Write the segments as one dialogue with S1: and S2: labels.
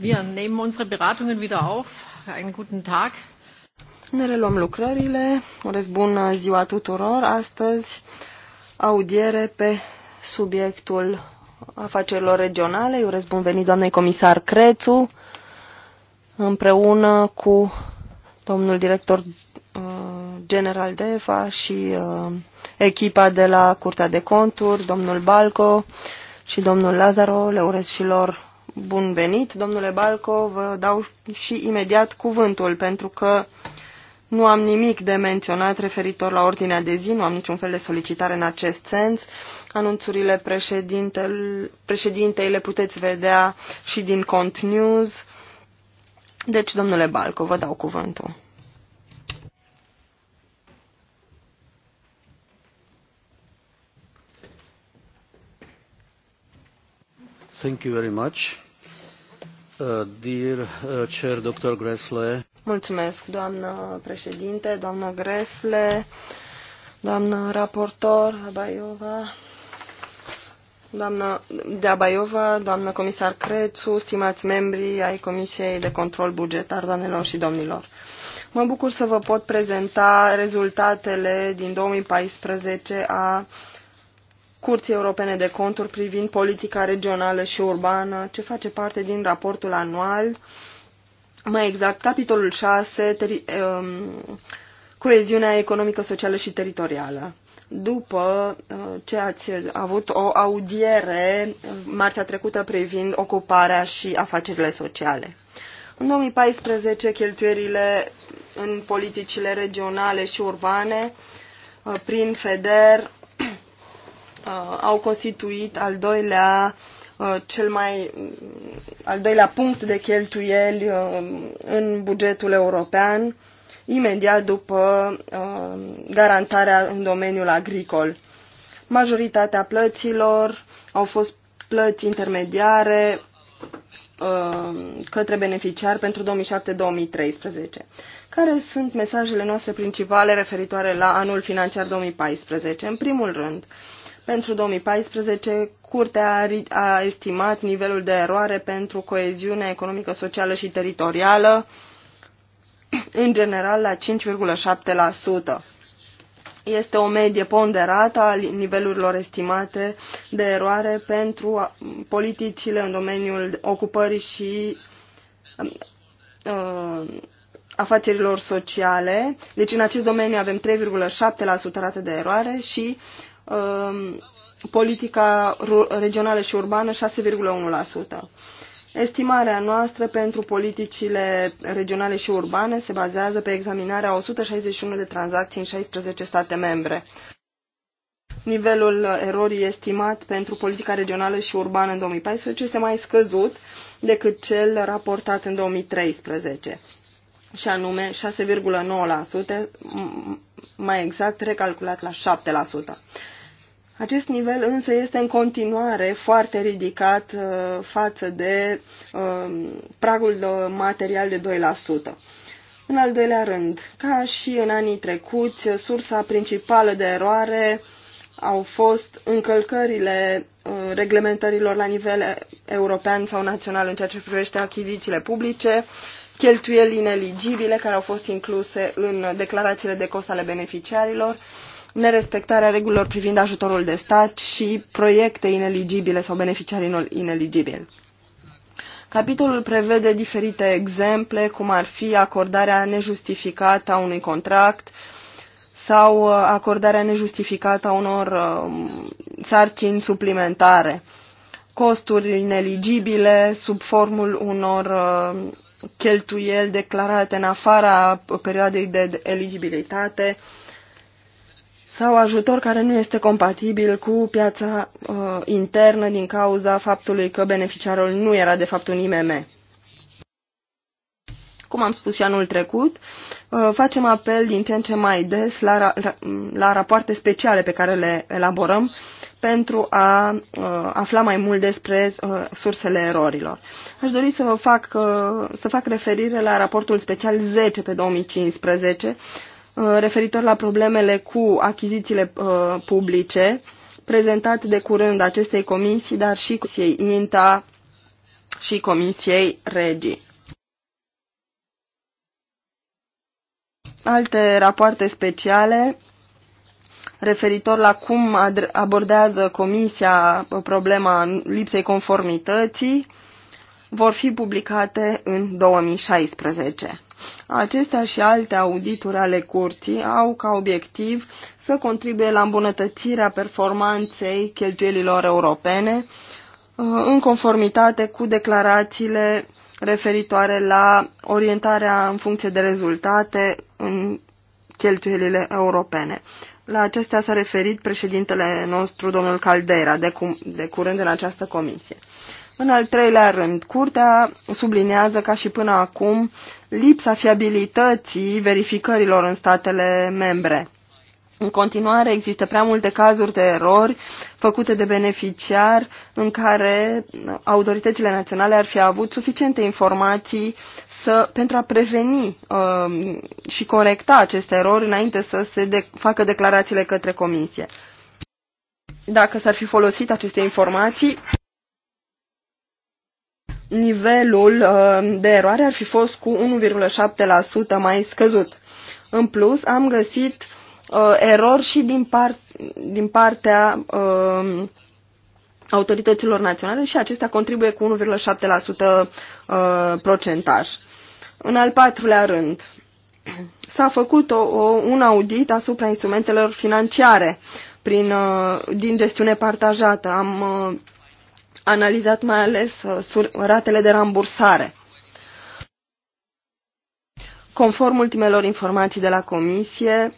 S1: Wir nehmen unsere Beratungen wieder auf. Einen guten Tag.
S2: Ne reluăm lucrările. Urez bună ziua tuturor. Astăzi audiere pe subiectul afacerilor regionale. Urez bun venit doamnei comisar Crețu împreună cu domnul director uh, general DEFA și uh, echipa de la Curtea de Conturi, domnul Balco și domnul Lazaro. Le urez și lor Bun venit, domnule Balco, vă dau și imediat cuvântul, pentru că nu am nimic de menționat referitor la ordinea de zi, nu am niciun fel de solicitare în acest sens. Anunțurile președintei le puteți vedea și din Cont News. Deci, domnule Balco, vă dau cuvântul.
S3: Thank you very much. Uh, dear uh, Chair
S2: Mulțumesc, doamnă președinte, doamnă Gresle, doamnă raportor Abaiova, doamnă Deabaiova, doamnă comisar Crețu, stimați membri ai Comisiei de Control Bugetar, doamnelor și domnilor. Mă bucur să vă pot prezenta rezultatele din 2014 a Curții Europene de Conturi privind politica regională și urbană, ce face parte din raportul anual, mai exact capitolul 6, teri, um, coeziunea economică, socială și teritorială. După uh, ce ați avut o audiere uh, marțea trecută privind ocuparea și afacerile sociale. În 2014, cheltuierile în politicile regionale și urbane uh, prin FEDER uh, au constituit al doilea uh, cel mai al doilea punct de cheltuieli uh, în bugetul european imediat după uh, garantarea în domeniul agricol. Majoritatea plăților au fost plăți intermediare uh, către beneficiari pentru 2007-2013. Care sunt mesajele noastre principale referitoare la anul financiar 2014? În primul rând, uh, pentru 2014, Curtea a estimat nivelul de eroare pentru coeziune economică, socială și teritorială, în general la 5,7%. Este o medie ponderată a nivelurilor estimate de eroare pentru politicile în domeniul ocupării și um, uh, afacerilor sociale. Deci în acest domeniu avem 3,7% rată de eroare și Um, politica regională și urbană 6,1%. Estimarea noastră pentru politicile regionale și urbane se bazează pe examinarea 161 de tranzacții în 16 state membre. Nivelul erorii estimat pentru politica regională și urbană în 2014 este mai scăzut decât cel raportat în 2013, și anume 6,9%, mai exact recalculat la 7%. Acest nivel însă este în continuare foarte ridicat uh, față de um, pragul de material de 2%. În al doilea rând, ca și în anii trecuți, sursa principală de eroare au fost încălcările uh, reglementărilor la nivel european sau național în ceea ce privește achizițiile publice, cheltuieli ineligibile care au fost incluse în declarațiile de cost ale beneficiarilor nerespectarea regulilor privind ajutorul de stat și proiecte ineligibile sau beneficiari ineligibili. Capitolul prevede diferite exemple, cum ar fi acordarea nejustificată a unui contract sau uh, acordarea nejustificată a unor um, sarcini suplimentare, costuri ineligibile sub formul unor uh, cheltuieli declarate în afara perioadei de eligibilitate, sau ajutor care nu este compatibil cu piața uh, internă din cauza faptului că beneficiarul nu era de fapt un IMM. Cum am spus și anul trecut, uh, facem apel din ce în ce mai des la, la rapoarte speciale pe care le elaborăm pentru a uh, afla mai mult despre uh, sursele erorilor. Aș dori să, vă fac, să fac referire la raportul special 10 pe 2015, Uh, referitor la problemele cu achizițiile uh, publice, prezentat de curând acestei comisii, dar și Comisiei INTA și Comisiei REGI. Alte rapoarte speciale referitor la cum abordează Comisia problema lipsei conformității vor fi publicate în 2016. Acestea și alte audituri ale curții au ca obiectiv să contribuie la îmbunătățirea performanței cheltuielilor europene uh, în conformitate cu declarațiile referitoare la orientarea în funcție de rezultate în cheltuielile europene. La acestea s-a referit președintele nostru, domnul Caldera, de, cu, de curând în această comisie. În al treilea rând, Curtea sublinează ca și până acum lipsa fiabilității verificărilor în statele membre. În continuare există prea multe cazuri de erori făcute de beneficiar în care autoritățile naționale ar fi avut suficiente informații să, pentru a preveni uh, și corecta aceste erori înainte să se de, facă declarațiile către comisie. Dacă s-ar fi folosit aceste informații, nivelul uh, de eroare ar fi fost cu 1,7% mai scăzut. În plus, am găsit uh, erori și din, part, din partea uh, autorităților naționale și acestea contribuie cu 1,7% procentaj. În al patrulea rând, s-a făcut o, o, un audit asupra instrumentelor financiare prin, din gestiune partajată. Am analizat mai ales uh, ratele de rambursare. Conform ultimelor informații de la Comisie,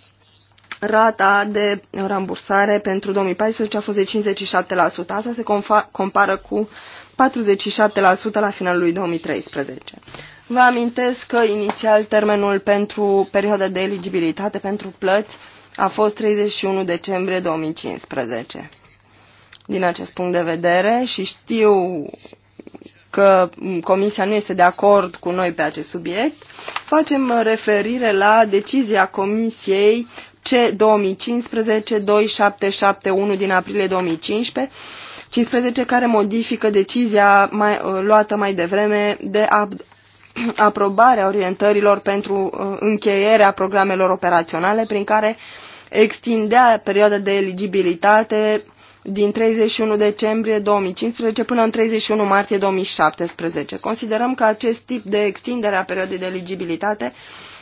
S2: rata de rambursare pentru 2014 a fost de 57%. Asta se compară cu 47% la finalul lui 2013. Vă amintesc că inițial termenul pentru perioada de eligibilitate pentru plăți a fost 31 decembrie 2015 din acest punct de vedere și știu că Comisia nu este de acord cu noi pe acest subiect, facem referire la decizia Comisiei C2015-2771 din aprilie 2015, 15 care modifică decizia mai, luată mai devreme de ab- aprobarea orientărilor pentru uh, încheierea programelor operaționale prin care extindea perioada de eligibilitate din 31 decembrie 2015 până în 31 martie 2017. Considerăm că acest tip de extindere a perioadei de eligibilitate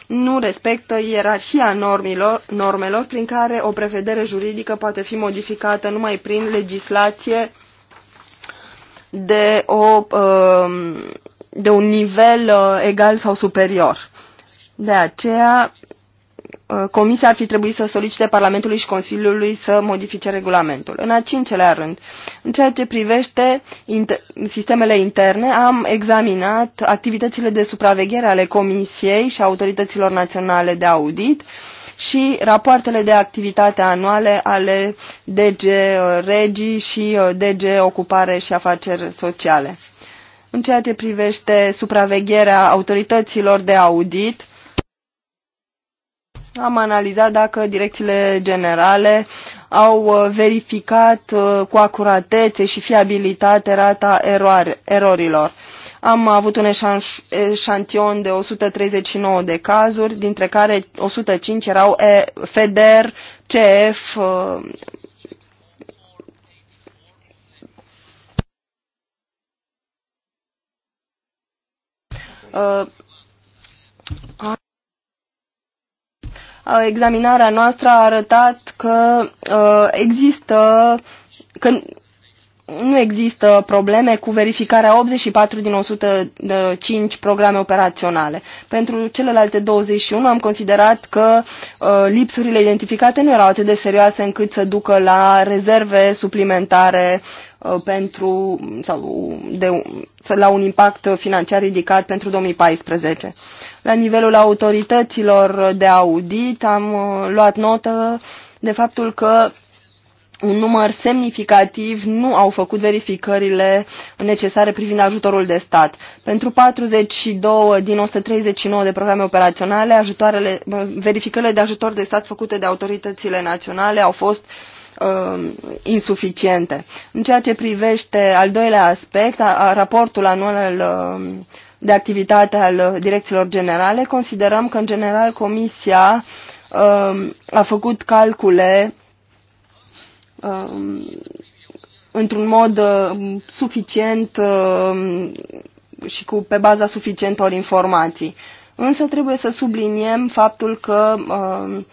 S2: nu respectă ierarhia normilor, normelor prin care o prevedere juridică poate fi modificată numai prin legislație de, o, um, de un nivel uh, egal sau superior. De aceea Uh, Comisia ar fi trebuit să solicite Parlamentului și Consiliului să modifice regulamentul. În a cincelea rând, în ceea ce privește inter sistemele interne, am examinat activitățile de supraveghere ale Comisiei și autorităților naționale de audit și rapoartele de activitate anuale ale DG uh, Regii și uh, DG Ocupare și Afaceri Sociale. În ceea ce privește supravegherea autorităților de audit, am analizat dacă direcțiile generale au uh, verificat uh, cu acuratețe și fiabilitate rata erorilor. Am avut un eșantion de 139 de cazuri, dintre care 105 erau FEDER, CF, uh, examinarea noastră a arătat că există că nu există probleme cu verificarea 84 din 105 programe operaționale. Pentru celelalte 21 am considerat că uh, lipsurile identificate nu erau atât de serioase încât să ducă la rezerve suplimentare Uh, pentru sau de, la un impact financiar ridicat pentru 2014. La nivelul autorităților de audit am uh, luat notă de faptul că un număr semnificativ nu au făcut verificările necesare privind ajutorul de stat. Pentru 42 din 139 de programe operaționale, ajutoarele, verificările de ajutor de stat făcute de autoritățile naționale au fost uh, uh, insuficiente. În ceea ce privește al doilea aspect, a, a raportul anual al, um, de activitate al uh, direcțiilor generale, considerăm că, în general, Comisia uh, a făcut calcule uh, într-un mod uh, suficient uh, și cu, pe baza suficientor informații. Însă trebuie să subliniem faptul că uh,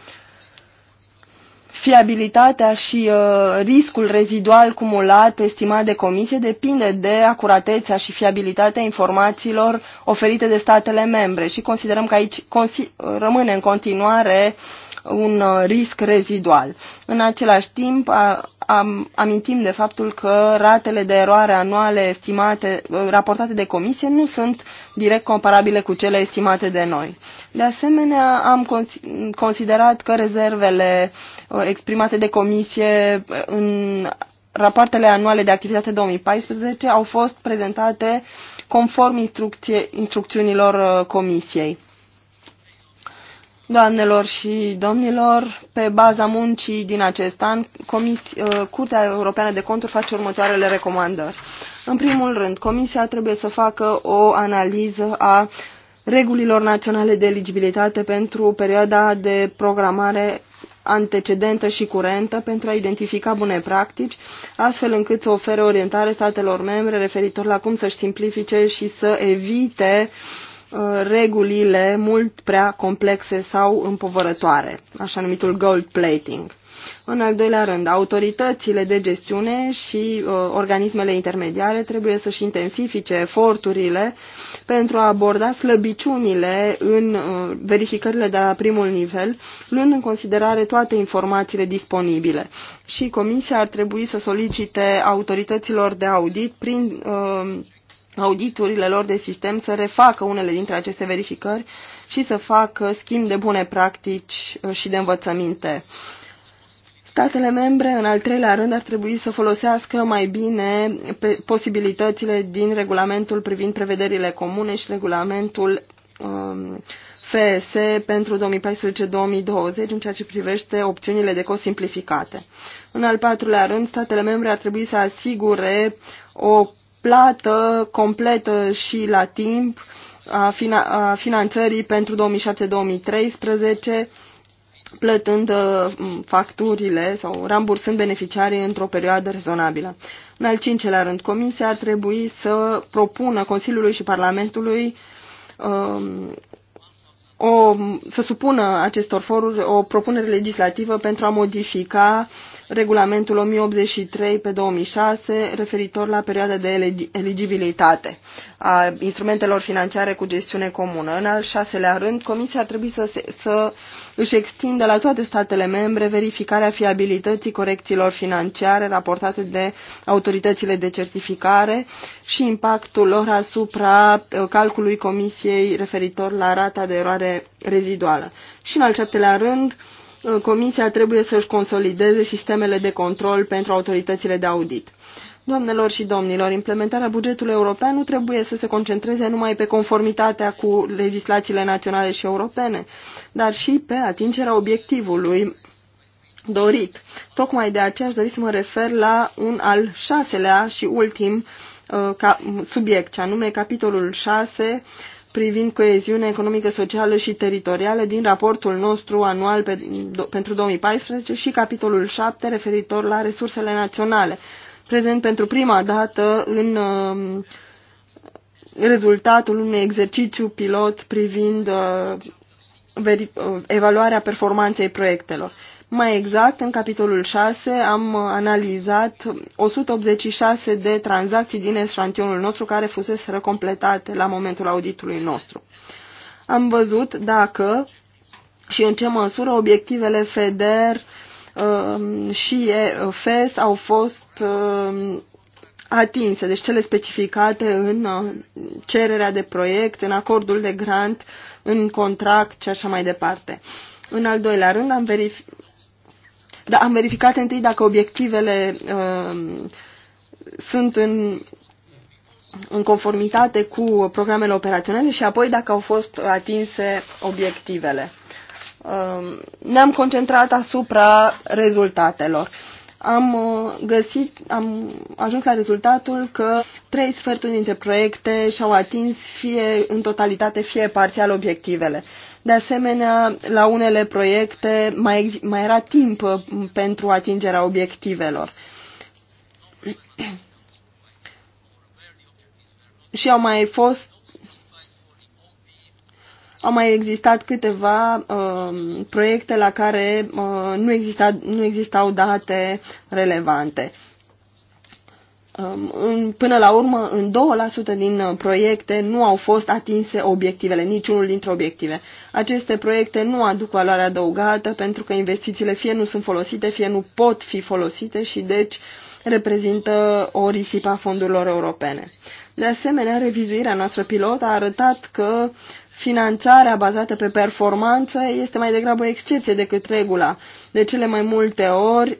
S2: fiabilitatea și uh, riscul rezidual cumulat estimat de comisie depinde de acuratețea și fiabilitatea informațiilor oferite de statele membre și considerăm că aici consi rămâne în continuare un uh, risc rezidual. În același timp, am, amintim de faptul că ratele de eroare anuale estimate, raportate de comisie nu sunt direct comparabile cu cele estimate de noi. De asemenea, am considerat că rezervele uh, exprimate de comisie uh, în rapoartele anuale de activitate 2014 au fost prezentate conform instrucțiunilor uh, comisiei. Doamnelor și domnilor, pe baza muncii din acest an, Comis uh, Curtea Europeană de Conturi face următoarele recomandări. În primul rând, Comisia trebuie să facă o analiză a regulilor naționale de eligibilitate pentru perioada de programare antecedentă și curentă pentru a identifica bune practici, astfel încât să ofere orientare statelor membre referitor la cum să-și simplifice și să evite uh, Uh, regulile mult prea complexe sau împovărătoare, așa numitul gold plating. În al doilea rând, autoritățile de gestiune și uh, organismele intermediare trebuie să-și intensifice eforturile pentru a aborda slăbiciunile în uh, verificările de la primul nivel, luând în considerare toate informațiile disponibile. Și Comisia ar trebui să solicite autorităților de audit prin uh, auditurile lor de sistem să refacă unele dintre aceste verificări și să facă schimb de bune practici uh, și de învățăminte. Statele membre, în al treilea rând, ar trebui să folosească mai bine posibilitățile din regulamentul privind prevederile comune și regulamentul um, FS pentru 2014-2020 în ceea ce privește opțiunile de cost simplificate. În al patrulea rând, statele membre ar trebui să asigure o plată completă și la timp a, fina, a finanțării pentru 2007-2013, plătând uh, facturile sau rambursând beneficiarii într-o perioadă rezonabilă. În al cincelea rând, Comisia ar trebui să propună Consiliului și Parlamentului um, o, să supună acestor foruri o propunere legislativă pentru a modifica regulamentul 1083 pe 2006 referitor la perioada de eligibilitate a instrumentelor financiare cu gestiune comună. În al șaselea rând, Comisia ar trebui să, se, să își extindă la toate statele membre verificarea fiabilității corecțiilor financiare raportate de autoritățile de certificare și impactul lor asupra uh, calculului Comisiei referitor la rata de eroare reziduală. Și în al șaptelea rând, Comisia trebuie să-și consolideze sistemele de control pentru autoritățile de audit. Doamnelor și domnilor, implementarea bugetului european nu trebuie să se concentreze numai pe conformitatea cu legislațiile naționale și europene, dar și pe atingerea obiectivului dorit. Tocmai de aceea aș dori să mă refer la un al șaselea și ultim uh, ca, subiect, ce anume capitolul 6 privind coeziunea economică, socială și teritorială din raportul nostru anual pe, do, pentru 2014 și capitolul 7 referitor la resursele naționale, prezent pentru prima dată în uh, rezultatul unui exercițiu pilot privind uh, veri, uh, evaluarea performanței proiectelor. Mai exact, în capitolul 6 am analizat 186 de tranzacții din eșantionul nostru care fusese completate la momentul auditului nostru. Am văzut dacă și în ce măsură obiectivele FEDER uh, și FES au fost uh, atinse, deci cele specificate în uh, cererea de proiect, în acordul de grant, în contract și așa mai departe. În al doilea rând am, verific- dar am verificat întâi dacă obiectivele uh, sunt în, în conformitate cu programele operaționale și apoi dacă au fost atinse obiectivele. Uh, Ne-am concentrat asupra rezultatelor am uh, găsit, am ajuns la rezultatul că trei sferturi dintre proiecte și-au atins fie în totalitate, fie parțial obiectivele. De asemenea, la unele proiecte mai, mai era timp uh, pentru atingerea obiectivelor. și au mai fost au mai existat câteva uh, proiecte la care uh, nu, exista, nu existau date relevante. Um, în, până la urmă, în 2% din uh, proiecte nu au fost atinse obiectivele, niciunul dintre obiective. Aceste proiecte nu aduc valoare adăugată pentru că investițiile fie nu sunt folosite, fie nu pot fi folosite și deci reprezintă o risipă a fondurilor europene. De asemenea, revizuirea noastră pilot a arătat că finanțarea bazată pe performanță este mai degrabă o excepție decât regula. De cele mai multe ori,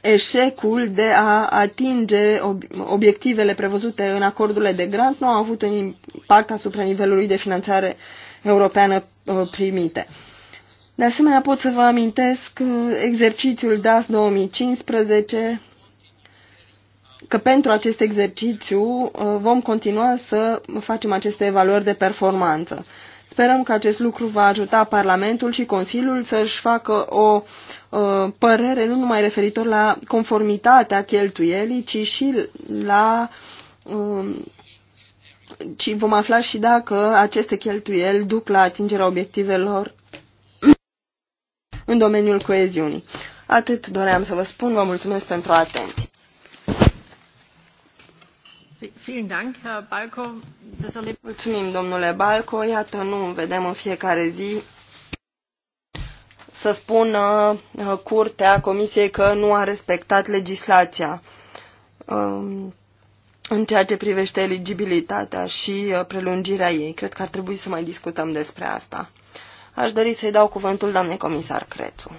S2: eșecul de a atinge obiectivele prevăzute în acordurile de grant nu a avut un impact asupra nivelului de finanțare europeană uh, primite. De asemenea, pot să vă amintesc uh, exercițiul DAS 2015, că pentru acest exercițiu uh, vom continua să facem aceste evaluări de performanță. Sperăm că acest lucru va ajuta Parlamentul și Consiliul să-și facă o uh, Uh, părere nu numai referitor la conformitatea cheltuielii, ci și la um, ci vom afla și dacă aceste cheltuieli duc la atingerea obiectivelor în domeniul coeziunii. Atât doream să vă spun, vă mulțumesc pentru atenție. Mulțumim, domnule Balco. Iată, nu vedem în fiecare zi să spună uh, curtea comisiei că nu a respectat legislația um, în ceea ce privește eligibilitatea și uh, prelungirea ei. Cred că ar trebui să mai discutăm despre asta. Aș dori să-i dau cuvântul doamnei comisar Crețu.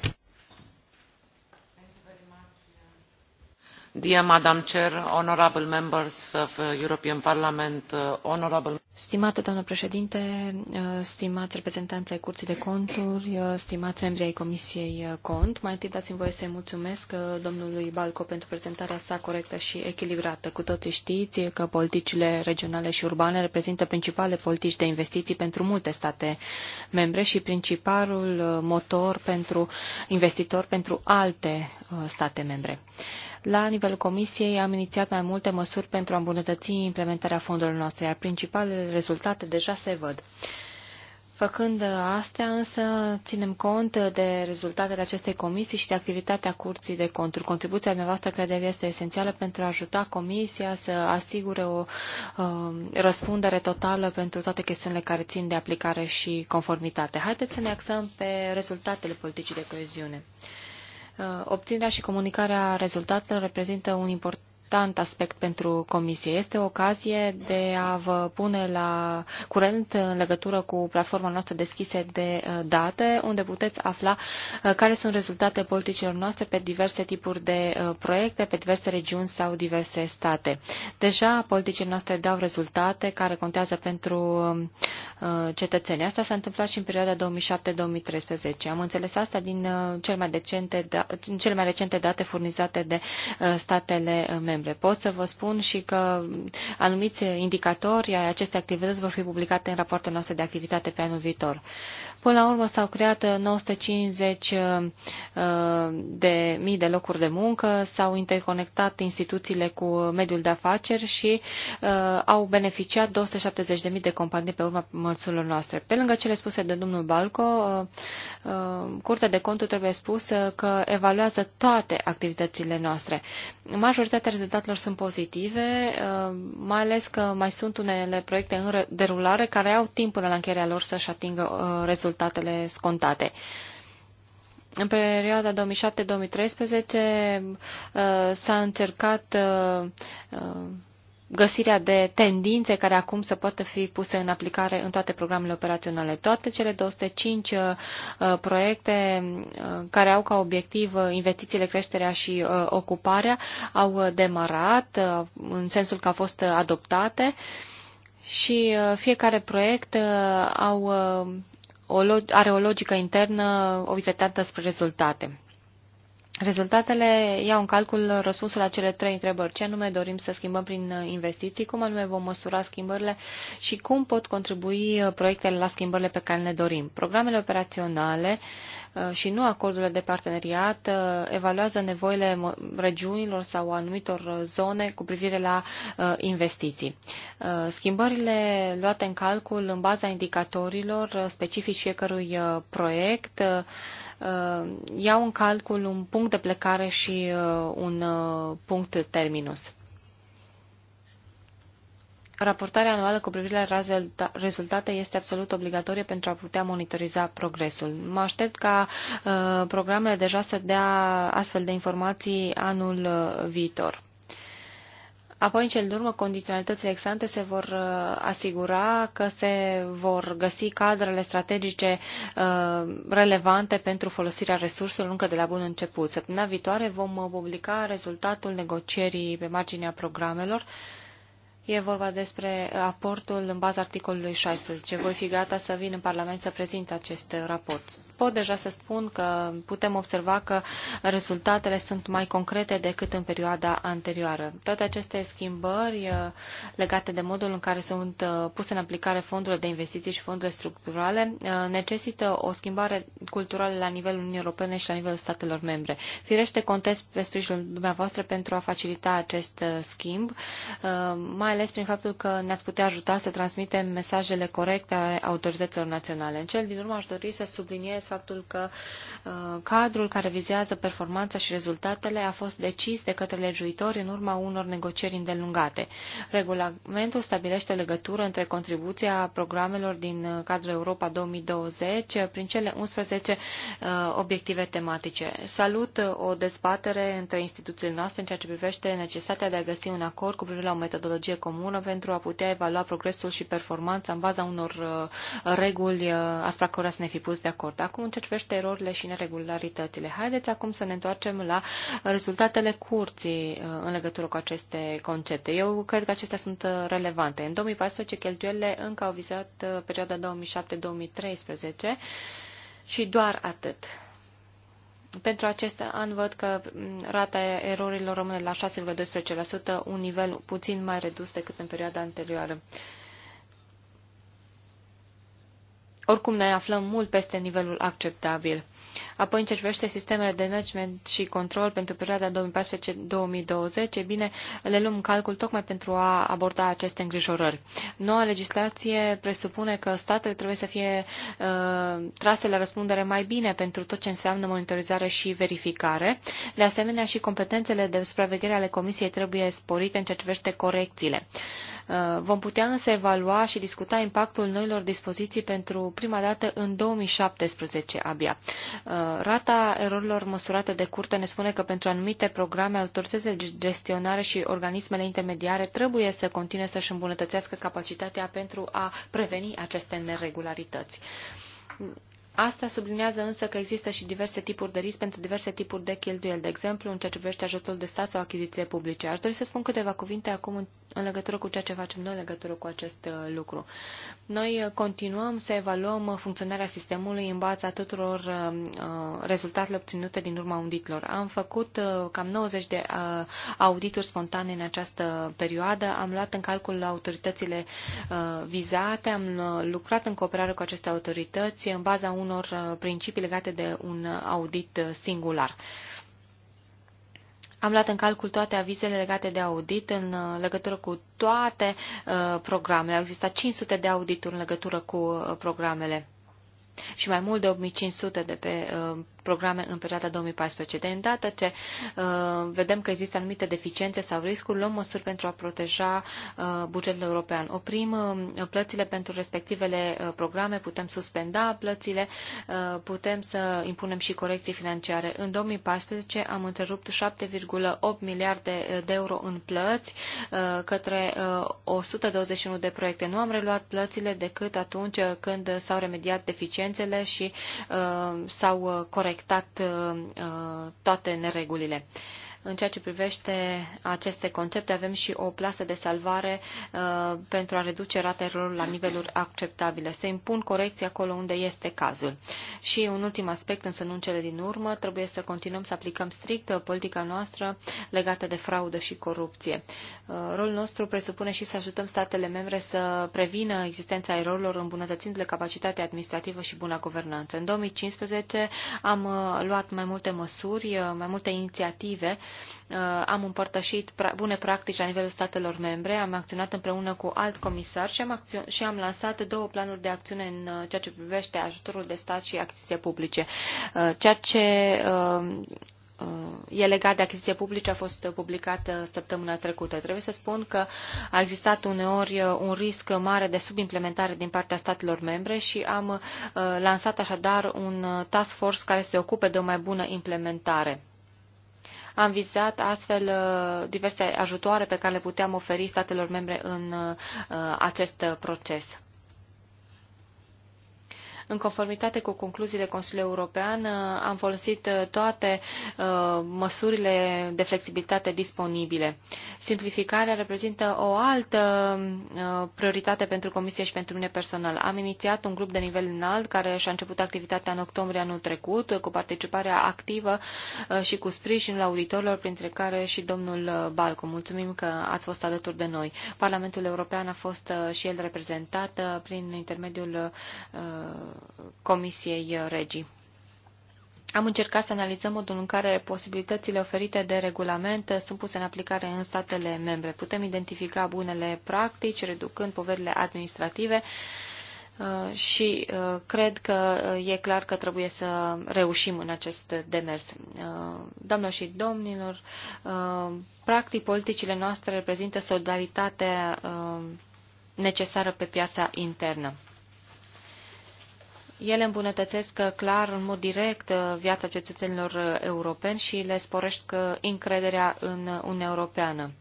S4: Madam Chair, honorable members of uh, European Parliament, uh, honorable...
S5: Stimată doamnă președinte, uh, stimați reprezentanți ai Curții de Conturi, stimați membri ai Comisiei Cont, mai întâi dați-mi voie să-i mulțumesc domnului Balco pentru prezentarea sa corectă și echilibrată. Cu toții știți că politicile regionale și urbane reprezintă principale politici de investiții pentru multe state membre și principalul motor pentru investitor pentru alte state membre. La nivelul Comisiei am inițiat mai multe măsuri pentru a îmbunătăți implementarea fondurilor noastre, iar principalele rezultate deja se văd. Făcând astea, însă, ținem cont de rezultatele acestei comisii și de activitatea Curții de Conturi. Contribuția noastră, credem, este esențială pentru a ajuta Comisia să asigure o uh, răspundere totală pentru toate chestiunile care țin de aplicare și conformitate. Haideți să ne axăm pe rezultatele politicii de coeziune. Uh, Obținerea și comunicarea rezultatelor reprezintă un important important aspect pentru Comisie. Este o ocazie de a vă pune la curent în legătură cu platforma noastră deschise de uh, date, unde puteți afla uh, care sunt rezultate politicilor noastre pe diverse tipuri de uh, proiecte, pe diverse regiuni sau diverse state. Deja politicile noastre dau rezultate care contează pentru um, cetățenii. Asta s-a întâmplat și în perioada 2007-2013. Am înțeles asta din mai decente, da, cele mai recente date furnizate de statele membre septembrie. Pot să vă spun și că anumiți indicatori ai acestei activități vor fi publicate în rapoartele noastre de activitate pe anul viitor. Până la urmă s-au creat 950 uh, de mii de locuri de muncă, s-au interconectat instituțiile cu mediul de afaceri și uh, au beneficiat 270 de mii de companii pe urma mărțurilor noastre. Pe lângă cele spuse de domnul Balco, uh, Curtea de Conturi trebuie spusă că evaluează toate activitățile noastre. Majoritatea rezultatelor sunt pozitive, uh, mai ales că mai sunt unele proiecte în derulare care au timp până la încheierea lor să-și atingă uh, rezultatele scontate. În perioada 2007-2013 uh, s-a încercat găsirea de tendințe care acum să poată fi puse în aplicare în toate programele operaționale. Toate cele 205 uh, uh, proiecte uh, care au ca obiectiv investițiile, creșterea și ocuparea au demarat în sensul că au fost adoptate și fiecare proiect au o, are o logică internă, o orientată spre rezultate. Rezultatele iau în calcul răspunsul la cele trei întrebări. Ce anume dorim să schimbăm prin investiții, cum anume vom măsura schimbările și cum pot contribui uh, proiectele la schimbările pe care ne dorim. Programele operaționale uh, și nu acordurile de parteneriat uh, evaluează nevoile regiunilor sau anumitor zone cu privire la investiții. Schimbările luate în calcul în baza indicatorilor specifici fiecărui proiect Uh, iau în calcul un punct de plecare și uh, un uh, punct terminus. Raportarea anuală cu privire la rezultate este absolut obligatorie pentru a putea monitoriza progresul. Mă aștept ca uh, programele deja să dea astfel de informații anul viitor. Apoi, în cel din urmă, condiționalitățile exante se vor uh, asigura că se vor găsi cadrele strategice uh, relevante pentru folosirea resurselor încă de la bun început. Săptămâna viitoare vom publica rezultatul negocierii pe marginea programelor E vorba despre aportul în baza articolului 16. Voi fi gata să vin în Parlament să prezint acest raport. Pot deja să spun că putem observa că rezultatele sunt mai concrete decât în perioada anterioară. Toate aceste schimbări uh, legate de modul în care sunt uh, puse în aplicare fondurile de investiții și fondurile structurale uh, necesită o schimbare culturală la nivelul Uniunii Europene și la nivelul statelor membre. Firește, contest pe sprijinul dumneavoastră pentru a facilita acest schimb, mai mai ales prin faptul că ne-ați putea ajuta să transmitem mesajele corecte ale autorităților naționale. În cel din urmă aș dori să subliniez faptul că uh, cadrul care vizează performanța și rezultatele a fost decis de către legiuitori în urma unor negocieri îndelungate. Regulamentul stabilește o legătură între contribuția programelor din uh, cadrul Europa 2020 uh, prin cele 11 uh, obiective tematice. Salut uh, o dezbatere între instituțiile noastre în ceea ce privește necesitatea de a găsi un acord cu privire la o metodologie comună pentru a putea evalua progresul și performanța în baza unor uh, reguli uh, asupra cărora să ne fi pus de acord. Acum, în erorile și neregularitățile, haideți acum să ne întoarcem la rezultatele curții uh, în legătură cu aceste concepte. Eu cred că acestea sunt relevante. În 2014, cheltuielile încă au vizat perioada 2007-2013 și doar atât. Pentru acest an văd că mm, rata erorilor rămâne la 6,12%, un nivel puțin mai redus decât în perioada anterioară. Oricum ne aflăm mult peste nivelul acceptabil. Apoi, în ce privește sistemele de management și control pentru perioada 2014-2020, e bine, le luăm în calcul tocmai pentru a aborda aceste îngrijorări. Noua legislație presupune că statele trebuie să fie uh, trase la răspundere mai bine pentru tot ce înseamnă monitorizare și verificare. De asemenea, și competențele de supraveghere ale Comisiei trebuie sporite în ce privește corecțiile. Uh, vom putea însă evalua și discuta impactul noilor dispoziții pentru prima dată în 2017 abia. Uh, Rata erorilor măsurate de curte ne spune că pentru anumite programe, autoritățile de gestionare și organismele intermediare trebuie să continue să-și îmbunătățească capacitatea pentru a preveni aceste neregularități. Asta sublinează însă că există și diverse tipuri de risc pentru diverse tipuri de cheltuieli, de exemplu în ceea ce privește ajutorul de stat sau achiziție publice. Aș dori să spun câteva cuvinte acum în, în legătură cu ceea ce facem noi în legătură cu acest uh, lucru. Noi uh, continuăm să evaluăm uh, funcționarea sistemului în baza tuturor uh, rezultatelor obținute din urma auditilor. Am făcut uh, cam 90 de uh, audituri spontane în această perioadă, am luat în calcul autoritățile uh, vizate, am uh, lucrat în cooperare cu aceste autorități în baza unor unor uh, principii legate de un uh, audit uh, singular. Am luat în calcul toate avizele legate de audit în legătură cu toate programele. Au existat 500 de audituri în legătură cu programele și mai mult de 8500 de pe programe în perioada 2014. De îndată ce uh, vedem că există anumite deficiențe sau riscuri, luăm măsuri pentru a proteja uh, bugetul european. Oprim uh, plățile pentru respectivele uh, programe, putem suspenda plățile, uh, putem să impunem și corecții financiare. În 2014 am întrerupt 7,8 miliarde uh, de euro în plăți uh, către uh, 121 de proiecte. Nu am reluat plățile decât atunci când s-au remediat deficiențele și uh, s-au uh, corectat corectat uh, uh, toate neregulile. În ceea ce privește aceste concepte, avem și o plasă de salvare uh, pentru a reduce rata erorilor la niveluri acceptabile. Se impun corecții acolo unde este cazul. Și un ultim aspect, însă nu în cele din urmă, trebuie să continuăm să aplicăm strict politica noastră legată de fraudă și corupție. Uh, rolul nostru presupune și să ajutăm statele membre să prevină existența erorilor îmbunătățindu-le capacitatea administrativă și buna guvernanță. În 2015 am uh, luat mai multe măsuri, uh, mai multe inițiative Uh, am împărtășit bune practici la nivelul statelor membre, am acționat împreună cu alt comisar și am, și am lansat două planuri de acțiune în uh, ceea ce privește ajutorul de stat și achiziție publice. Uh, ceea ce e legat de achiziție publice a fost publicată săptămâna trecută. Trebuie să spun că a existat uneori un risc mare de subimplementare din partea statelor membre și am lansat așadar un task force care se ocupe de o mai bună implementare. Am vizat astfel uh, diverse ajutoare pe care le puteam oferi statelor membre în uh, acest proces. În conformitate cu concluziile Consiliului European, uh, am folosit uh, toate uh, măsurile de flexibilitate disponibile. Simplificarea reprezintă o altă prioritate pentru Comisie și pentru mine personal. Am inițiat un grup de nivel înalt care și-a început activitatea în octombrie anul trecut cu participarea activă și cu sprijinul auditorilor, printre care și domnul Balcu. Mulțumim că ați fost alături de noi. Parlamentul European a fost și el reprezentat prin intermediul uh, Comisiei Regii. Am încercat să analizăm modul în care posibilitățile oferite de regulament sunt puse în aplicare în statele membre. Putem identifica bunele practici, reducând poverile administrative uh, și uh, cred că uh, e clar că trebuie să reușim în acest demers. Doamnelor și domnilor, practic politicile noastre reprezintă solidaritatea necesară pe piața internă. Ele îmbunătățesc uh, clar, în mod direct, uh, viața cetățenilor uh, europeni și le sporesc încrederea în Uniunea Europeană.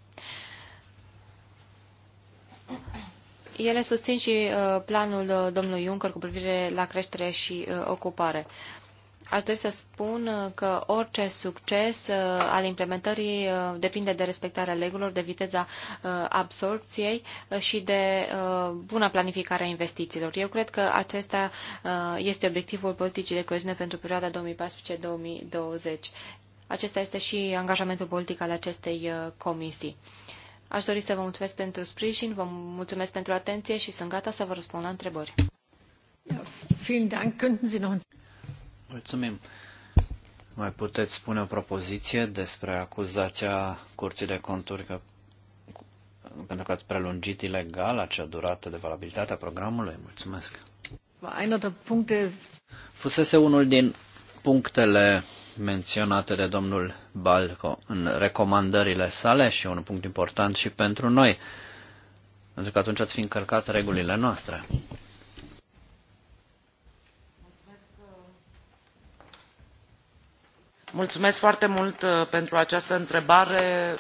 S5: Ele susțin și planul domnului Juncker cu privire la creștere și ocupare. Aș dori să spun uh, că orice succes uh, al implementării uh, depinde de respectarea legilor de viteza absorpției și de buna planificare a investițiilor. Eu cred că acesta este obiectivul politicii de coeziune pentru perioada 2014-2020. Acesta este și angajamentul politic al acestei comisii. Aș dori să vă mulțumesc pentru sprijin, vă mulțumesc pentru atenție și sunt gata să vă răspund la întrebări.
S1: vielen Dank. Könnten Sie noch
S3: Mulțumim. Mai puteți spune o propoziție despre acuzația Curții de Conturi că pentru că ați prelungit ilegal acea durată de valabilitate a programului? Mulțumesc. Fusese unul din punctele menționate de domnul Balco în recomandările sale și un punct important și pentru noi, pentru că atunci ați fi încălcat regulile noastre.
S4: mulțumesc foarte mult uh, pentru această întrebare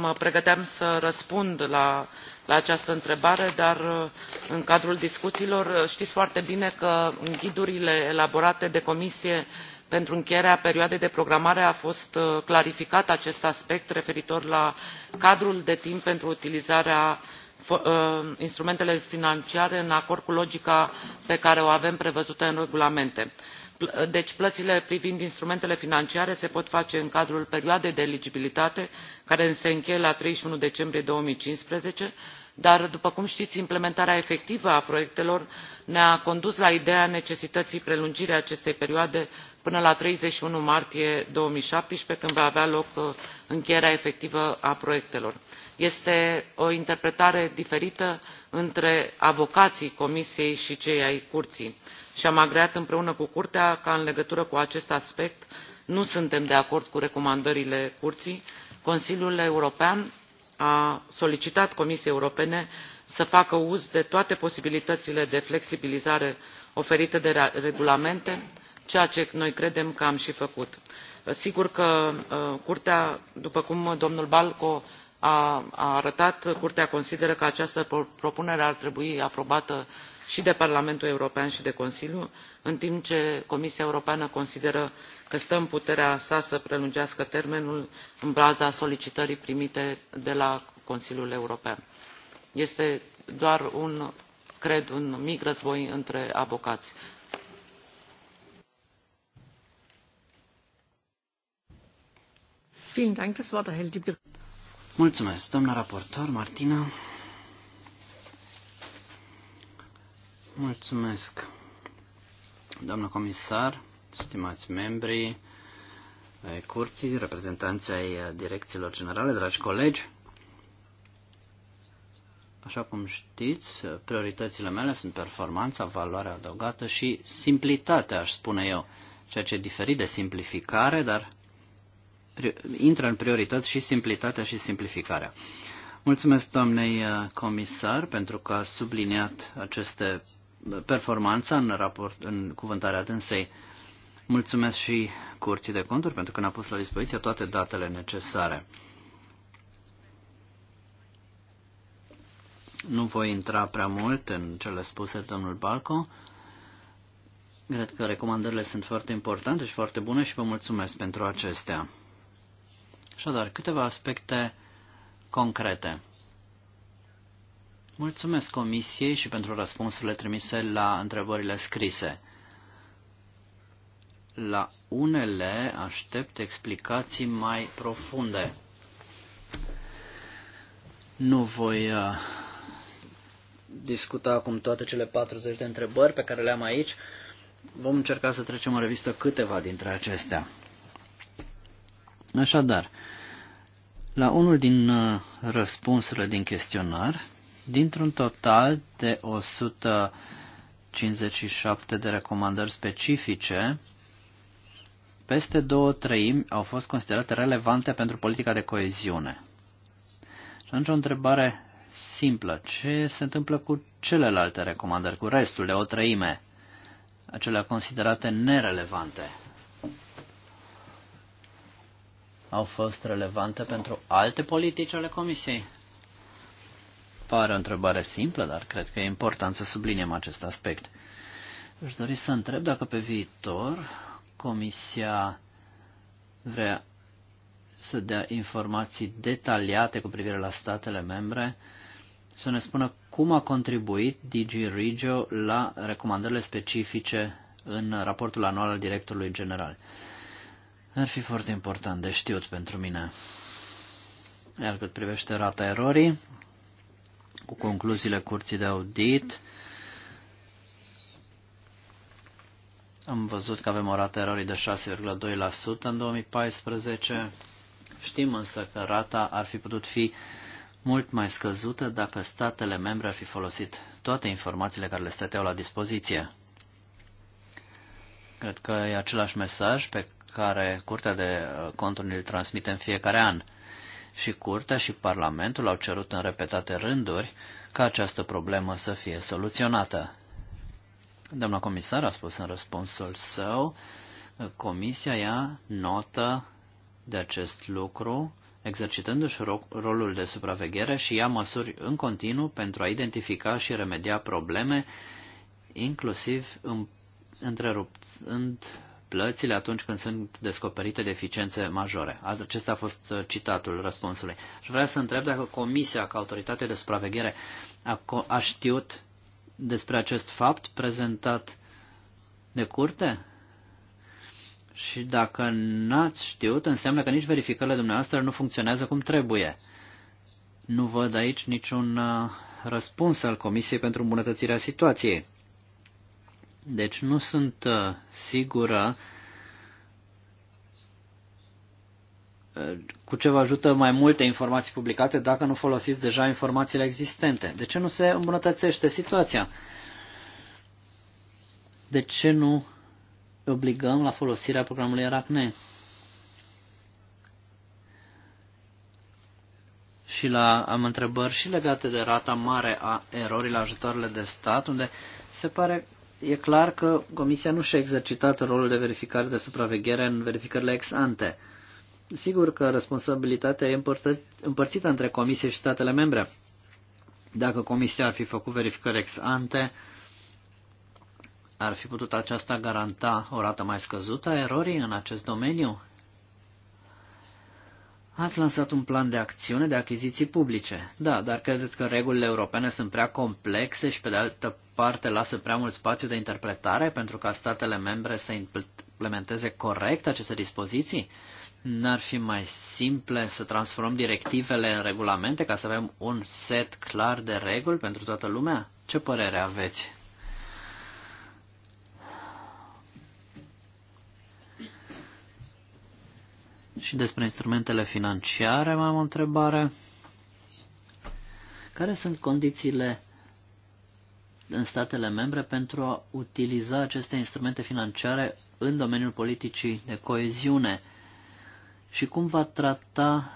S4: mă pregăteam să răspund la, această întrebare dar uh, în cadrul discuțiilor uh, știți foarte bine că în ghidurile elaborate de comisie pentru încheierea perioadei de programare a fost clarificat acest aspect referitor la cadrul de timp pentru utilizarea instrumentelor financiare în acord cu logica pe care o avem prevăzută în regulamente deci plățile privind instrumentele financiare se pot face în cadrul perioadei de eligibilitate care se încheie la treizeci și unu decembrie două mii cincisprezece dar după cum știți implementarea efectivă a proiectelor ne a condus la ideea necesității prelungirii acestei perioade până la treizeci și unu martie două mii șaptesprezece când va avea loc uh, încheierea efectivă a proiectelor este o interpretare diferită între avocații comisiei și cei ai curții și am agreat împreună cu curtea că în legătură cu acest aspect nu suntem de acord cu recomandările curții consiliul european a solicitat comisiei europene să facă uz de toate posibilitățile de flexibilizare oferite de regulamente ceea ce noi credem că am și făcut. sigur că uh, curtea după cum domnul balco a, arătat curtea consideră că această propunere ar trebui aprobată și de parlamentul european și de consiliu în timp ce comisia europeană consideră că stă în puterea sa să prelungească termenul în baza solicitării primite de la consiliul european. este doar un cred un mic război între avocați.
S3: Mulțumesc, doamna raportor, Martina. Mulțumesc, doamna comisar, stimați membri ai curții, reprezentanții ai direcțiilor generale, dragi colegi. Așa cum știți, prioritățile mele sunt performanța, valoarea adăugată și simplitatea, aș spune eu, ceea ce e diferit de simplificare, dar intră în priorități și simplitatea și simplificarea. Mulțumesc doamnei uh, comisar pentru că a subliniat aceste performanța în, raport, în cuvântarea dânsei. Mulțumesc și Curții de Conturi pentru că ne-a pus la dispoziție toate datele necesare. Nu voi intra prea mult în cele spuse domnul Balco. Cred că recomandările sunt foarte importante și foarte bune și vă mulțumesc pentru acestea. Așadar, câteva aspecte concrete. Mulțumesc Comisiei și pentru răspunsurile trimise la întrebările scrise. La unele aștept explicații mai profunde. Nu voi uh, discuta acum toate cele 40 de întrebări pe care le am aici. Vom încerca să trecem în revistă câteva dintre acestea. Așadar, la unul din uh, răspunsurile din chestionar, dintr-un total de 157 de recomandări specifice, peste două treimi au fost considerate relevante pentru politica de coeziune. Și atunci o întrebare simplă. Ce se întâmplă cu celelalte recomandări, cu restul de o treime, acelea considerate nerelevante? au fost relevante pentru alte politici ale Comisiei? Pare o întrebare simplă, dar cred că e important să subliniem acest aspect. Își dori să întreb dacă pe viitor Comisia vrea să dea informații detaliate cu privire la statele membre, să ne spună cum a contribuit DG Regio la recomandările specifice în raportul anual al directorului general. Ar fi foarte important de știut pentru mine. Iar cât privește rata erorii, cu concluziile curții de audit, am văzut că avem o rată erorii de 6,2% în 2014. Știm însă că rata ar fi putut fi mult mai scăzută dacă statele membre ar fi folosit toate informațiile care le stăteau la dispoziție. Cred că e același mesaj pe care Curtea de uh, Conturi îl transmite în fiecare an. Și Curtea și Parlamentul au cerut în repetate rânduri ca această problemă să fie soluționată. Doamna comisar a spus în răspunsul său, uh, comisia ia notă de acest lucru, exercitându-și rolul de supraveghere și ia măsuri în continuu pentru a identifica și remedia probleme, inclusiv în plățile atunci când sunt descoperite deficiențe majore. Acesta a fost uh, citatul răspunsului. Și vreau să întreb dacă Comisia, ca autoritate de supraveghere, a, a știut despre acest fapt prezentat de curte? Și dacă n-ați știut, înseamnă că nici verificările dumneavoastră nu funcționează cum trebuie. Nu văd aici niciun uh, răspuns al Comisiei pentru îmbunătățirea situației. Deci nu sunt uh, sigură uh, cu ce vă ajută mai multe informații publicate dacă nu folosiți deja informațiile existente. De ce nu se îmbunătățește situația? De ce nu obligăm la folosirea programului Aracne? Și la, am întrebări și legate de rata mare a erorii la ajutoarele de stat, unde se pare e clar că Comisia nu și-a exercitat rolul de verificare de supraveghere în verificările ex ante. Sigur că responsabilitatea e împărțită între Comisie și statele membre. Dacă Comisia ar fi făcut verificări ex ante, ar fi putut aceasta garanta o rată mai scăzută a erorii în acest domeniu? Ați lansat un plan de acțiune de achiziții publice. Da, dar credeți că regulile europene sunt prea complexe și pe de altă parte lasă prea mult spațiu de interpretare pentru ca statele membre să implementeze corect aceste dispoziții? N-ar fi mai simple să transformăm directivele în regulamente ca să avem un set clar de reguli pentru toată lumea? Ce părere aveți? Și despre instrumentele financiare mai am o întrebare. Care sunt condițiile în statele membre pentru a utiliza aceste instrumente financiare în domeniul politicii de coeziune? Și cum va trata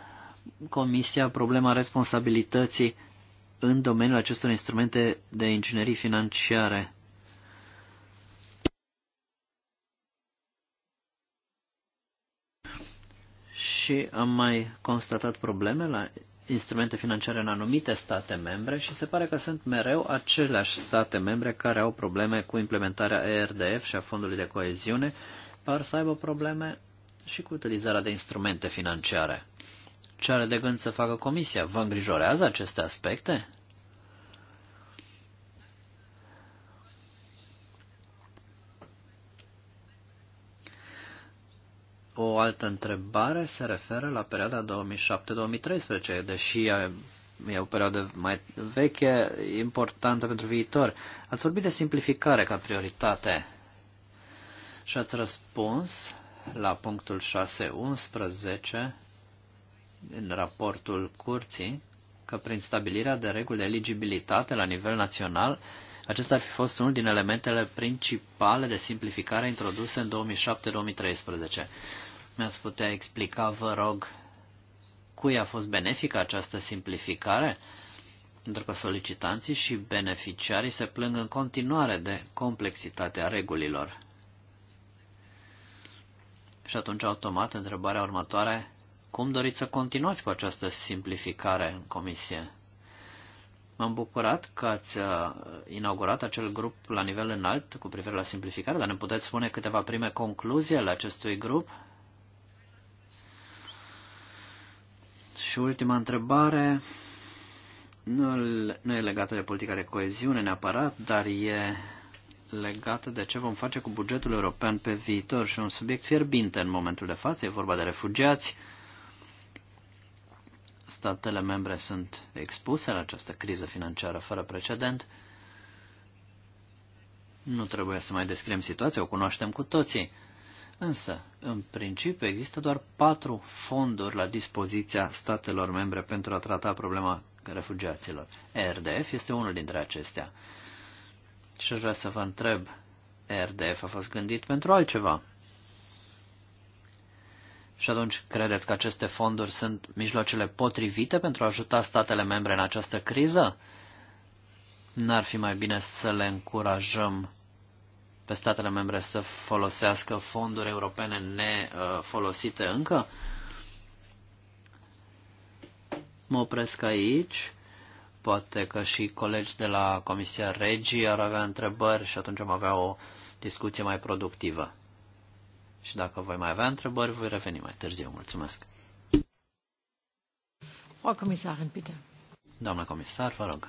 S3: Comisia problema responsabilității în domeniul acestor instrumente de inginerii financiare? și am mai constatat probleme la instrumente financiare în anumite state membre și se pare că sunt mereu aceleași state membre care au probleme cu implementarea ERDF și a fondului de coeziune, par să aibă probleme și cu utilizarea de instrumente financiare. Ce are de gând să facă Comisia? Vă îngrijorează aceste aspecte? O altă întrebare se referă la perioada 2007-2013, deși e o perioadă mai veche, importantă pentru viitor. Ați vorbit de simplificare ca prioritate și ați răspuns la punctul 6.11 în raportul curții că prin stabilirea de reguli de eligibilitate la nivel național, acesta ar fi fost unul din elementele principale de simplificare introduse în 2007-2013. Mi-ați putea explica, vă rog, cui a fost benefică această simplificare? Pentru că solicitanții și beneficiarii se plâng în continuare de complexitatea regulilor. Și atunci, automat, întrebarea următoare, cum doriți să continuați cu această simplificare în comisie? M-am bucurat că ați uh, inaugurat acel grup la nivel înalt cu privire la simplificare, dar ne puteți spune câteva prime concluzii ale acestui grup? Și ultima întrebare nu, nu e legată de politica de coeziune neapărat, dar e legată de ce vom face cu bugetul european pe viitor și un subiect fierbinte în momentul de față, e vorba de refugiați, statele membre sunt expuse la această criză financiară fără precedent. Nu trebuie să mai descriem situația, o cunoaștem cu toții. Însă, în principiu, există doar patru fonduri la dispoziția statelor membre pentru a trata problema refugiaților. RDF este unul dintre acestea. Și aș vrea să vă întreb, RDF a fost gândit pentru altceva. Și atunci, credeți că aceste fonduri sunt mijloacele potrivite pentru a ajuta statele membre în această criză? N-ar fi mai bine să le încurajăm pe statele membre să folosească fonduri europene nefolosite încă? Mă opresc aici. Poate că și colegi de la Comisia Regii ar avea întrebări și atunci am avea o discuție mai productivă. Și dacă voi mai avea întrebări, voi reveni mai târziu. Mulțumesc.
S1: Frau Kommissarin, bitte.
S3: Doamna comisar, vă rog.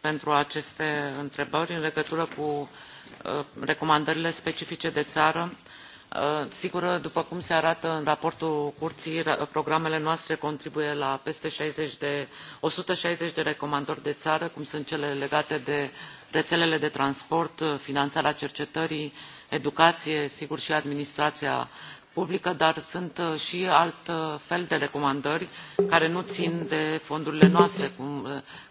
S4: Pentru aceste întrebări în legătură cu uh, recomandările specifice de țară, uh, sigur după cum se arată în raportul curții programele noastre contribuie la peste 60 de 160 de recomandări de țară cum sunt cele legate de rețelele de transport uh, finanțarea cercetării educație sigur și administrația publică dar sunt uh, și alt uh, fel de recomandări care nu țin de fondurile noastre uh,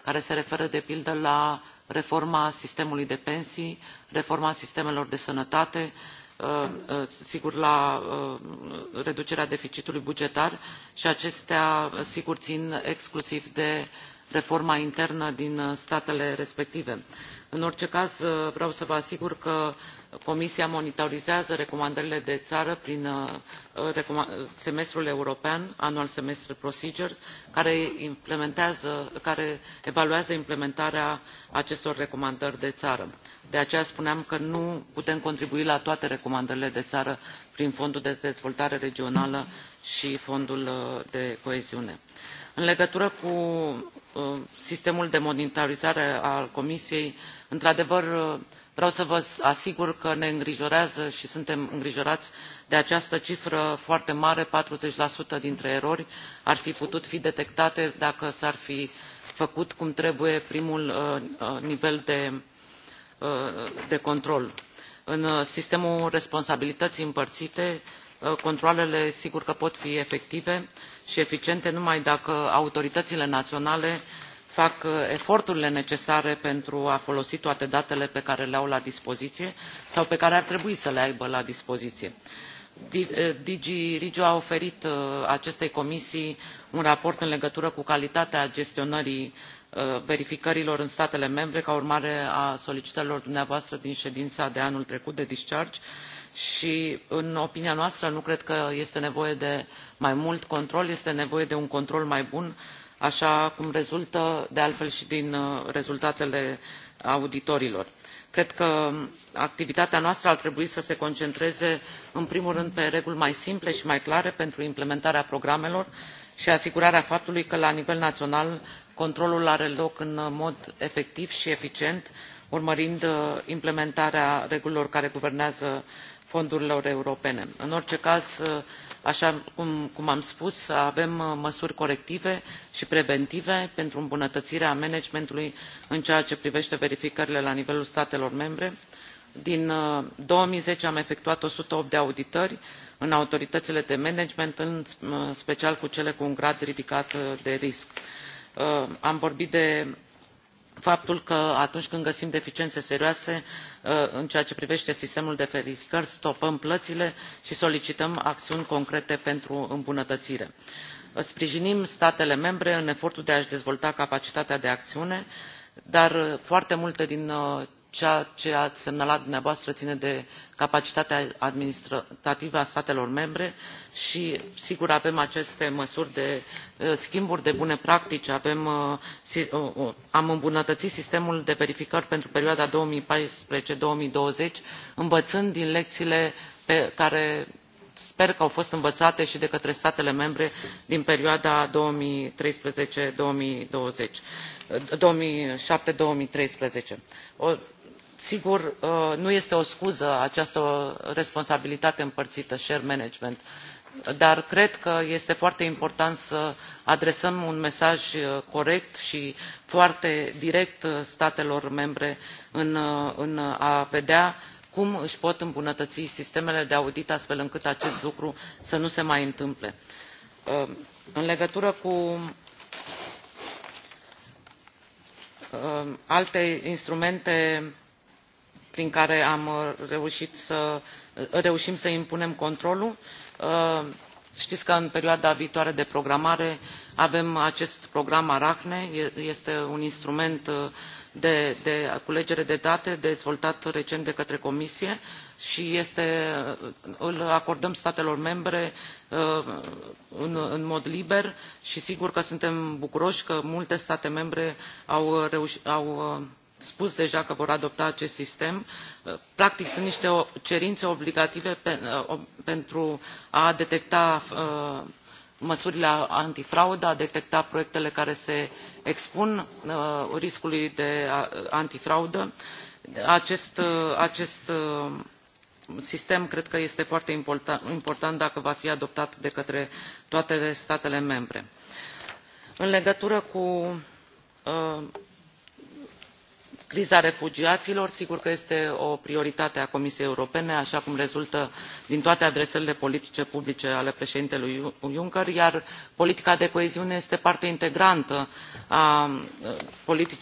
S4: care se referă de pildă la reforma sistemului de pensii reforma sistemelor de sănătate sigur la reducerea deficitului bugetar și acestea sigur țin exclusiv de reforma internă din statele respective. în orice caz vreau să vă asigur că comisia monitorizează recomandările de țară prin uh, uh, semestrul european annual semester procedures care, evaluează implementarea acestor recomandări de țară. de aceea spuneam că nu putem contribui la toate recomandările de țară prin fondul de dezvoltare regională și fondul uh, de coeziune. în legătură cu sistemul de monitorizare al comisiei într adevăr vreau să vă asigur că ne îngrijorează și suntem îngrijorați de această cifră foarte mare patruzeci dintre erori ar fi putut fi detectate dacă s ar fi făcut cum trebuie primul uh, uh, nivel uh, de, control. în sistemul responsabilității împărțite controalele sigur că pot fi efective și eficiente numai dacă autoritățile naționale fac uh, eforturile necesare pentru a folosi toate datele pe care le au la dispoziție sau pe care ar trebui să le aibă la dispoziție. dg uh, regio a oferit uh, acestei comisii un raport în legătură cu calitatea gestionării verificărilor în statele membre ca urmare a solicitărilor dumneavoastră din ședința de anul trecut de discharge și în opinia noastră nu cred că este nevoie de mai mult control este nevoie de un control mai bun așa cum rezultă de altfel și din uh, rezultatele auditorilor. cred că activitatea noastră ar trebui să se concentreze în primul rând pe reguli mai simple și mai clare pentru implementarea programelor și asigurarea faptului că la nivel național controlul are loc în mod efectiv și eficient urmărind uh, implementarea regulilor care guvernează fondurile europene. în orice caz uh, așa cum, am spus avem uh, măsuri corective și preventive pentru îmbunătățirea managementului în ceea ce privește verificările la nivelul statelor membre din uh, două mii zece am efectuat o sută opt de auditări în autoritățile de management în uh, special cu cele cu un grad ridicat de risc. am vorbit de faptul că atunci când găsim deficiențe serioase uh, în ceea ce privește sistemul de verificări stopăm plățile și solicităm acțiuni concrete pentru îmbunătățire. Uh, sprijinim statele membre în efortul de a și dezvolta capacitatea de acțiune dar uh, foarte multe din ceea ce ați semnalat dumneavoastră ține de capacitatea administrativă a statelor membre și sigur avem aceste măsuri de uh, schimburi de bune practici avem, uh, uh, am îmbunătățit sistemul de verificări pentru perioada două mii paisprezece două mii douăzeci învățând din lecțiile pe care sper că au fost învățate și de către statele membre din perioada două mii treisprezece două mii șapte două mii treisprezece sigur uh, nu este o scuză această responsabilitate împărțită share management dar cred că este foarte important să adresăm un mesaj uh, corect și foarte direct uh, statelor membre în, în a vedea cum își pot îmbunătăți sistemele de audit astfel încât acest lucru să nu se mai întâmple. în legătură cu alte instrumente prin care am uh, reușit să, uh, reușim să impunem controlul. Uh, știți că în perioada viitoare de programare avem acest program Arachne, este un instrument de, de culegere de date dezvoltat recent de către Comisie și este, îl acordăm statelor membre în, în mod liber și sigur că suntem bucuroși că multe state membre au, reuși, au spus deja că vor adopta acest sistem uh, practic sunt niște cerințe obligative uh, pentru a detecta uh, măsurile antifraudă a detecta proiectele care se expun riscului de antifraudă. acest, acest sistem cred că este foarte important, important dacă va fi adoptat de către toate statele membre. în legătură cu criza refugiaților sigur că este o prioritate a comisiei europene așa cum rezultă din toate adresările politice publice ale președintelui juncker iar politica de coeziune este parte integrantă a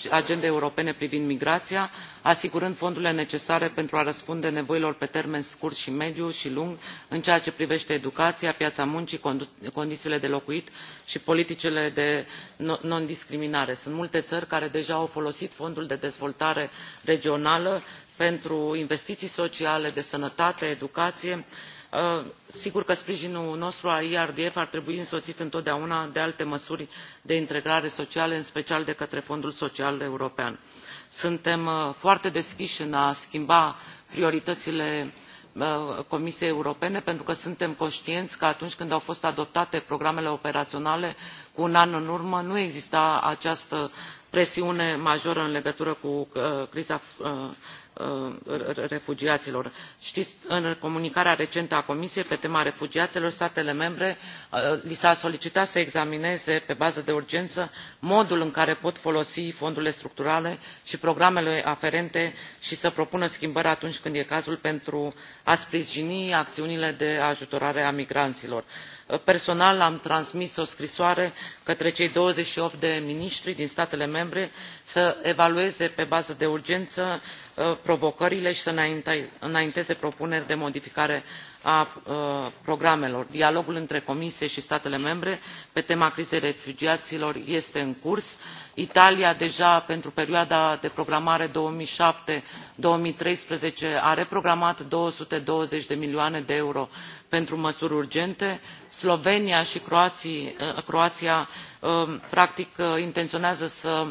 S4: agendei europene privind migrația și asigurând fondurile necesare pentru a răspunde nevoilor pe termen scurt și mediu și lung în ceea ce privește educația piața muncii condițiile de locuit și politicile de non discriminare. sunt multe țări care deja au folosit fondul de dezvoltare regională pentru investiții sociale de sănătate educație uh, sigur că sprijinul nostru al erdf ar trebui însoțit întotdeauna de alte măsuri de integrare socială în special de către fondul social european suntem uh, foarte deschiși în a schimba prioritățile uh, comisiei europene pentru că suntem conștienți că atunci când au fost adoptate programele operaționale cu un an în urmă nu exista această presiune majoră în legătură cu uh, criza uh, uh, refugiaților. știți în comunicarea recentă a comisiei pe tema refugiaților statele membre li s a solicitat să examineze pe bază de urgență modul în care pot folosi fondurile structurale și programele aferente și să propună schimbări atunci când e cazul pentru a sprijini acțiunile de ajutorare a migranților personal am transmis o scrisoare către cei douăzeci și opt de miniștri din statele membre să evalueze pe bază de urgență uh, provocările și să înainteze propuneri de modificare a programelor. dialogul între comisie și statele membre pe tema crizei refugiaților este în curs. italia deja pentru perioada de programare două mii șapte două mii treisprezece a reprogramat două sute douăzeci de milioane de euro pentru măsuri urgente slovenia și eh, croația eh, practic eh, intenționează să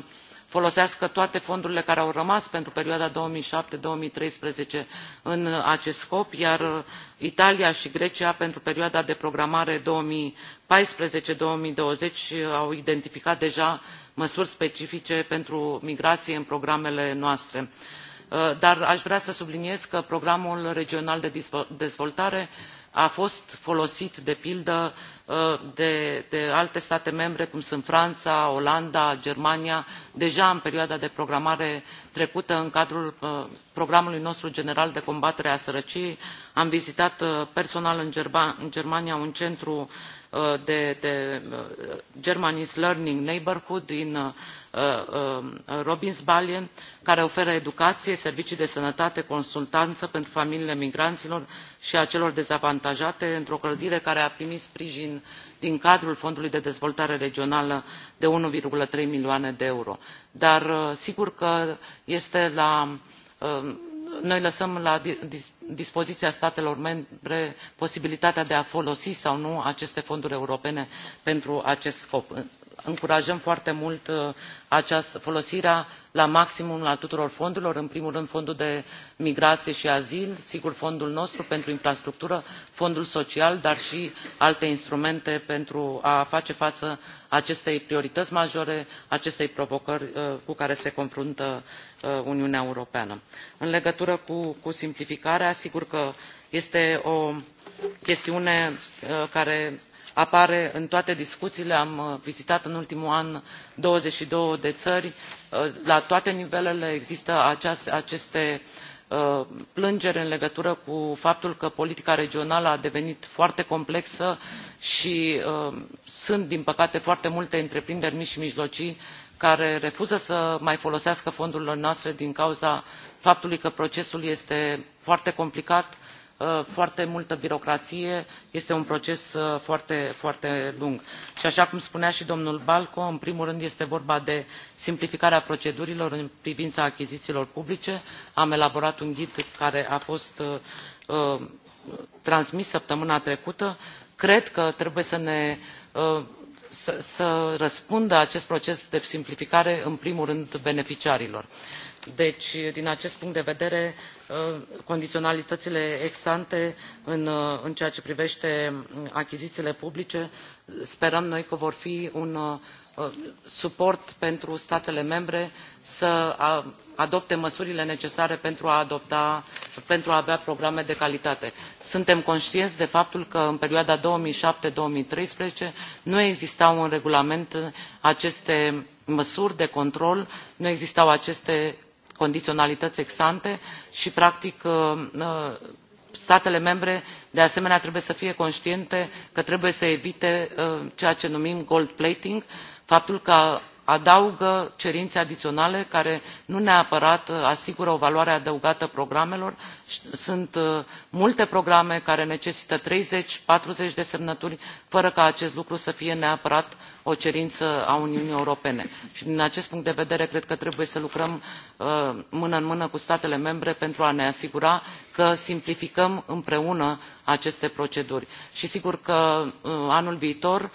S4: folosească toate fondurile care au rămas pentru perioada două mii șapte două mii treisprezece în acest scop iar italia și grecia pentru perioada de programare două mii paisprezece două mii douăzeci au identificat deja măsuri specifice pentru migrație în programele noastre dar aș vrea să subliniez că programul regional de dezvoltare nu a fost folosit de pildă ă, de, alte state membre cum sunt franța olanda germania deja în perioada de programare trecută în cadrul ă, programului nostru general de combatere a sărăciei am vizitat ă, personal în, în germania un centru Uh, de, uh, Germany's Learning Neighborhood din uh, um, robinsbalen care oferă educație, servicii de sănătate, consultanță pentru familiile migranților și a celor dezavantajate într-o clădire care a primit sprijin din cadrul Fondului de Dezvoltare Regională de 1,3 milioane de euro. Dar sigur că este la um, noi lăsăm la dispoziția statelor membre posibilitatea de a folosi sau nu aceste fonduri europene pentru acest scop încurajăm foarte mult uh, această folosire la maximum a tuturor fondurilor în primul rând fondul de migrație și azil sigur fondul nostru pentru infrastructură fondul social dar și alte instrumente pentru a face față acestei priorități majore acestei provocări uh, cu care se confruntă uh, uniunea europeană. în legătură cu, cu simplificarea sigur că este o chestiune care apare în toate discuțiile am uh, vizitat în ultimul an douăzeci și doi de țări uh, la toate nivelele există aceste uh, plângeri în legătură cu faptul că politica regională a devenit foarte complexă și sunt din păcate foarte multe întreprinderi mici și mijlocii care refuză să mai folosească fondurile noastre din cauza faptului că procesul este foarte complicat și Uh, foarte multă birocrație este un proces uh, foarte foarte lung și așa cum spunea și domnul balco în primul rând este vorba de simplificarea procedurilor în privința achizițiilor publice am elaborat un ghid care a fost uh, transmis săptămâna trecută cred că trebuie să ne să, să răspundă acest proces de simplificare în primul rând beneficiarilor deci din acest punct de vedere uh, condiționalitățile ex ante uh, în, ceea ce privește mm, achizițiile publice sperăm noi că vor fi un uh, suport pentru statele membre să adopte măsurile necesare pentru a, adopta, pentru a avea programe de calitate. suntem conștienți de faptul că în perioada două mii șapte două mii treisprezece nu existau în regulament aceste măsuri de control nu existau aceste condiționalități ex ante și practic uh, uh, statele membre de asemenea trebuie să fie conștiente că trebuie să evite uh, ceea ce numim gold plating faptul ca adaugă cerințe adiționale care nu neapărat uh, asigură o valoare adăugată programelor sunt uh, multe programe care necesită treizeci patruzeci de semnături fără ca acest lucru să fie neapărat o cerință a uniunii europene și din acest punct de vedere cred că trebuie să lucrăm uh, mână în mână cu statele membre pentru a ne asigura că simplificăm împreună aceste proceduri și sigur că anul viitor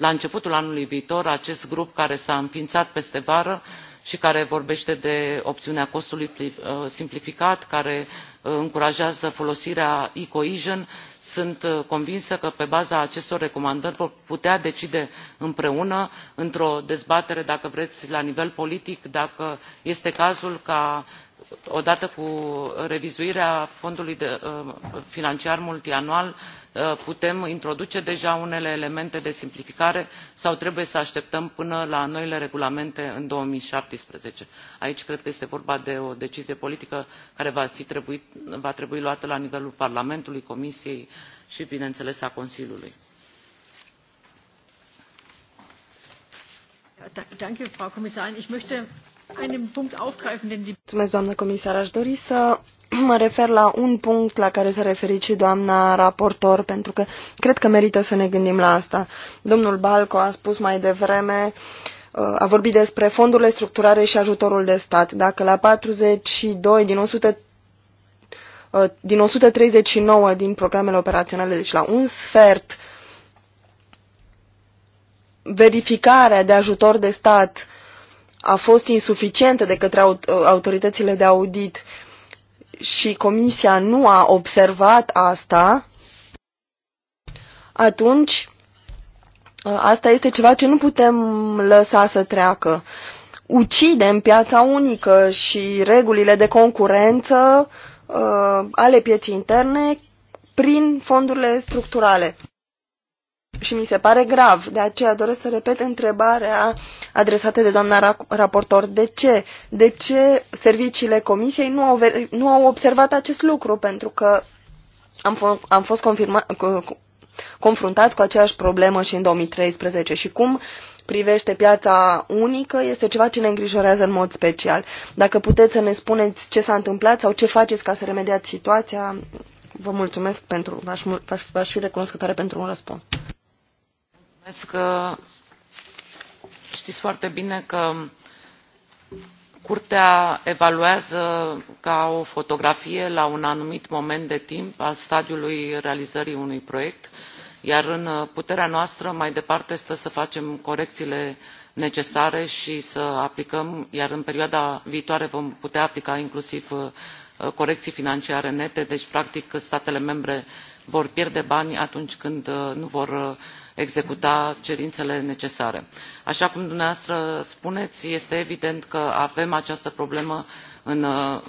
S4: la începutul anului viitor acest grup care s a înființat peste vară și care vorbește de opțiunea costului uh, simplificat care uh, încurajează folosirea e cohesion sunt uh, convinsă că pe baza acestor recomandări vom putea decide împreună într o dezbatere dacă vreți la nivel politic dacă este cazul ca odată cu revizuirea fondului uh, financiar multianual uh, putem introduce deja unele elemente de simplificare sau trebuie să așteptăm până la noile regulamente în? două mii șaptesprezece aici cred că este vorba de o decizie politică care va, fi trebuit, va trebui luată la nivelul parlamentului comisiei și bineînțeles a consiliului.
S1: Danke, Frau Kommissarin. Ich möchte
S2: Mulțumesc, doamnă comisar. Aș dori să mă refer la un punct la care s-a referit și doamna raportor, pentru că cred că merită să ne gândim la asta. Domnul Balco a spus mai devreme, uh, a vorbit despre fondurile structurare și ajutorul de stat. Dacă la 42 din 100 uh, din 139 din programele operaționale, deci la un sfert, verificarea de ajutor de stat uh, a fost insuficientă de către autoritățile de audit și Comisia nu a observat asta, atunci ă, asta este ceva ce nu putem lăsa să treacă. Ucidem piața unică și regulile de concurență uh, ale pieții interne prin fondurile structurale și mi se pare grav. De aceea doresc să repet întrebarea adresată de doamna raportor. De ce? De ce serviciile comisiei nu au, nu au observat acest lucru? Pentru că am, am fost confirma, confruntați cu aceeași problemă și în 2013 și cum privește piața unică este ceva ce ne îngrijorează în mod special. Dacă puteți să ne spuneți ce s-a întâmplat sau ce faceți ca să remediați situația, vă mulțumesc pentru, v-aș, v-aș fi recunoscătoare pentru un răspuns.
S4: Știți foarte bine că curtea evaluează ca o fotografie la un anumit moment de timp al stadiului realizării unui proiect iar în puterea noastră mai departe stă să facem corecțiile necesare și să aplicăm iar în perioada viitoare vom putea aplica inclusiv uh, corecții financiare nete deci practic statele membre vor pierde bani atunci când uh, nu vor uh, executa cerințele necesare. așa cum dumneavoastră spuneți este evident că avem această problemă Uh,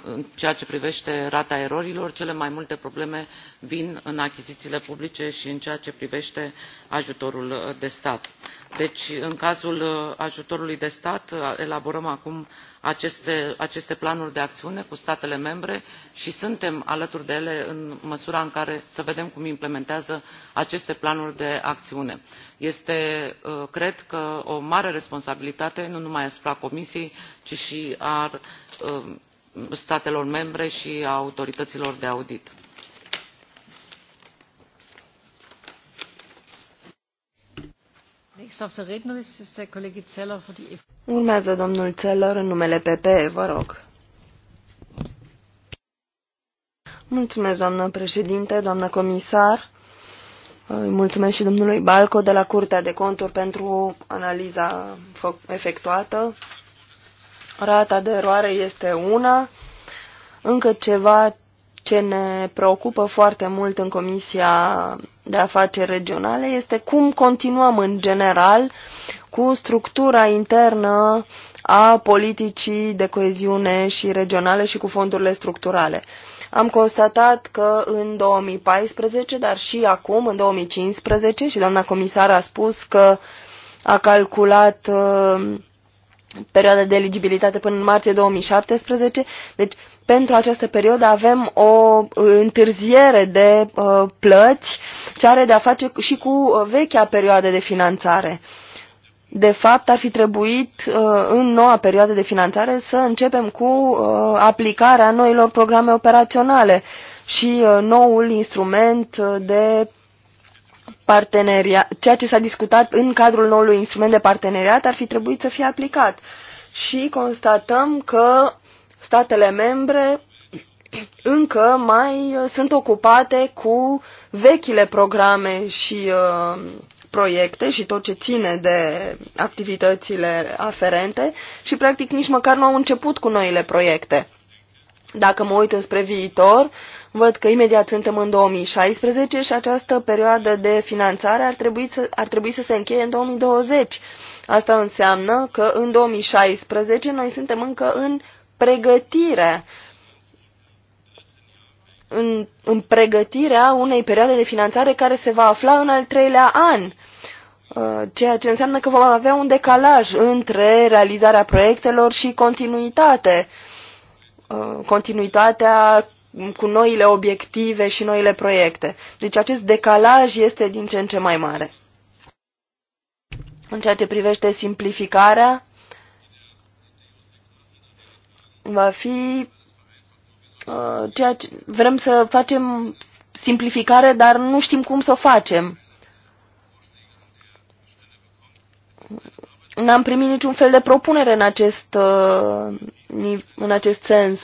S4: în ceea ce privește rata erorilor cele mai multe probleme vin în achizițiile publice și în ceea ce privește ajutorul uh, de stat. deci în cazul uh, ajutorului de stat elaborăm acum aceste, planuri de acțiune cu statele membre și suntem alături de ele în măsura în care să vedem cum implementează aceste planuri de acțiune. este cred că o mare responsabilitate nu numai asupra comisiei ci și a Uh, statelor membre și a autorităților de audit.
S2: Urmează domnul Zeller în numele PPE, vă rog. Mulțumesc, doamnă președinte, doamnă comisar. mulțumesc și domnului Balco de la Curtea de Conturi pentru analiza efectuată. Rata de eroare este una. Încă ceva ce ne preocupă foarte mult în Comisia de Afaceri Regionale este cum continuăm în general cu structura internă a politicii de coeziune și regionale și cu fondurile structurale. Am constatat că în 2014, dar și acum, în 2015, și doamna comisar a spus că a calculat uh, perioada de eligibilitate până în martie 2017. Deci, pentru această perioadă avem o uh, întârziere de uh, plăți ce are de a face și cu uh, vechea perioadă de finanțare. De fapt, ar fi trebuit uh, în noua perioadă de finanțare să începem cu uh, aplicarea noilor programe operaționale și uh, noul instrument uh, de Parteneria, ceea ce s-a discutat în cadrul noului instrument de parteneriat ar fi trebuit să fie aplicat. Și constatăm că statele membre încă mai uh, sunt ocupate cu vechile programe și uh, proiecte și tot ce ține de activitățile aferente și practic nici măcar nu au început cu noile proiecte. Dacă mă uit înspre viitor, Văd că imediat suntem în 2016 și această perioadă de finanțare ar trebui să, ar trebui să se încheie în 2020. Asta înseamnă că în 2016 noi suntem încă în pregătire în, în pregătirea unei perioade de finanțare care se va afla în al treilea an, uh, ceea ce înseamnă că vom avea un decalaj între realizarea proiectelor și continuitate, uh, continuitatea cu noile obiective și noile proiecte. Deci acest decalaj este din ce în ce mai mare. În ceea ce privește simplificarea, va fi uh, ceea ce vrem să facem simplificare, dar nu știm cum să o facem. N-am primit niciun fel de propunere în acest, uh, în acest sens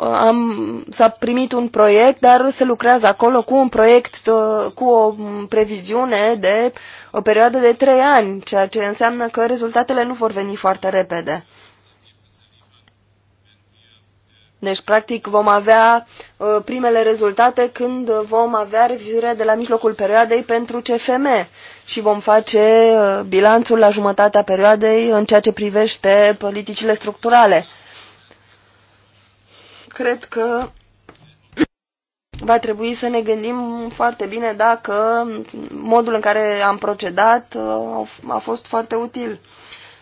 S2: am, s-a primit un proiect, dar se lucrează acolo cu un proiect, uh, cu o previziune de o perioadă de trei ani, ceea ce înseamnă că rezultatele nu vor veni foarte repede. Deci, practic, vom avea uh, primele rezultate când vom avea revizuirea de la mijlocul perioadei pentru CFM și vom face uh, bilanțul la jumătatea perioadei în ceea ce privește politicile structurale cred că va trebui să ne gândim foarte bine dacă modul în care am procedat uh, a fost foarte util.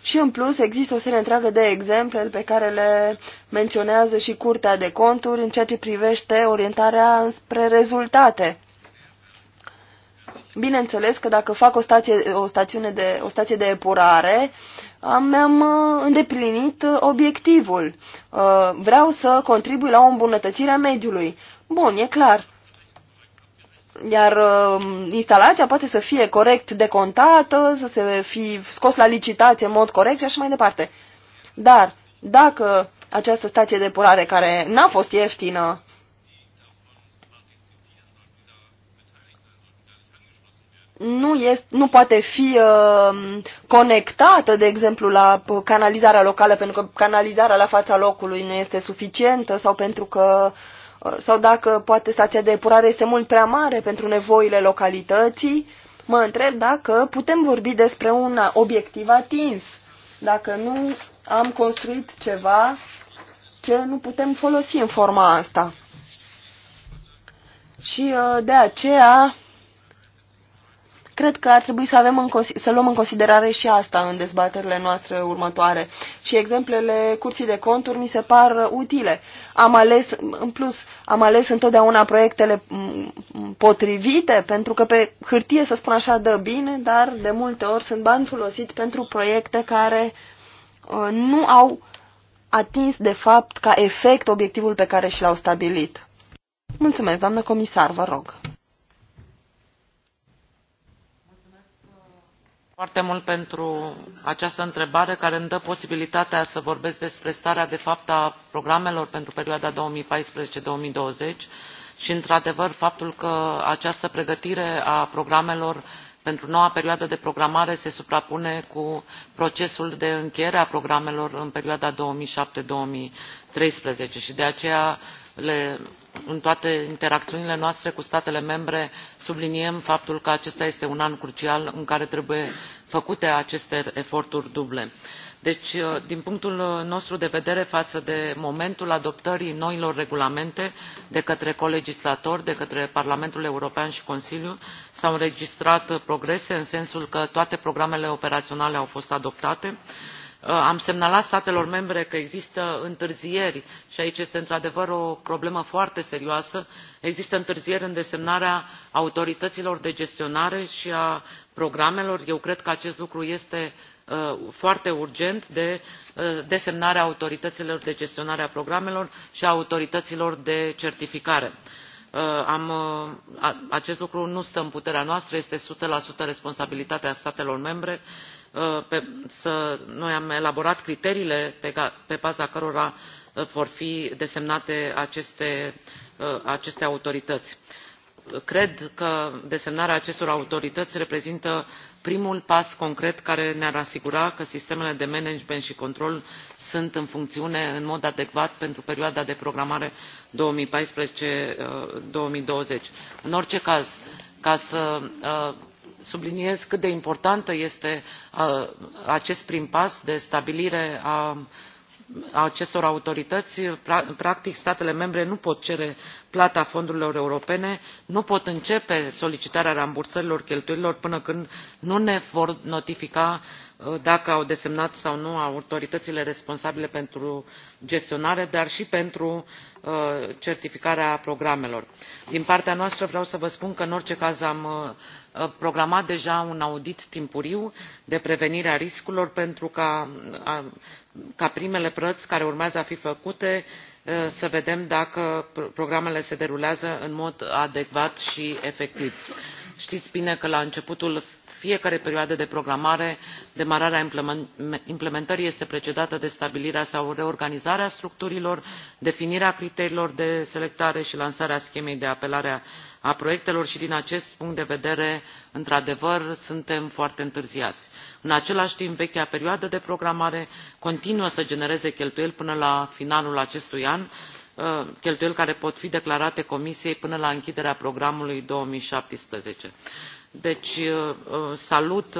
S2: Și în plus există o serie întreagă de exemple pe care le menționează și Curtea de Conturi în ceea ce privește orientarea spre rezultate. Bineînțeles că dacă fac o stație, o stațiune de, o stație de epurare, uh, mi-am uh, îndeplinit uh, obiectivul. Uh, vreau să contribui la o îmbunătățire a mediului. Bun, e clar. Iar instalația poate să fie corect decontată, să se fi scos la licitație în mod corect și așa mai departe. Dar dacă această stație de purare care n-a fost ieftină nu, este, nu poate fi uh, conectată, de exemplu, la canalizarea locală, pentru că canalizarea la fața locului nu este suficientă sau pentru că uh, sau dacă poate stația de epurare este mult prea mare pentru nevoile localității, mă întreb dacă putem vorbi despre un obiectiv atins, dacă nu am construit ceva ce nu putem folosi în forma asta. Și uh, de aceea Cred că ar trebui să, avem în, să luăm în considerare și asta în dezbaterile noastre următoare. Și exemplele curții de conturi mi se par utile. Am ales, în plus, am ales întotdeauna proiectele potrivite, pentru că pe hârtie, să spun așa, dă bine, dar de multe ori sunt bani folosiți pentru proiecte care uh, nu au atins, de fapt, ca efect obiectivul pe care și l-au stabilit. Mulțumesc, doamnă comisar, vă
S4: rog. foarte mult pentru această întrebare care îmi dă posibilitatea să vorbesc despre starea de fapt a programelor pentru perioada două mii paisprezece două mii douăzeci și într adevăr faptul că această pregătire a programelor pentru noua perioadă de programare se suprapune cu procesul de încheiere a programelor în perioada două mii șapte două mii treisprezece și de aceea în toate interacțiunile noastre cu statele membre subliniem faptul că acesta este un an crucial în care trebuie făcute aceste eforturi duble deci uh, din punctul nostru de vedere față de momentul adoptării noilor regulamente de către colegislatori de către parlamentul european și consiliu s au înregistrat progrese în sensul că toate programele operaționale au fost adoptate și Uh, am semnalat statelor membre că există întârzieri și aici este într adevăr o problemă foarte serioasă există întârzieri în desemnarea autorităților de gestionare și a programelor eu cred că acest lucru este uh, foarte urgent de uh, desemnarea autorităților de gestionare a programelor și a autorităților de certificare. Am, acest lucru nu stă în puterea noastră este o sută responsabilitatea statelor membre Uh, să, noi am elaborat criteriile pe, baza cărora uh, vor fi desemnate aceste, uh, aceste autorități. cred că desemnarea acestor autorități reprezintă primul pas concret care ne ar asigura că sistemele de management și control sunt în funcțiune în mod adecvat pentru perioada de programare două mii paisprezece două mii douăzeci în orice caz ca să subliniez cât de important este acest prim pas de stabilire a acestor autorități practic statele membre nu pot cere plata fondurilor europene nu pot începe solicitarea rambursărilor cheltuielilor până când nu ne vor notifica uh, dacă au desemnat sau nu autoritățile responsabile pentru gestionare dar și pentru uh, certificarea programelor. din partea noastră vreau să vă spun că în orice caz am uh, programat deja un audit timpuriu de prevenire a riscurilor pentru ca primele plăți care urmează a fi făcute Uh, să vedem dacă programele se derulează în mod adecvat și efectiv. știți bine că la începutul fiecărei perioade de programare demararea implementării este precedată de stabilirea sau reorganizarea structurilor definirea criteriilor de selectare și lansarea schemei de apelare a a proiectelor și din acest punct de vedere într adevăr suntem foarte întârziați. în același timp vechea perioadă de programare continuă să genereze cheltuieli până la finalul acestui an uh, cheltuieli care pot fi declarate comisiei până la închiderea programului. două mii șaptesprezece deci uh, uh, salut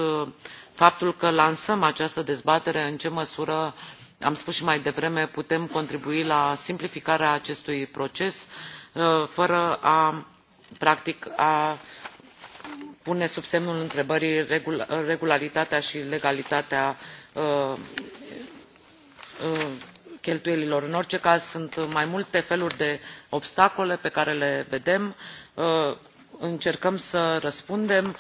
S4: faptul că lansăm această dezbatere în ce măsură am spus și mai devreme putem contribui la simplificarea acestui proces fără a practic a pune sub semnul întrebării regularitatea și legalitatea uh, uh, cheltuielilor. în orice caz sunt mai multe feluri de obstacole pe care le vedem. Uh, încercăm să răspundem.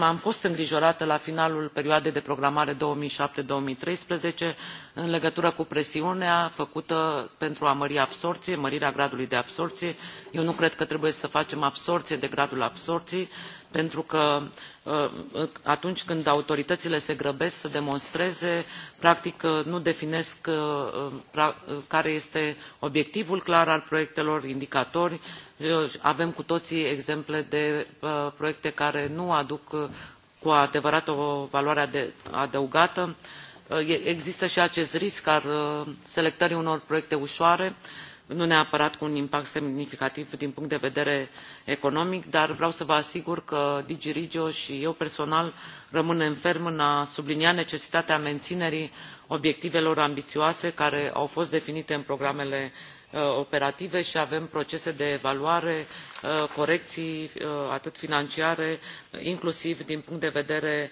S4: am fost îngrijorată la finalul perioadei de programare două mii șapte două mii treisprezece în legătură cu presiunea făcută pentru a mări absorbția mărirea gradului de absorbție. eu nu cred că trebuie să facem absorbție de gradul absorbției pentru că ă, ă, atunci când autoritățile se grăbesc să demonstreze practic ă, nu definesc care este obiectivul clar al proiectelor indicatori avem cu toții exemple de proiecte care nu aduc cu adevărat o valoare adăugată există și acest risc al selectării unor proiecte ușoare și nu neapărat cu un impact semnificativ din punct de vedere economic dar vreau să vă asigur că dg regio și eu personal rămânem fermi în a sublinia necesitatea menținerii obiectivelor ambițioase care au fost definite în programele uh, operative și avem procese de evaluare uh, corecții uh, atât financiare inclusiv din punct de vedere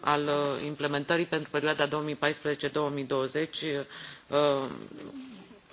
S4: al implementării pentru perioada două mii paisprezece două mii douăzeci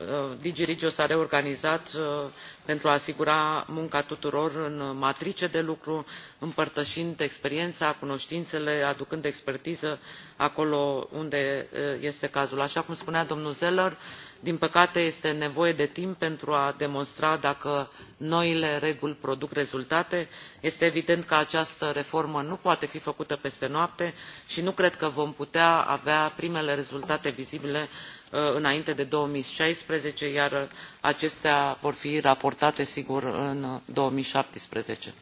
S4: Uh, dg regio s a reorganizat uh, pentru a asigura munca tuturor în matrice de lucru împărtășind experiența cunoștințele aducând expertiză acolo unde uh, este cazul. așa cum spunea domnul zeller din păcate este nevoie de timp pentru a demonstra dacă noile reguli produc rezultate. este evident că această reformă nu poate fi făcută peste noapte și nu cred că vom putea avea primele rezultate vizibile Uh, înainte de două mii șaisprezece iar acestea vor fi raportate sigur în. două mii șaptesprezece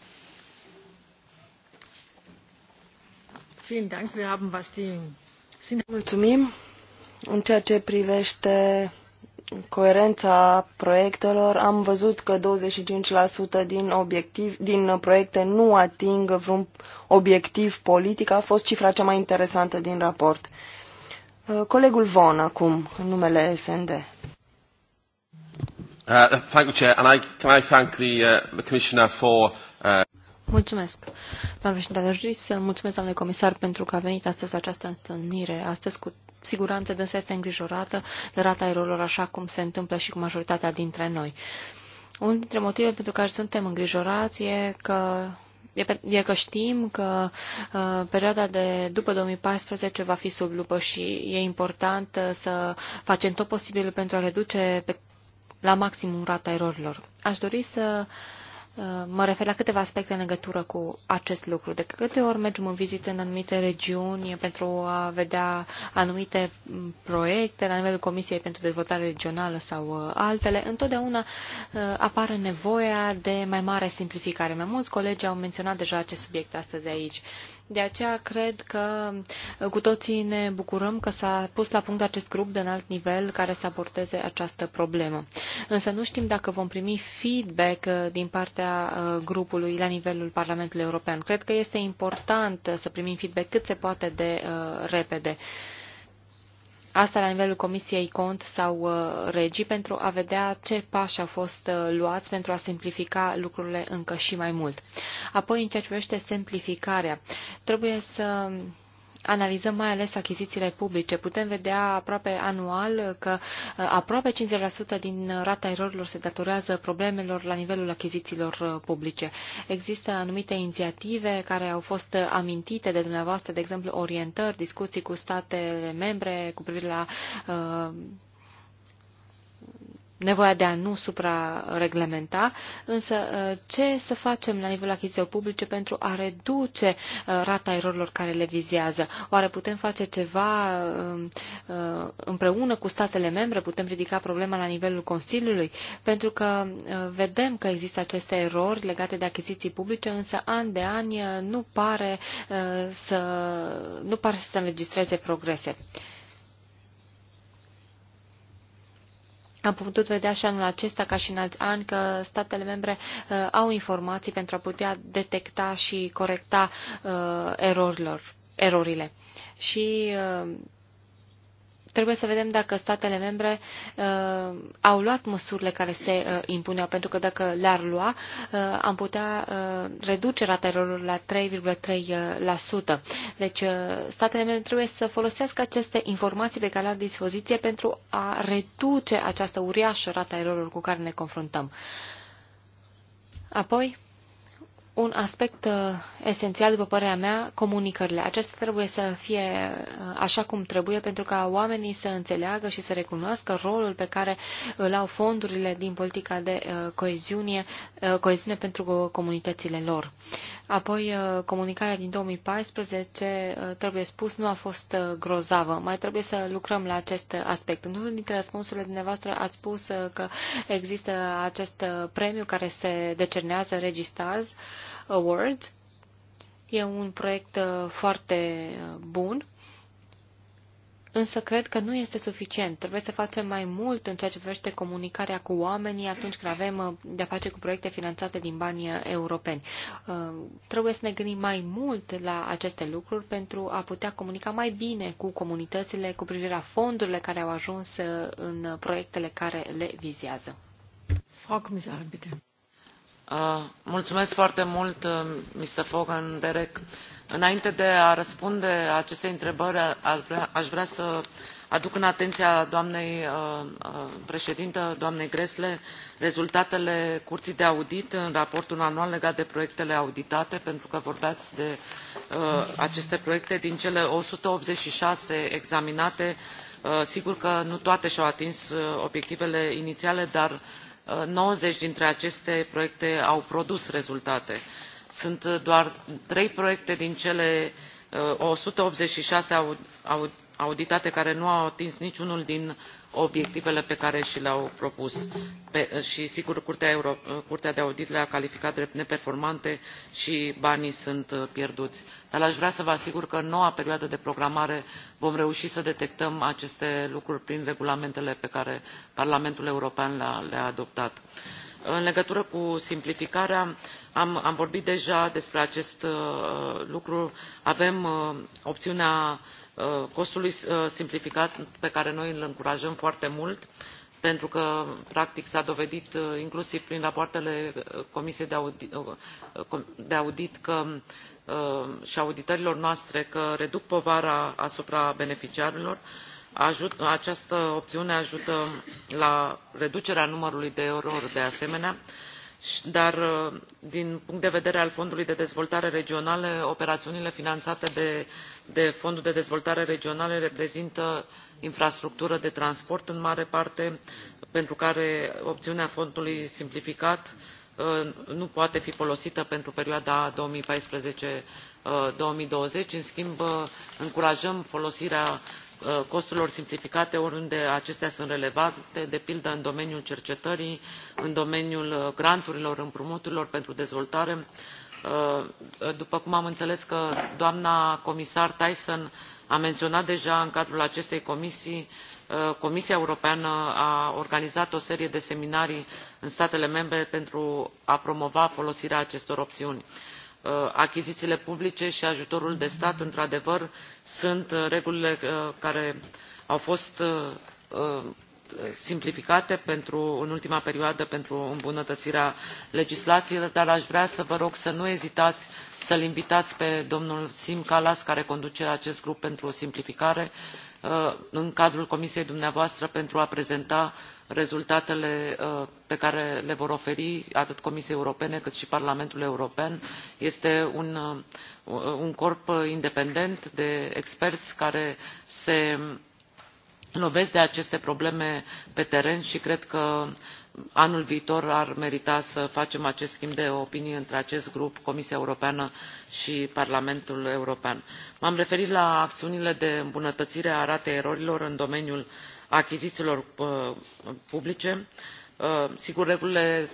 S1: Mulțumim. În
S2: ceea ce privește coerența proiectelor, am văzut că 25% din, obiectiv, din proiecte nu ating vreun obiectiv politic. A fost cifra cea mai interesantă din raport. Uh, colegul Vaughan acum, în numele SND.
S5: Uh, uh, mulțumesc, doamnă președinte. Aș dori să mulțumesc, doamne comisar, pentru că a venit astăzi această întâlnire. Astăzi, cu siguranță, dânsa este îngrijorată de rata erorilor, așa cum se întâmplă și cu majoritatea dintre noi. Unul dintre motivele pentru care suntem îngrijorați e că e că știm că uh, perioada de după 2014 va fi sub lupă și e important uh, să facem tot posibilul pentru a reduce pe, la maximum rata erorilor. Aș dori să uh, Uh, mă refer la câteva aspecte în legătură cu acest lucru. De câte ori mergem în vizită în anumite regiuni pentru a vedea anumite proiecte la nivelul Comisiei pentru Dezvoltare Regională sau uh, altele, întotdeauna uh, apare nevoia de mai mare simplificare. Mai mulți colegi au menționat deja acest subiect astăzi aici. De aceea cred că uh, cu toții ne bucurăm că s-a pus la punct acest grup de înalt nivel care să abordeze această problemă. Însă nu știm dacă vom primi feedback uh, din partea uh, grupului la nivelul Parlamentului European. Cred că este important să primim feedback cât se poate de repede. Asta la nivelul Comisiei Cont sau uh, Regii pentru a vedea ce pași au fost uh, luați pentru a simplifica lucrurile încă și mai mult. Apoi, în ceea ce privește simplificarea, trebuie să analizăm mai ales achizițiile publice, putem vedea aproape anual că uh, aproape 50% din rata erorilor se datorează problemelor la nivelul achizițiilor uh, publice. Există anumite inițiative care au fost amintite de dumneavoastră, de exemplu orientări, discuții cu statele membre cu privire la uh, nevoia de a nu suprareglementa, însă uh, ce să facem la nivelul achizițiilor publice pentru a reduce uh, rata erorilor care le vizează? Oare putem face ceva um, uh, împreună cu statele membre? Putem ridica problema la nivelul Consiliului? Pentru că vedem că există aceste erori legate de achiziții publice, însă an de an nu pare să, nu pare să se înregistreze progrese. Am putut vedea și anul acesta, ca și în alți ani, că statele membre uh, au informații pentru a putea detecta și corecta uh, erorilor, erorile. Și uh, trebuie să vedem dacă statele membre uh, au luat măsurile care se uh, impuneau, pentru că dacă le-ar lua, uh, am putea uh, reduce rata erorilor la 3,3%. Uh, deci, uh, statele membre trebuie să folosească aceste informații pe care le au dispoziție pentru a reduce această uriașă rata erorilor cu care ne confruntăm. Apoi, un aspect uh, esențial, după părerea mea, comunicările. Acestea trebuie să fie uh, așa cum trebuie pentru ca oamenii să înțeleagă și să recunoască rolul pe care îl au fondurile din politica de uh, coeziune, coeziune pentru comunitățile lor. Apoi, uh, comunicarea din 2014, uh, trebuie spus, nu a fost uh, grozavă. Mai trebuie să lucrăm la acest aspect. În unul dintre răspunsurile dumneavoastră ați spus că există acest premiu care se decernează Registars Awards. E un proiect foarte bun Însă cred că nu este suficient. Trebuie să facem mai mult în ceea ce privește comunicarea cu oamenii atunci când avem uh, de-a face cu proiecte finanțate din banii uh, europeni. Uh, trebuie să ne gândim mai mult la aceste lucruri pentru a putea comunica mai bine cu comunitățile cu privire la fondurile care au ajuns în proiectele care le vizează.
S1: Fac, mulțumesc
S4: foarte mult, Mr. Fogan, Derek înainte de a răspunde acestei întrebări aș vrea să aduc în atenția doamnei uh, uh, președintă, doamnei grle rezultatele curții de audit în raportul anual legat de proiectele auditate pentru că vorbeați de uh, aceste proiecte din cele o sută optzeci și șase examinate sigur că nu toate și au atins obiectivele inițiale dar nouăzeci dintre aceste proiecte au produs rezultate sunt uh, doar trei proiecte din cele uh, o sută optzeci și șase auditate care nu au atins niciunul din obiectivele pe care și le au propus uh, și sigur curtea, de audit le a calificat drept neperformante și banii sunt pierduți dar aș vrea să vă asigur că în noua perioadă de programare vom reuși să detectăm aceste lucruri prin regulamentele pe care parlamentul european le -a adoptat în legătură cu simplificarea am, vorbit deja despre acest uh, lucru avem uh, opțiunea uh, costului simplificat pe care noi îl încurajăm foarte mult pentru că practic s a dovedit inclusiv prin rapoartele comisiei de audit, că, și auditărilor noastre că reduc povara asupra beneficiarilor și această opțiune ajută la reducerea numărului de erori de asemenea dar uh, din punct de vedere al fondului de dezvoltare regională operațiunile finanțate de, de fondul de dezvoltare regională reprezintă infrastructură de transport în mare parte pentru care opțiunea fondului simplificat uh, nu poate fi folosită pentru perioada două mii paisprezece uh, două mii douăzeci în schimb încurajăm folosirea Uh, costurilor simplificate oriunde acestea sunt relevante de pildă în domeniul cercetării în domeniul uh, granturilor împrumuturilor pentru dezvoltare uh, după cum am înțeles că doamna comisar Tyson a menționat deja în cadrul acestei comisii comisia europeană a organizat o serie de seminarii în statele membre pentru a promova folosirea acestor opțiuni. Uh, achizițiile publice și ajutorul de stat într adevăr sunt uh, regulile uh, care au fost simplificate pentru, în ultima perioadă pentru îmbunătățirea legislației, dar aș vrea să vă rog să nu ezitați să-l invitați pe domnul Sim Calas, care conduce acest grup pentru simplificare, uh, în cadrul comisiei dumneavoastră pentru a prezenta rezultatele uh, pe care le vor oferi atât comisiei europene cât și parlamentului european este un, uh, un corp independent de experți care se lovesc de aceste probleme pe teren și cred că anul viitor ar merita să facem acest schimb de opinii între acest grup comisia europeană și parlamentul european. m am referit la acțiunile de îmbunătățire a ratei erorilor în domeniul achizițiilor uh, publice uh, sigur regulile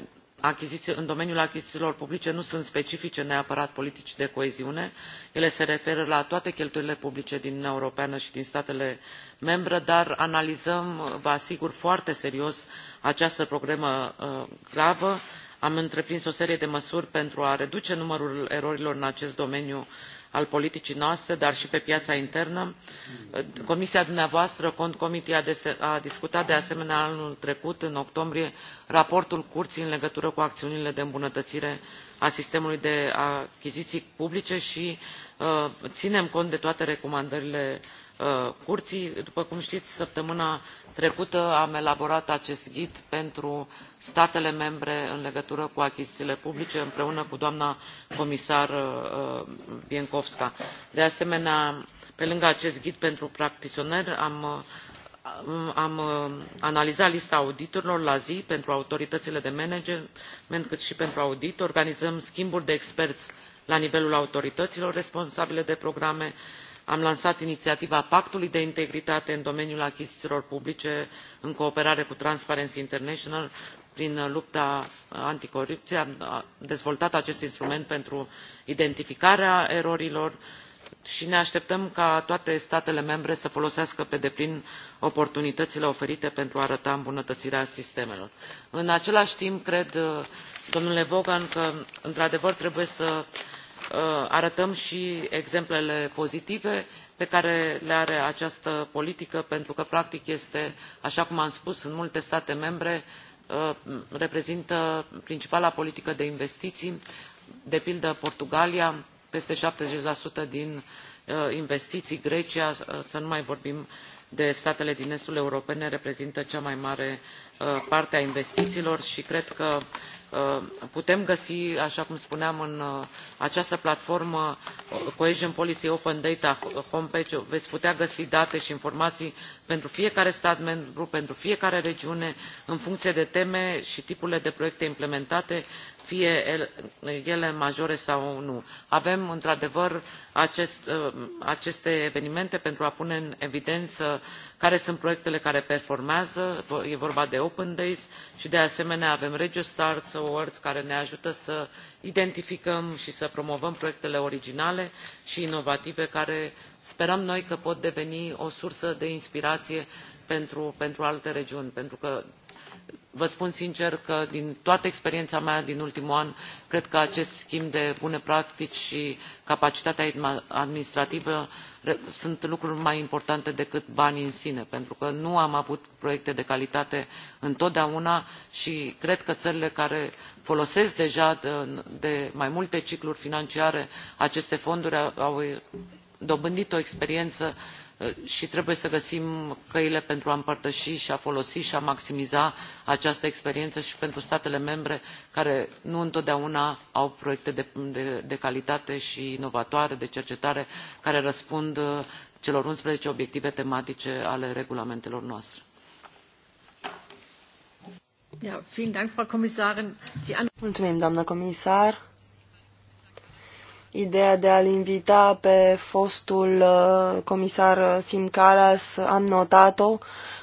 S4: în domeniul achizițiilor publice nu sunt specifice neapărat politicii de coeziune ele se referă la toate cheltuielile publice din uniunea europeană și din statele membre dar analizăm vă asigur foarte serios această problemă uh, gravă am întreprins o serie de măsuri pentru a reduce numărul erorilor în acest domeniu și al politicii noastre dar și pe piața internă. comisia dumneavoastră cont a discutat de asemenea anul trecut în octombrie raportul curții în legătură cu acțiunile de îmbunătățire a sistemului de achiziții publice și uh, ținem cont de toate recomandările Uh, curții. după cum știți săptămâna trecută am elaborat acest ghid pentru statele membre în legătură cu achizițiile publice împreună cu doamna comisar uh, uh, biekowska. de asemenea pe lângă acest ghid pentru practicioneri am am analizat lista auditorilor la zi pentru autoritățile de management cât și pentru audit organizăm schimburi de experți la nivelul autorităților responsabile de programe am lansat inițiativa pactului de integritate în domeniul achizițiilor publice în cooperare cu transparency international prin lupta anticorupție am dezvoltat acest instrument pentru identificarea erorilor și ne așteptăm ca toate statele membre să folosească pe deplin oportunitățile oferite pentru a arăta îmbunătățirea sistemelor. în același timp cred domnule vaughan că într adevăr trebuie să Uh, arătăm și exemplele pozitive pe care le are această politică pentru că practic este așa cum am spus în multe state membre uh, reprezintă principala politică de investiții de pildă portugalia peste șaptezeci din uh, investiții grecia să nu mai vorbim de de statele din estul europene reprezintă cea mai mare uh, parte a investițiilor și cred că uh, putem găsi așa cum spuneam în uh, această platformă cohesion policy open data homepage veți putea găsi date și informații pentru fiecare stat membru pentru fiecare regiune în funcție de teme și tipurile de proiecte implementate fie ele majore sau nu. avem într adevăr uh, aceste evenimente pentru a pune în evidență care sunt proiectele care performează e vorba de open days și de asemenea avem regio stars awards care ne ajută să identificăm și să promovăm proiectele originale și inovative care sperăm noi că pot deveni o sursă de inspirație pentru alte regiuni pentru că vă spun sincer că din toată experiența mea din ultimul an cred că acest schimb de bune practici și capacitatea administrativă sunt lucruri mai importante decât banii în sine pentru că nu am avut proiecte de calitate întotdeauna și cred că țările care folosesc deja de, de mai multe cicluri financiare aceste fonduri au dobândit o experiență și trebuie să găsim căile pentru a împărtăși și a folosi și a maximiza această experiență și pentru statele membre care nu întotdeauna au proiecte de, calitate și inovatoare de cercetare care răspund uh, celor unsprezece obiective tematice ale regulamentelor noastre.
S1: Mulțumim, doamnă comisar
S2: ideea de a-l invita pe fostul uh, comisar Sim Calas, am notat-o,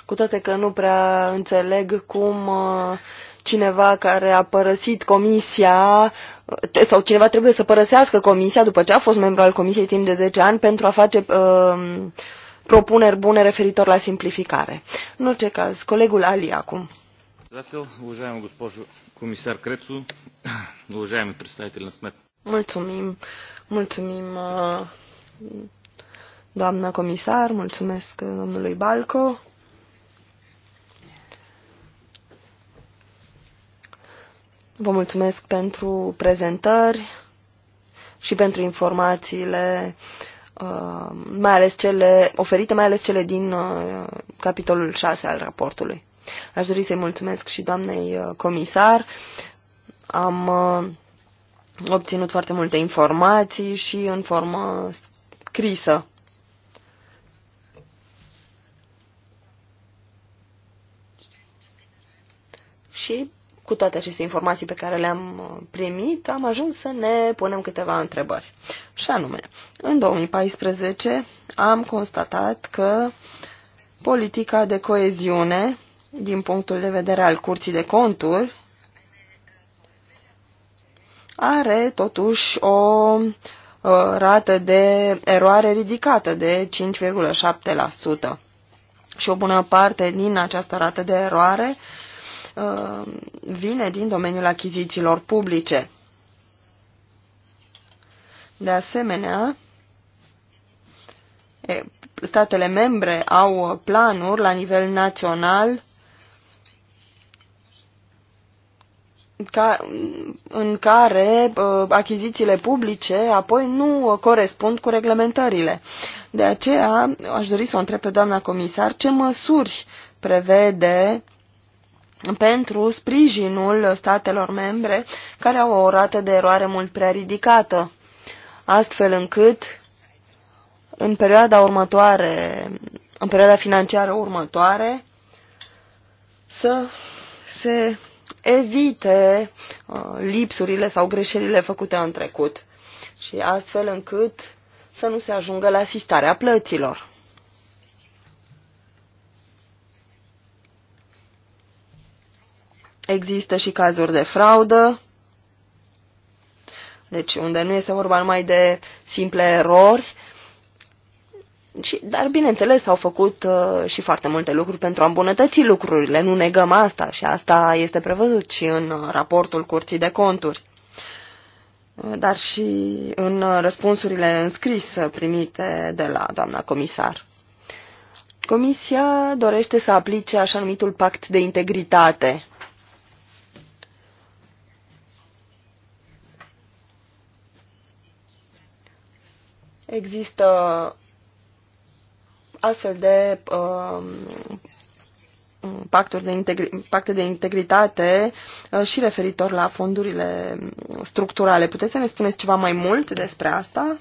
S2: cu toate că nu prea înțeleg cum uh, cineva care a părăsit comisia sau cineva trebuie să părăsească comisia după ce a fost membru al comisiei timp de 10 ani pentru a face uh, propuneri bune referitor la simplificare. În orice caz, colegul Ali acum. Уважаемый госпожо комиссар Крецу, уважаемый представитель на Mulțumim, mulțumim, uh, doamna comisar, mulțumesc uh, domnului Balco. Vă mulțumesc pentru prezentări și pentru informațiile, uh, mai ales cele oferite, mai ales cele din capitolul 6 al raportului. Aș dori să-i mulțumesc și doamnei comisar. Am obținut foarte multe informații și în formă scrisă. Și cu toate aceste informații pe care le-am uh, primit, am ajuns să ne punem câteva întrebări. Și anume, în 2014 am constatat că politica de coeziune, din punctul de vedere al curții de conturi, are totuși o uh, rată de eroare ridicată de 5,7% și o bună parte din această rată de eroare uh, vine din domeniul achizițiilor publice. De asemenea, statele membre au planuri la nivel național ca, în care uh, achizițiile publice apoi nu uh, corespund cu reglementările. De aceea aș dori să o întreb pe doamna comisar ce măsuri prevede pentru sprijinul statelor membre care au o rată de eroare mult prea ridicată, astfel încât în perioada următoare, în perioada financiară următoare, să se evite uh, lipsurile sau greșelile făcute în trecut și astfel încât să nu se ajungă la asistarea plăților. Există și cazuri de fraudă, deci unde nu este vorba numai de simple erori, și, dar, bineînțeles, s-au făcut uh, și foarte multe lucruri pentru a îmbunătăți lucrurile, nu negăm asta și asta este prevăzut și în uh, raportul Curții de Conturi, uh, dar și în uh, răspunsurile înscris primite de la doamna comisar. Comisia dorește să aplice așa numitul pact de integritate. Există astfel de um, pacturi de integri- pacte de integritate uh, și referitor la fondurile structurale. Puteți să ne spuneți ceva mai mult despre asta?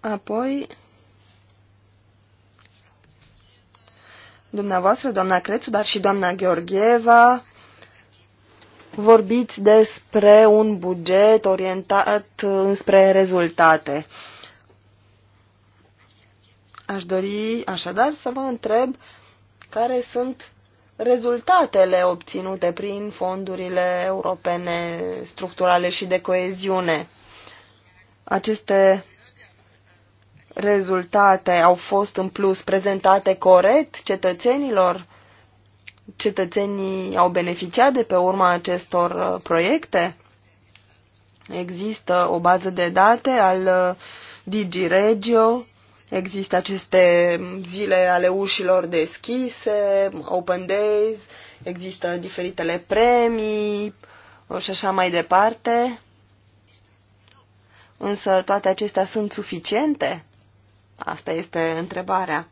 S2: Apoi, dumneavoastră, doamna Crețu, dar și doamna Gheorgheva, vorbiți despre un buget orientat uh, înspre rezultate. Aș dori așadar să vă întreb care sunt rezultatele obținute prin fondurile europene structurale și de coeziune. Aceste rezultate au fost în plus prezentate corect cetățenilor cetățenii au beneficiat de pe urma acestor uh, proiecte? Există o bază de date al uh, DigiRegio, există aceste zile ale ușilor deschise, Open Days, există diferitele premii uh, și așa mai departe. Însă toate acestea sunt suficiente? Asta este întrebarea.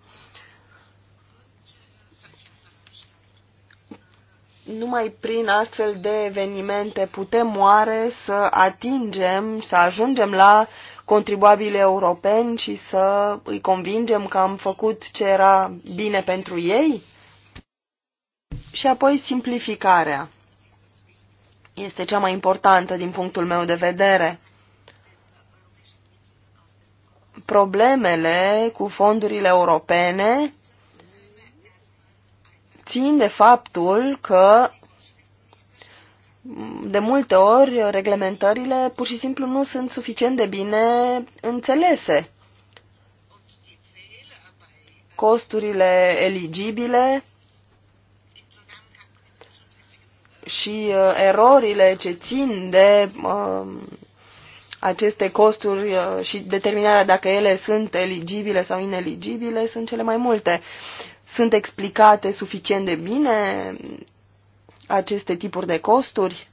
S2: numai prin astfel de evenimente putem oare să atingem, să ajungem la contribuabile europeni și să îi convingem că am făcut ce era bine pentru ei? Și apoi simplificarea. Este cea mai importantă din punctul meu de vedere. Problemele cu fondurile europene țin de faptul că de multe ori reglementările pur și simplu nu sunt suficient de bine înțelese. Costurile eligibile și uh, erorile ce țin de uh, aceste costuri uh, și determinarea dacă ele sunt eligibile sau ineligibile sunt cele mai multe. Uh, sunt explicate suficient de bine aceste tipuri de costuri?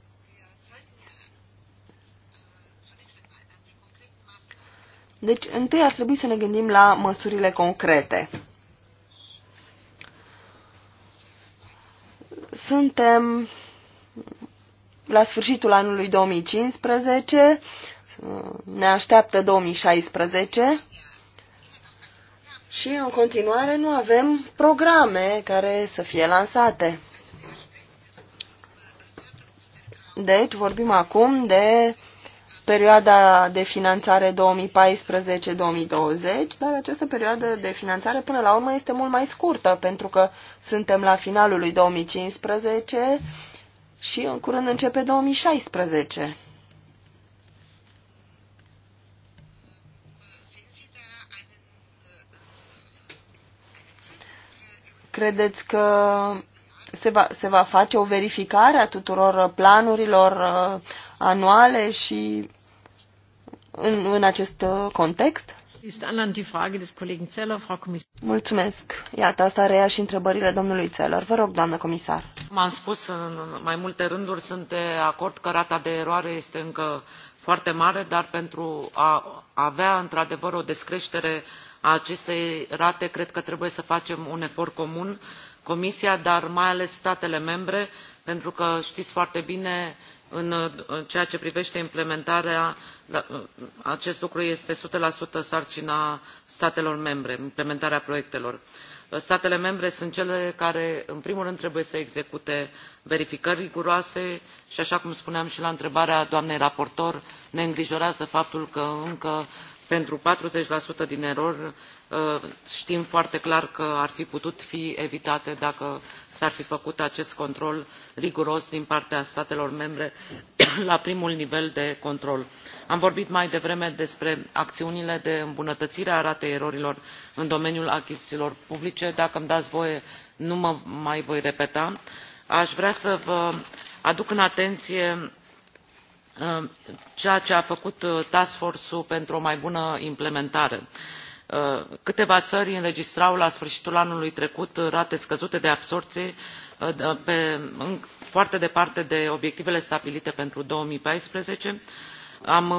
S2: Deci, întâi ar trebui să ne gândim la măsurile concrete. Suntem la sfârșitul anului 2015, ne așteaptă 2016 și în continuare nu avem programe care să fie lansate. Deci vorbim acum de perioada de finanțare 2014-2020, dar această perioadă de finanțare până la urmă este mult mai scurtă, pentru că suntem la finalul lui 2015 și în curând începe 2016. Credeți că se va, se va face o verificare a tuturor uh, planurilor uh, anuale și în, în acest uh, context? Mulțumesc. Iată, asta reia și întrebările domnului Țelor. Vă rog, doamnă comisar.
S1: M am spus
S4: în mai multe rânduri, sunt de acord că rata de eroare este încă foarte mare, dar pentru a avea într-adevăr o descreștere uh, a acestei rate cred că trebuie să facem un efort comun comisia dar mai ales statele membre pentru că știți foarte bine în ceea ce privește implementarea acest lucru este o sută sarcina statelor membre implementarea proiectelor. statele membre sunt cele care în primul rând trebuie să execute verificări riguroase și așa cum spuneam și la întrebarea doamnei raportor ne îngrijorează faptul că încă pentru patruzeci din erori uh, știm foarte clar că ar fi putut fi evitate dacă s ar fi făcut acest control riguros din partea statelor membre la primul nivel de control. am vorbit mai devreme despre acțiunile de îmbunătățire a ratei erorilor în domeniul achizițiilor publice dacă îmi dați voie nu mă mai voi repeta. aș vrea să vă aduc în atenție Um, ceea ce a făcut uh, task force ul pentru o mai bună implementare. Uh, câteva țări înregistrau la sfârșitul anului trecut rate scăzute de absorbție uh, foarte departe de obiectivele stabilite pentru două mii paisprezece am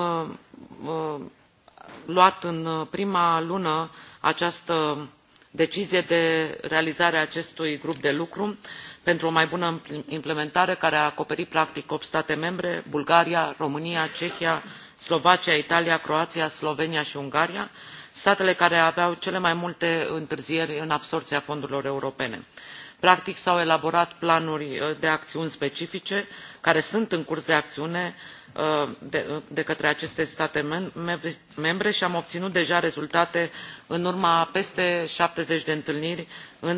S4: luat în prima lună această decizie de realizare a acestui grup de lucru pentru o mai bună implementare care a acoperit practic opt state membre bulgaria românia cehia slovacia italia croația slovenia și ungaria statele care aveau cele mai multe întârzieri în absorbția fondurilor europene. practic s au elaborat planuri uh, de acțiuni specifice care sunt în curs de acțiune Uh, uh, de, către aceste state membre și am obținut deja rezultate în urma a peste șaptezeci de întâlniri uh,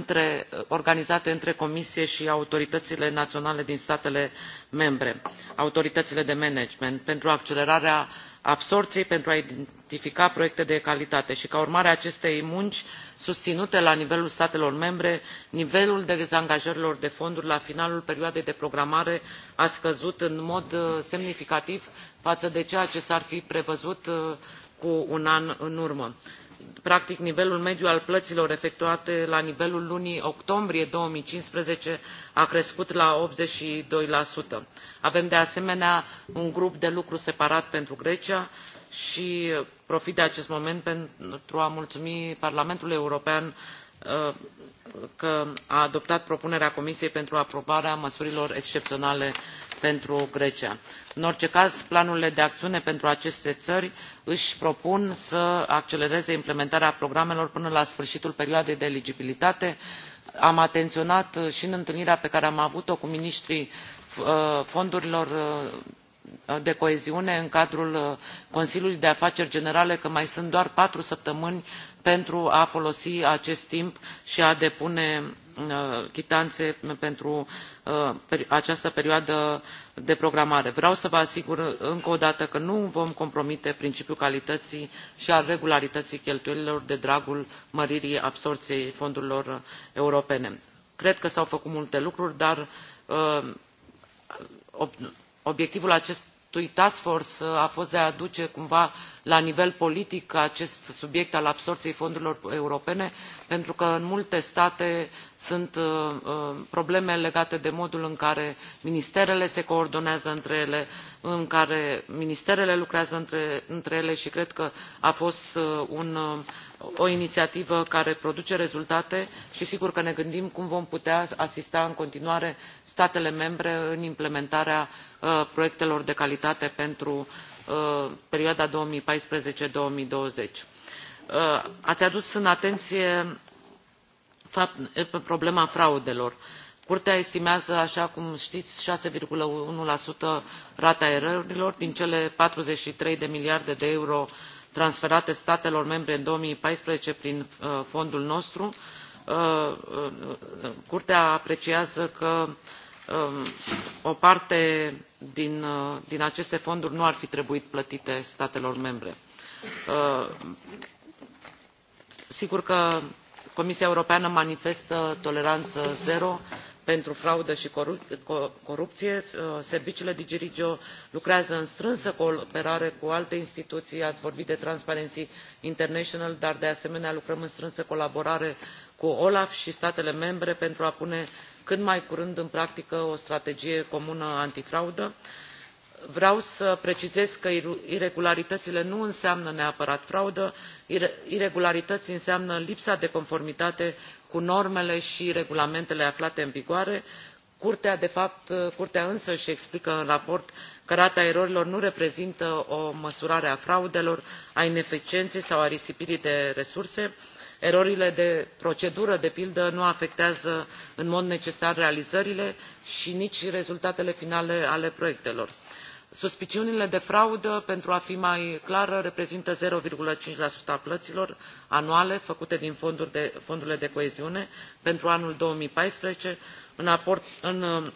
S4: organizate între comisie și autoritățile naționale din statele membre autoritățile de management pentru accelerarea absorbției pentru a identifica proiecte de calitate și ca urmare a acestei munci susținute la nivelul statelor membre nivelul dezangajărilor de fonduri la finalul perioadei de programare a scăzut în mod semnificativ semnificativ față de ceea ce s ar fi prevăzut uh, cu un an în urmă practic nivelul mediu al plăților efectuate la nivelul lunii octombrie două mii cincisprezece a crescut la. optzeci și doi avem de asemenea un grup de lucru separat pentru grecia și profit de acest moment pentru a mulțumi parlamentului european Uh, că a adoptat propunerea comisiei pentru aprobarea măsurilor excepționale pentru grecia. în orice caz planurile de acțiune pentru aceste țări își propun să accelereze implementarea programelor până la sfârșitul perioadei de eligibilitate. am atenționat uh, și în întâlnirea pe care am avut o cu miniștrii uh, fondurilor de coeziune în cadrul consiliului de afaceri generale că mai sunt doar patru săptămâni pentru a folosi acest timp și a depune uh, chitanțe pentru uh, această perioadă de programare. vreau să vă asigur încă o dată că nu vom compromite principiul calității și al regularității cheltuielilor de dragul măririi absorbției fondurilor europene. cred că s au făcut multe lucruri dar uh, obiectivul acest, task force uh, a fost de a aduce cumva la nivel politic acest subiect al absorbției fondurilor europene pentru că în multe state sunt uh, uh, probleme legate de modul în care ministerele se coordonează între ele în care ministerele lucrează între ele și cred că a fost un o inițiativă care produce rezultate și sigur că ne gândim cum vom putea asista în continuare statele membre în implementarea uh, proiectelor de calitate pentru uh, perioada două mii paisprezece două mii douăzeci uh, ați adus în atenție problema fraudelor curtea estimează așa cum știți șase unu rata erorilor din cele patruzeci și trei de miliarde de euro transferate statelor membre în două mii paisprezece prin uh, fondul nostru uh, uh, curtea apreciază că um, o parte din, din aceste fonduri nu ar fi trebuit plătite statelor membre. sigur că comisia europeană manifestă toleranță zero față pentru fraudă și corupție uh, serviciile dg regio lucrează în strânsă cooperare cu alte instituții ați vorbit de transparency international dar de asemenea lucrăm în strânsă colaborare cu olaf și statele membre pentru a pune cât mai curând în practică o strategie comună antifraudă. vreau să precizez că iregularitățile nu înseamnă neapărat fraudă iregularități înseamnă lipsa de conformitate cu normele și regulamentele aflate în vigoare curtea de fapt curtea însăși explică în raport că rata erorilor nu reprezintă o măsurare a fraudelor a ineficienței sau a risipirii de resurse erorile de procedură de pildă nu afectează în mod necesar realizările și nici rezultatele finale ale proiectelor suspiciunile de fraudă pentru a fi mai clară reprezintă zero cinci a plăților anuale făcute din fondurile de coeziune pentru anul două mii paisprezece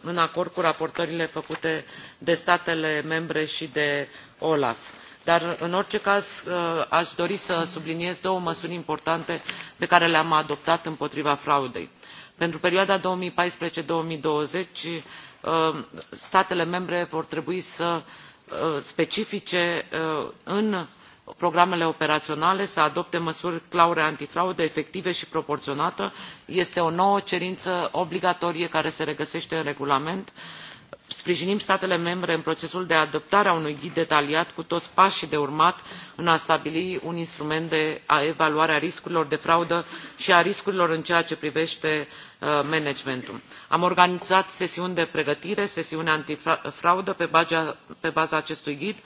S4: în acord cu raportările făcute de statele membre și de olaf dar în orice caz ă, aș dori să subliniez două măsuri importante pe care le am adoptat împotriva fraudei pentru perioada două mii paisprezece două mii douăzeci Uh, statele membre vor trebui să uh, specifice uh, în programele operaționale să adopte măsuri clare antifraudă efective și proporționate este o nouă cerință obligatorie care se regăsește în regulament și sprijinim statele membre în procesul de adoptare a unui ghid detaliat cu toți pașii de urmat în a stabili un instrument de evaluare a riscurilor de fraudă și a riscurilor în ceea ce privește uh, managementul. am organizat sesiuni de pregătire sesiuni antifraudă pe baza acestui ghid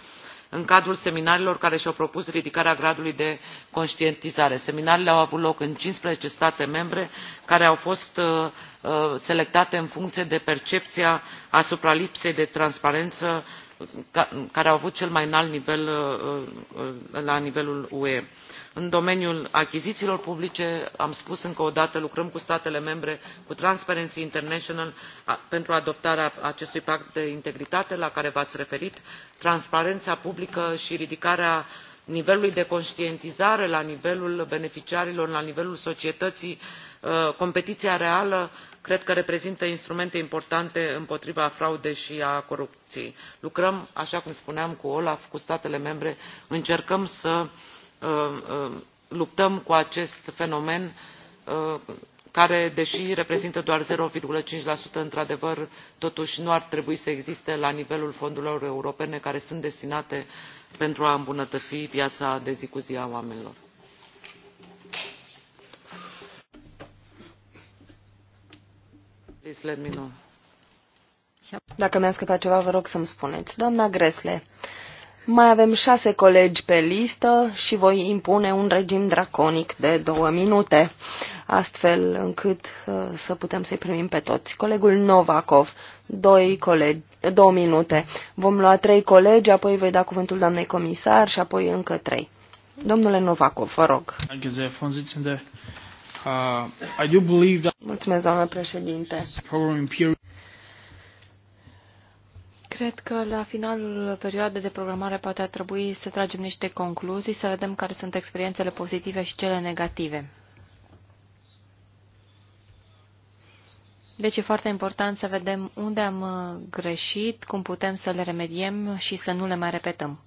S4: în cadrul seminarelor care și au propus ridicarea gradului de conștientizare. seminarele au avut loc în cincisprezece state membre care au fost uh, uh, selectate în funcție de percepția asupra lipsei de transparență uh, care au avut cel mai înalt nivel la nivelul ue în domeniul achizițiilor publice am spus încă o dată lucrăm cu statele membre cu transparency international pentru adoptarea acestui pact de integritate la care v ați referit transparența publică și ridicarea nivelului de conștientizare la nivelul beneficiarilor la nivelul societății ă, competiția reală cred că reprezintă instrumente importante împotriva fraudei și a corupției. lucrăm așa cum spuneam cu olaf cu statele membre încercăm să Uh, uh, luptăm cu acest fenomen uh, care deși reprezintă doar zero cinci într adevăr totuși nu ar trebui să existe la nivelul fondurilor europene care sunt destinate pentru a îmbunătăți viața de zi cu zi a oamenilor.
S2: Dacă mi-a scăpat ceva, vă rog să-mi spuneți. Doamna Gresle, mai avem șase colegi pe listă și voi impune un regim draconic de două minute, astfel încât uh, să putem să-i primim pe toți. Colegul Novakov, doi colegi, uh, două minute. Vom lua trei colegi, apoi voi da cuvântul doamnei comisar și apoi încă trei. Domnule Novakov, vă rog.
S3: Uh,
S2: Mulțumesc, doamnă președinte.
S5: Cred că la finalul perioadei de programare poate ar trebui să tragem niște concluzii, să vedem care sunt experiențele pozitive și cele negative. Deci e foarte important să vedem unde am greșit, cum putem să le remediem și să nu le mai repetăm.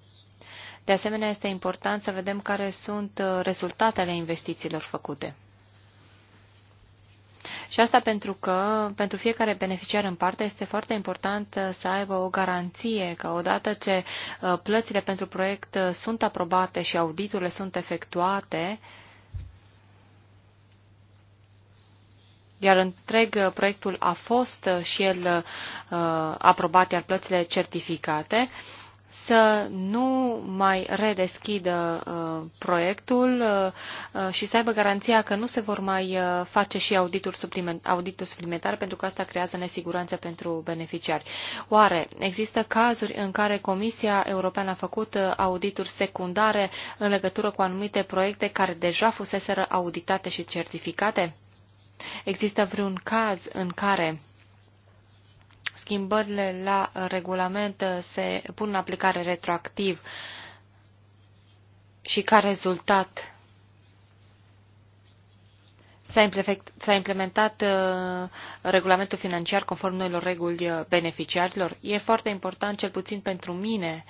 S5: De asemenea, este important să vedem care sunt rezultatele investițiilor făcute. Și asta pentru că pentru fiecare beneficiar în parte este foarte important uh, să aibă o garanție că odată ce uh, plățile pentru proiect uh, sunt aprobate și auditurile sunt efectuate, iar întreg proiectul a fost și el aprobat, iar plățile certificate, uh, să nu mai redeschidă uh, proiectul uh, uh, și să aibă garanția că nu se vor mai uh, face și audituri supliment, auditul suplimentar, pentru că asta creează nesiguranță pentru beneficiari. Oare există cazuri în care Comisia Europeană a făcut uh, audituri secundare în legătură cu anumite proiecte care deja fuseseră auditate și certificate? Există vreun caz în care schimbările la regulament se pun în aplicare retroactiv și ca rezultat S-a implementat uh, regulamentul financiar conform noilor reguli uh, beneficiarilor. E foarte important, cel puțin pentru mine,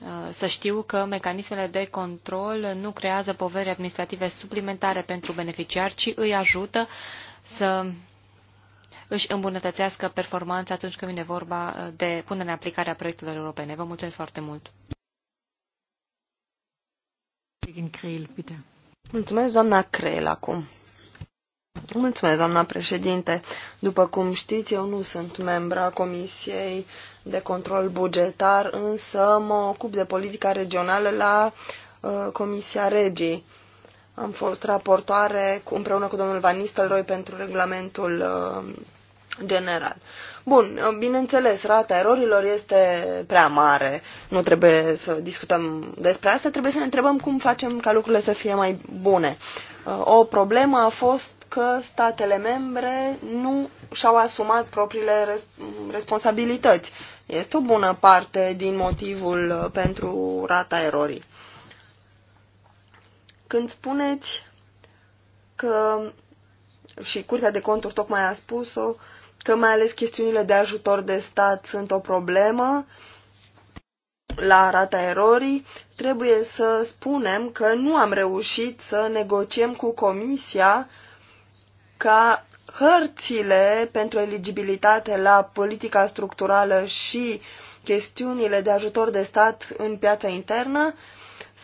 S5: uh, să știu că mecanismele de control nu creează poveri administrative suplimentare pentru beneficiari, ci îi ajută să își îmbunătățească performanța atunci când vine vorba uh, de punerea în aplicare a proiectelor europene. Vă mulțumesc foarte mult!
S2: Mulțumesc, doamna Creel, acum. Mulțumesc, doamna președinte. După cum știți, eu nu sunt membra Comisiei de Control Bugetar, însă mă ocup de politica regională la uh, Comisia Regii. Am fost raportoare împreună cu domnul Van Nistelrooy pentru regulamentul uh, general. Bun, bineînțeles, rata erorilor este prea mare. Nu trebuie să discutăm despre asta, trebuie să ne întrebăm cum facem ca lucrurile să fie mai bune. O problemă a fost că statele membre nu și-au asumat propriile responsabilități. Este o bună parte din motivul pentru rata erorii. Când spuneți că și Curtea de Conturi tocmai a spus-o, că mai ales chestiunile de ajutor de stat sunt o problemă la rata erorii, trebuie să spunem că nu am reușit să negociem cu Comisia ca hărțile pentru eligibilitate la politica structurală și chestiunile de ajutor de stat în piața internă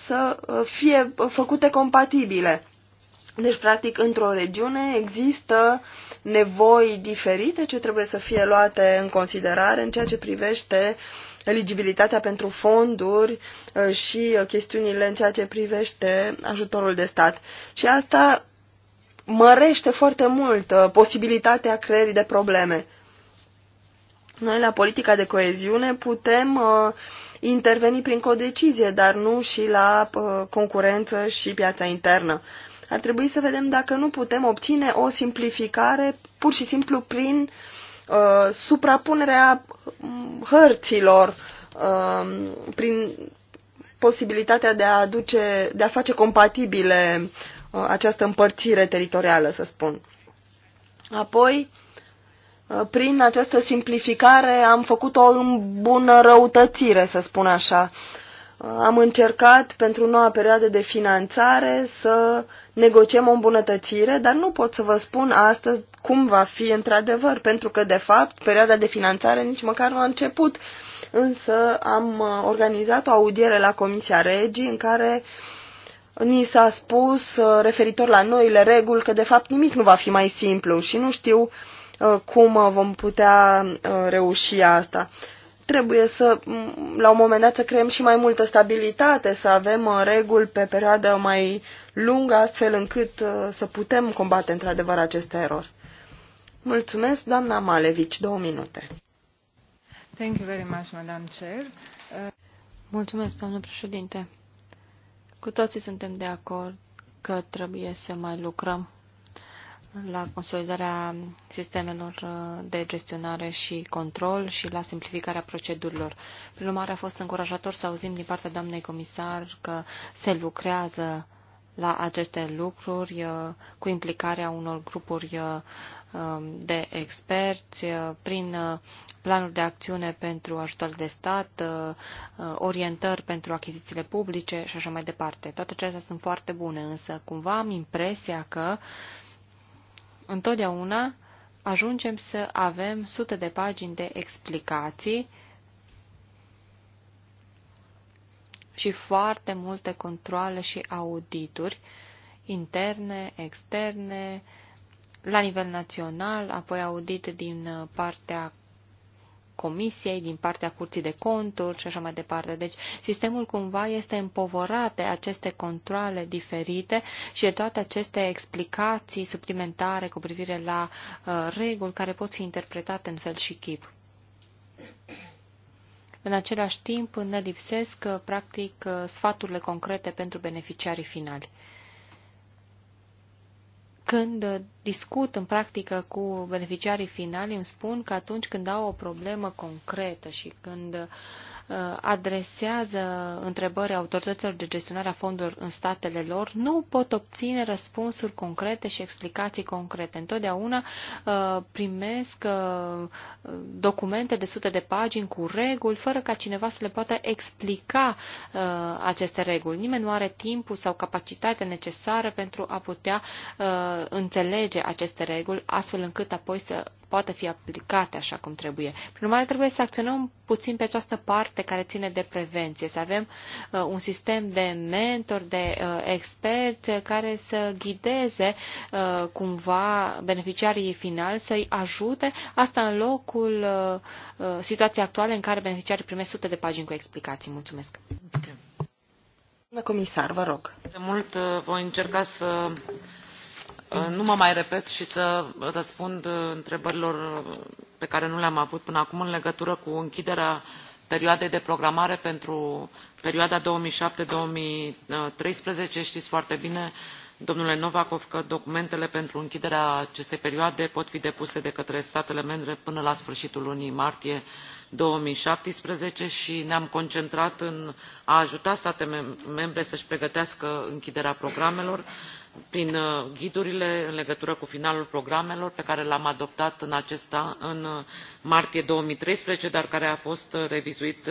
S2: să uh, fie făcute compatibile. Deci, practic, într-o regiune există uh, nevoi diferite ce trebuie să fie luate în considerare în ceea ce privește eligibilitatea pentru fonduri uh, și uh, chestiunile în ceea ce privește ajutorul de stat. Și asta mărește foarte mult uh, posibilitatea creierii de probleme. Noi la politica de coeziune putem uh, interveni prin codecizie, dar nu și la uh, concurență și piața internă ar trebui să vedem dacă nu putem obține o simplificare pur și simplu prin uh, suprapunerea mm, hărților, uh, prin posibilitatea de a, aduce, de a face compatibile uh, această împărțire teritorială, să spun. Apoi, uh, prin această simplificare am făcut o îmbunărăutățire, să spun așa am încercat pentru noua perioadă de finanțare să negociem o îmbunătățire, dar nu pot să vă spun astăzi cum va fi într-adevăr, pentru că, de fapt, perioada de finanțare nici măcar nu a început. Însă am uh, organizat o audiere la Comisia Regii în care ni s-a spus uh, referitor la noile reguli că, de fapt, nimic nu va fi mai simplu și nu știu uh, cum vom putea reuși asta Trebuie să, la un moment dat, să creăm și mai multă stabilitate, să avem uh, reguli pe perioadă mai lungă, astfel încât uh, să putem combate într-adevăr aceste erori. Mulțumesc, doamna Malevici, două minute.
S5: Thank you very much, Madam Chair. Uh... Mulțumesc, doamnă președinte. Cu toții suntem de acord că trebuie să mai lucrăm la consolidarea sistemelor uh, de gestionare și control și la simplificarea procedurilor. Prin urmare, a fost încurajator să auzim din partea doamnei comisar că se lucrează la aceste lucruri uh, cu implicarea unor grupuri uh, um, de experți prin planuri de acțiune pentru ajutor de stat, orientări pentru achizițiile publice și așa mai departe. Toate acestea sunt foarte bune, însă cumva am impresia că întotdeauna ajungem să avem sute de pagini de explicații și foarte multe controle și audituri interne, externe, la nivel național, apoi audit din partea Comisiei, din partea Curții de Conturi și așa mai departe. Deci sistemul cumva este împovărat de aceste controle diferite și de toate aceste explicații suplimentare cu privire la uh, reguli care pot fi interpretate în fel și chip. În același timp, ne lipsesc, uh, practic, uh, sfaturile concrete pentru beneficiarii finali când discut în practică cu beneficiarii finali, îmi spun că atunci când au o problemă concretă și când adresează întrebări autorităților de gestionare a fondurilor în statele lor, nu pot obține răspunsuri concrete și explicații concrete. Întotdeauna uh, primesc uh, documente de sute de pagini cu reguli, fără ca cineva să le poată explica uh, aceste reguli. Nimeni nu are timpul sau capacitatea necesară pentru a putea înțelege aceste reguli, astfel încât apoi să poată fi aplicate așa cum trebuie. Prin urmare, trebuie să acționăm puțin pe această parte care ține de prevenție, să avem uh, un sistem de mentor, de uh, expert uh, care să ghideze uh, cumva beneficiarii finali, să-i ajute, asta în locul uh, uh, situației actuale în care beneficiarii primesc sute de pagini cu explicații. Mulțumesc! Okay.
S4: comisar, vă rog. De mult uh, voi încerca să Uh, nu mă mai repet și să răspund uh, întrebărilor uh, pe care nu le am avut până acum în legătură cu închiderea perioadei de programare pentru perioada două mii șapte două mii treisprezece știți foarte bine domnule novakov că documentele pentru închiderea acestei perioade pot fi depuse de către statele membre până la sfârșitul lunii martie două mii șaptesprezece și ne am concentrat în a ajuta statele membre să și pregătească închiderea programelor prin uh, ghidurile în legătură cu finalul programelor pe care l am adoptat în, acesta, în uh, martie două mii treisprezece dar care a fost uh, revizuit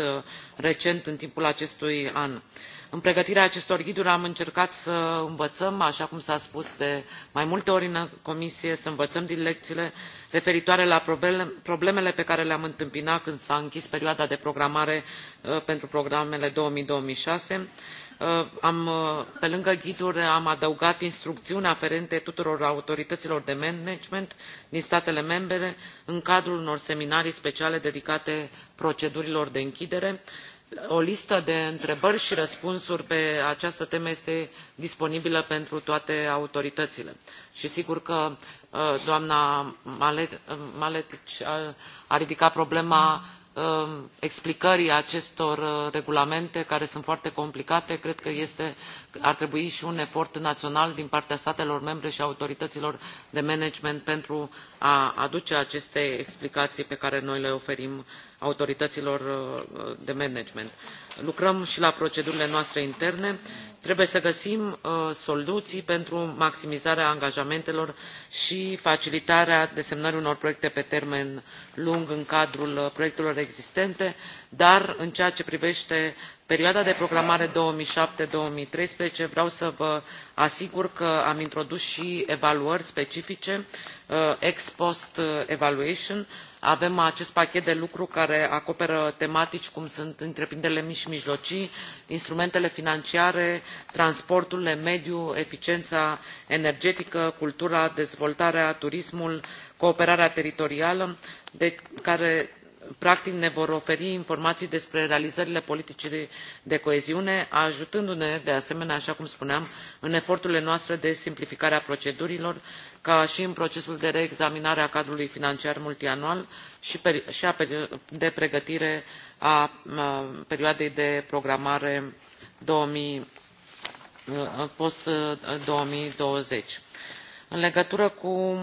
S4: recent în timpul acestui an. în pregătirea acestor ghiduri am încercat să învățăm așa cum s a spus de mai multe ori în comisie să învățăm din lecțiile referitoare la problemele pe care le am întâmpinat când s a închis perioada de programare pentru programele două mii două mii șase Uh, am, uh, pe lângă ghiduri am adăugat instrucțiuni aferente tuturor autorităților de management din statele membre în cadrul unor seminarii speciale dedicate procedurilor de închidere o listă de întrebări și răspunsuri pe această temă este disponibilă pentru toate autoritățile și sigur că uh, doamna maleti a ridicat problema Um, explicării acestor uh, regulamente care sunt foarte complicate cred că este ar trebui și un efort național din partea statelor membre și a autorităților de management pentru a aduce aceste explicații pe care noi le oferim autorităților uh, de management. lucrăm și la procedurile noastre interne trebuie să găsim uh, soluții pentru maximizarea angajamentelor și facilitarea desemnării unor proiecte pe termen lung în cadrul uh, proiectelor existente dar în ceea ce privește perioada de programare două mii șapte două mii treisprezece vreau să vă asigur că am introdus și evaluări specifice uh, ex post uh, evaluation avem acest pachet de lucru care acoperă tematici cum sunt întreprinderile mici și mijlocii instrumentele financiare transporturile mediul eficiența energetică cultura dezvoltarea turismul cooperarea teritorială care practic ne vor oferi informații despre realizările politicii de coeziune ajutându ne de asemenea așa cum spuneam în eforturile noastre de simplificare a procedurilor ca și în procesul de reexaminare a cadrului financiar multianual și de pregătire a perioadei de programare post două mii douăzeci în legătură cu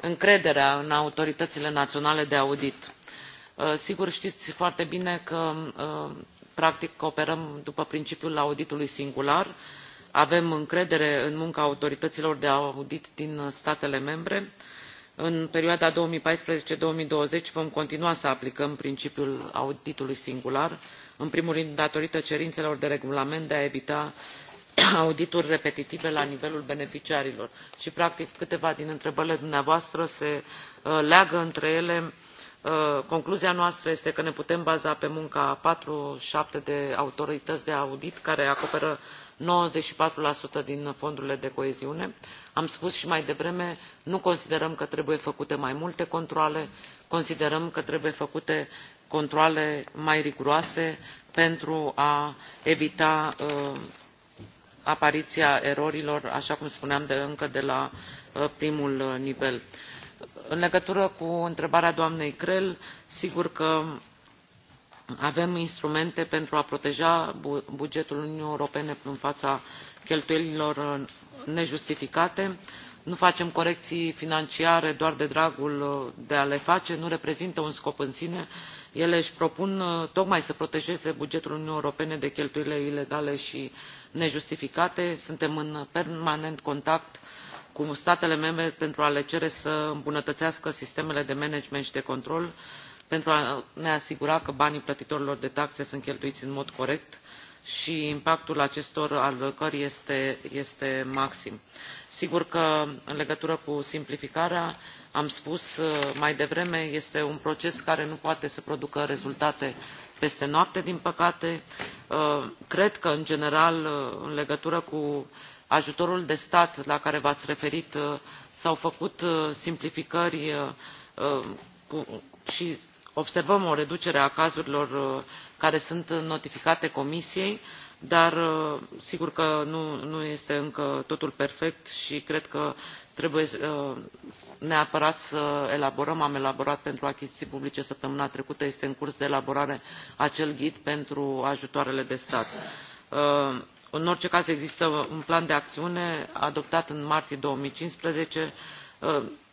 S4: încrederea în autoritățile naționale de audit. Uh, sigur știți foarte bine că uh, practic operăm după principiul auditului singular avem încredere în munca autorităților de audit din statele membre în perioada două mii paisprezece două mii douăzeci vom continua să aplicăm principiul auditului singular în primul rând datorită cerințelor de regulament de a evita audituri repetitive la nivelul beneficiarilor și practic câteva din întrebările dumneavoastră se uh, leagă între ele uh, concluzia noastră este că ne putem baza pe munca a patru șapte de autorități de audit care acoperă nouăzeci și patru din fondurile de coeziune. am spus și mai devreme nu considerăm că trebuie făcute mai multe controale considerăm că trebuie făcute controale mai riguroase pentru a evita uh, apariția erorilor, așa cum spuneam de, încă de la uh, primul uh, nivel. În legătură cu întrebarea doamnei Crel, sigur că avem instrumente pentru a proteja bugetul Uniunii Europene în fața cheltuielilor uh, nejustificate. Nu facem corecții financiare doar de dragul de a le face, nu reprezintă un scop în sine. Ele își propun tocmai să protejeze bugetul Uniunii Europene de cheltuielile ilegale și uh, nejustificate suntem în permanent contact cu statele membre pentru a le cere să îmbunătățească sistemele de management și de control pentru a ne asigura că banii plătitorilor de taxe sunt cheltuiți în mod corect și impactul acestor alocări este, este maxim. sigur că în legătură cu simplificarea am spus uh, mai devreme este un proces care nu poate să producă rezultate peste noapte din păcate. Uh, cred că în general uh, în legătură cu ajutorul de stat la care v ați referit uh, s au făcut simplificări și observăm o reducere a cazurilor care sunt notificate comisiei dar uh, sigur că nu, nu este încă totul perfect și cred că trebuie uh, neapărat să elaborăm am elaborat pentru achiziții publice săptămâna trecută este în curs de elaborare acel ghid pentru ajutoarele de stat. Uh, în orice caz există un plan de acțiune adoptat în martie două mii cincisprezece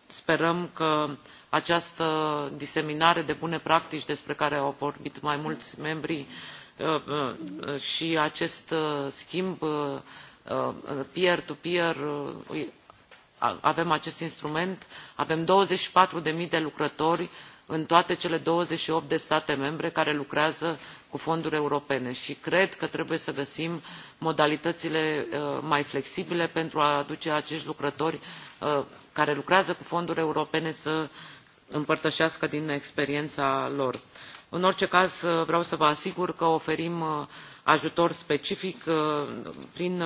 S4: sperăm că această diseminare de bune practici despre care au vorbit mai mulți membri Uh, uh, uh, și acest schimb peer to peer avem acest instrument avem douăzeci și patru mii de lucrători în toate cele douăzeci și opt de state membre care lucrează cu fonduri europene și cred că trebuie să găsim modalitățile mai flexibile pentru a aduce acești lucrători care lucrează cu fonduri europene să împărtășească din experiența lor în orice caz uh, vreau să vă asigur că oferim uh, ajutor specific uh, prin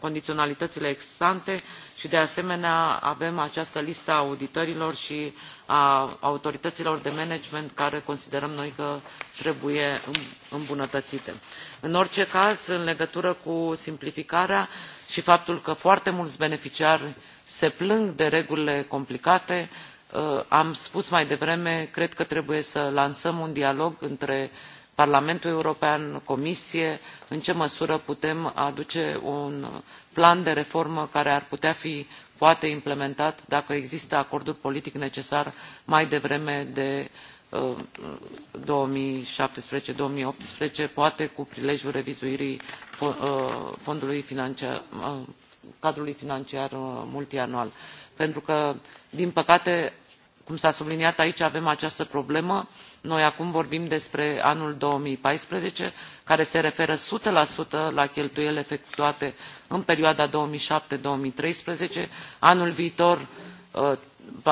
S4: condiționalitățile ex ante și de asemenea avem această listă a auditorilor și a autorităților de management care considerăm noi că trebuie îmbunătățite. în orice caz în legătură cu simplificarea și faptul că foarte mulți beneficiari se plâng de regulile complicate Uh, am spus mai devreme cred că trebuie să lansăm un dialog între parlamentul european comisie în ce măsură putem aduce un plan de reformă care ar putea fi poate implementat dacă există acordul politic necesar mai devreme de uh, două mii șaptesprezece două mii optsprezece poate cu prilejul revizuirii uh, fondului financiar, cadrului financiar multianual pentru că din păcate cum s a subliniat aici avem această problemă noi acum vorbim despre anul două mii paisprezece care se referă o sută la cheltuielile efectuate în perioada două mii șapte două mii treisprezece anul viitor uh,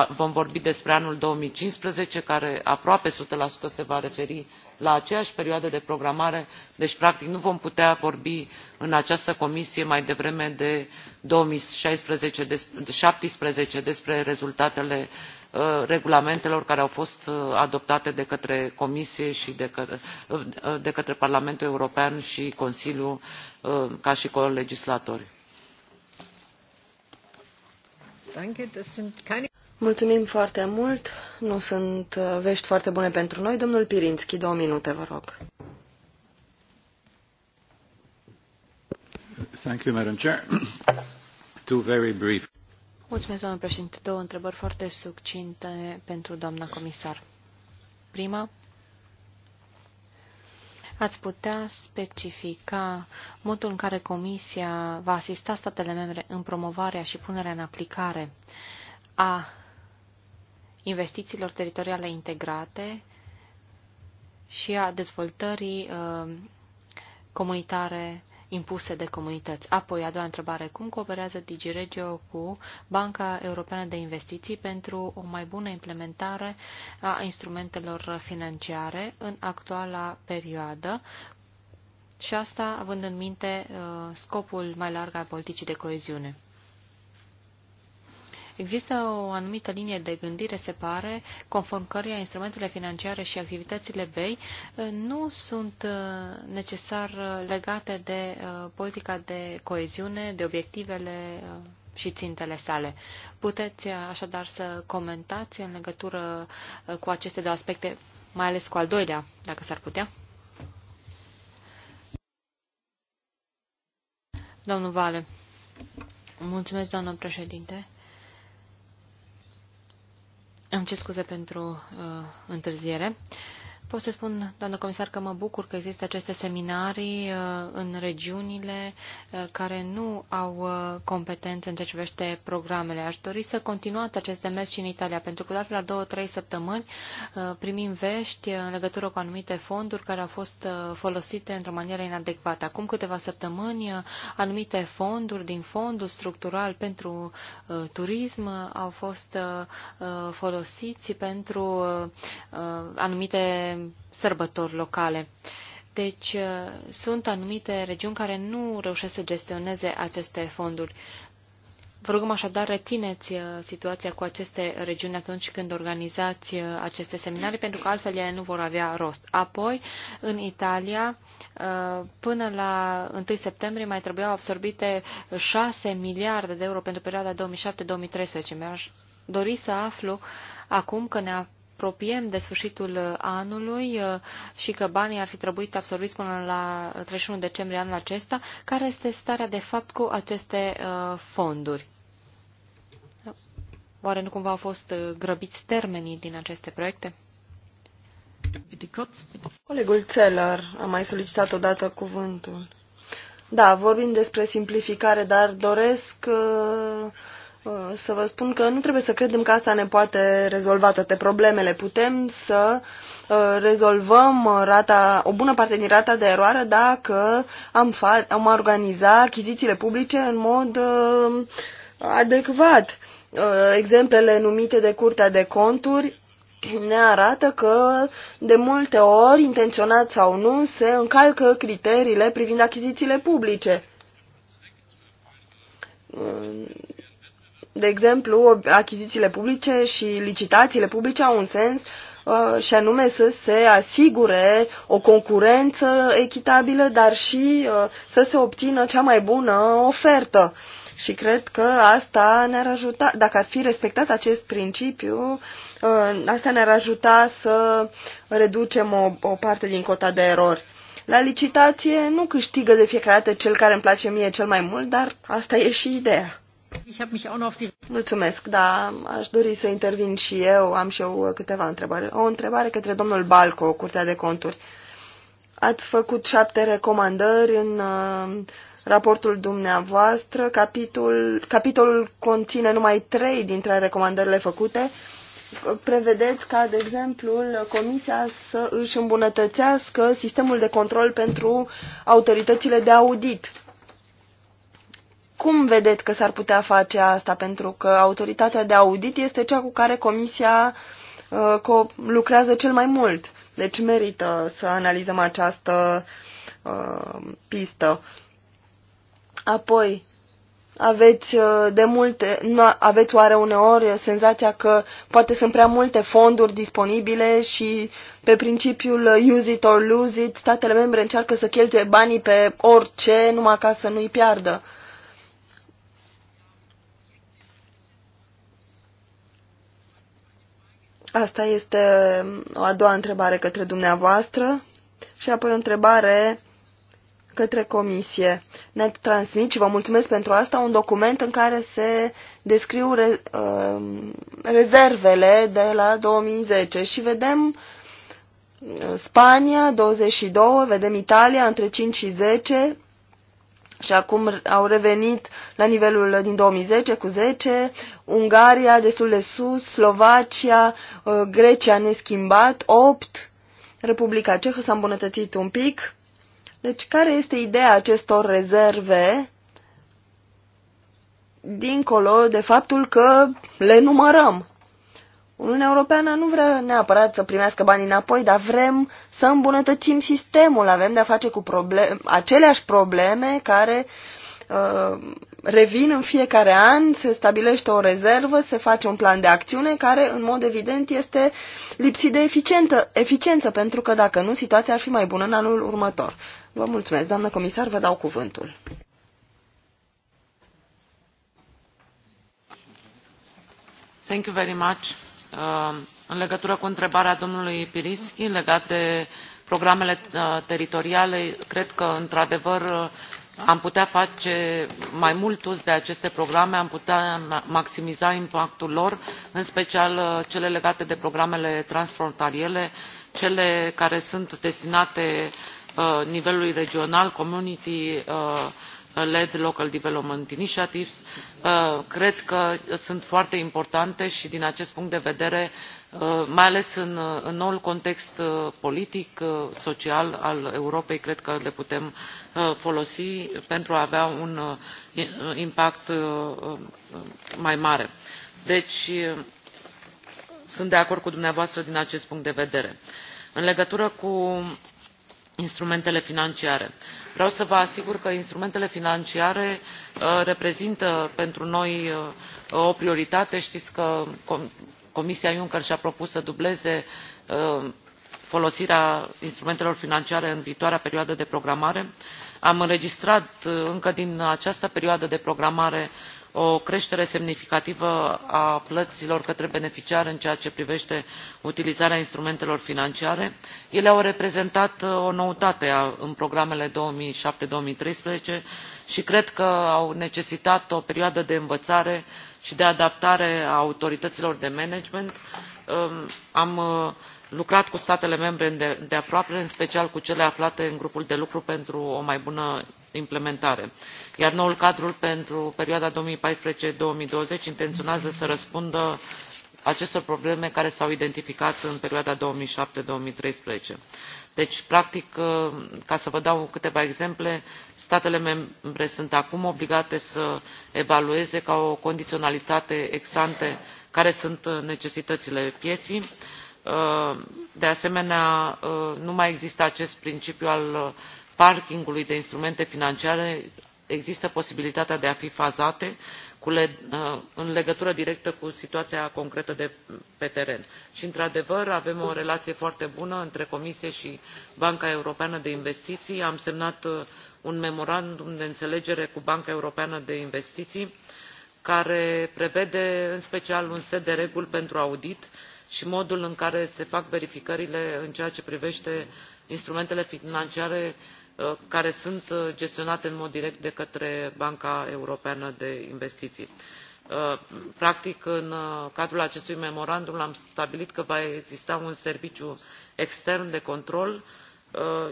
S4: vom vorbi despre anul două mii cincisprezece care aproape o sută se va referi la aceeași perioadă de programare deci practic nu vom putea vorbi în această comisie mai devreme de două mii șaptesprezece despre rezultatele Uh, regulamentelor care au fost uh, adoptate de către comisie și de uh, către, parlamentul european și consiliu ca și colegislatori.
S2: Mulțumim foarte mult. Nu sunt vești foarte bune pentru noi. Domnul Pirinski, două minute, vă rog.
S3: Thank you, Madam Chair. Two very brief.
S5: Mulțumesc, domnul președinte. Două întrebări foarte succinte pentru doamna comisar. Prima, ați putea specifica modul în care Comisia va asista statele membre în promovarea și punerea în aplicare a investițiilor teritoriale integrate și a dezvoltării uh, comunitare impuse de comunități. Apoi, a doua întrebare, cum cooperează DigiRegio cu Banca Europeană de Investiții pentru o mai bună implementare a instrumentelor financiare în actuala perioadă, și asta având în minte uh, scopul mai larg al politicii de coeziune. Există o anumită linie de gândire, se pare, conform căreia instrumentele financiare și activitățile BEI uh, nu sunt uh, necesar uh, legate de politica de coeziune, de obiectivele și țintele sale. Puteți așadar să comentați în legătură cu aceste două aspecte, mai ales cu al doilea, dacă s-ar putea? Domnul Vale. Mulțumesc, doamnă președinte. Am ce scuze pentru uh, întârziere. Uh, Pot să spun, doamnă comisar, că mă bucur că există aceste seminarii uh, în regiunile uh, care nu au uh, competențe în ce privește programele. Aș dori să continuați acest demers și în Italia, pentru că odată la două-trei săptămâni primim vești în legătură cu anumite fonduri care au fost folosite într-o manieră inadecvată. Acum câteva săptămâni, anumite fonduri din fondul structural pentru turism au fost folosiți pentru anumite sărbători locale. Deci uh, sunt anumite regiuni care nu reușesc să gestioneze aceste fonduri. Vă rugăm așadar, rețineți uh, situația cu aceste regiuni atunci când organizați uh, aceste seminarii, pentru că altfel ele nu vor avea rost. Apoi, în Italia, până la 1 septembrie mai trebuiau absorbite 6 miliarde de euro pentru perioada 2007-2013. Mi-aș dori să aflu acum că ne apropiem de sfârșitul anului uh, și că banii ar fi trebuit absorbiți până la 31 decembrie anul acesta, care este starea de fapt cu aceste uh, fonduri? Oare nu cumva au fost uh, grăbiți termenii din aceste proiecte?
S2: Colegul Țelăr a mai solicitat odată cuvântul. Da, vorbim despre simplificare, dar doresc uh, să vă spun că nu trebuie să credem că asta ne poate rezolva toate problemele. Putem să uh, rezolvăm rata, o bună parte din rata de eroare dacă am, fa- am organizat achizițiile publice în mod uh, adecvat. Uh, exemplele numite de Curtea de Conturi ne arată că de multe ori, intenționat sau nu, se încalcă criteriile privind achizițiile publice
S5: uh,
S2: de exemplu, achizițiile publice și licitațiile publice au un sens uh, și anume să se asigure o concurență echitabilă, dar și uh, să se obțină cea mai bună ofertă. Și cred că asta ne-ar ajuta, dacă ar fi respectat acest principiu, uh, asta ne-ar ajuta să reducem o, o parte din cota de erori. La licitație nu câștigă de fiecare dată cel care îmi place mie cel mai mult, dar asta e și ideea. Mulțumesc, da, aș dori să intervin și eu, am și eu câteva întrebări. O întrebare către domnul Balco, Curtea de Conturi. Ați făcut șapte recomandări în uh, raportul dumneavoastră. Capitol, capitolul conține numai trei dintre recomandările făcute. Prevedeți ca, de exemplu, Comisia să își îmbunătățească sistemul de control pentru autoritățile de audit cum vedeți că s-ar putea face asta? Pentru că autoritatea de audit este cea cu care Comisia uh, lucrează cel mai mult. Deci merită să analizăm această uh, pistă. Apoi, aveți uh, de multe, nu aveți oare uneori senzația că poate sunt prea multe fonduri disponibile și pe principiul uh, use it or lose it, statele membre încearcă să cheltuie banii pe orice numai ca să nu-i piardă. Uh, Asta este um, o a doua întrebare către dumneavoastră și apoi o întrebare către comisie. Ne transmit și vă mulțumesc pentru asta un document în care se descriu re, uh, rezervele de la 2010 și vedem uh, Spania 22, vedem Italia între 5 și 10, și acum au revenit la nivelul din 2010 cu 10, Ungaria destul de sus, Slovacia, uh, Grecia neschimbat, 8, Republica Cehă s-a îmbunătățit un pic. Deci care este ideea acestor rezerve dincolo de faptul că le numărăm? Uniunea Europeană nu vrea neapărat să primească banii înapoi, dar vrem să îmbunătățim sistemul. Avem de-a face cu probleme, aceleași probleme care uh, revin în fiecare an, se stabilește o rezervă, se face un plan de acțiune care, în mod evident, este lipsit de eficientă, eficiență, pentru că, dacă nu, situația ar fi mai bună în anul următor. Vă mulțumesc, doamnă comisar, vă dau cuvântul.
S4: Thank you very much. Uh, în legătură cu întrebarea domnului pirinski legată de programele uh, teritoriale cred că într adevăr uh, am putea face mai mult uz de aceste programe am putea maximiza impactul lor în special cele legate de programele transfrontaliere cele care sunt destinate nivelului regional community Uh, led local development initiatives uh, cred că sunt foarte importante și din acest punct de vedere uh, mai ales în, noul context politic social al europei cred că le putem folosi pentru a avea un impact mai mare. deci sunt de acord cu dumneavoastră din acest punct de vedere. în legătură cu instrumentele financiare. vreau să vă asigur că instrumentele financiare uh, reprezintă pentru noi uh, o prioritate știți că comisia juncker și a propus să dubleze uh, folosirea instrumentelor financiare în viitoarea perioadă de programare. am înregistrat încă din această perioadă de programare o creștere semnificativă a plăților către beneficiari în ceea ce privește utilizarea instrumentelor financiare ele au reprezentat uh, o noutate în programele două mii șapte două mii treisprezece și cred că au necesitat o perioadă de învățare și de adaptare a autorităților de management. Um, am uh, lucrat cu statele membre îndeaproape în special cu cele aflate în grupul de lucru pentru o mai bună implementare iar noul cadru pentru perioada două mii paisprezece două mii douăzeci intenționează să răspundă acestor probleme care s au identificat în perioada două mii șapte două mii treisprezece deci practic ă, ca să vă dau câteva exemple statele membre sunt acum obligate să evalueze ca o condiționalitate ex ante care sunt necesitățile pieței ă, de asemenea ă, nu mai există acest principiu al parkingului de instrumente financiare există posibilitatea de a fi fazate uh, în legătură directă cu situația concretă de pe teren și într adevăr avem o relație foarte bună între comisie și banca europeană de investiții am semnat uh, un memorandum de înțelegere cu banca europeană de investiții care prevede în special un set de reguli pentru audit și modul în care se fac verificările în ceea ce privește instrumentele financiare Uh, care sunt uh, gestionate în mod direct de către Banca Europeană de Investiții. Uh, practic, în cadrul acestui memorandum am stabilit că va exista un serviciu extern de control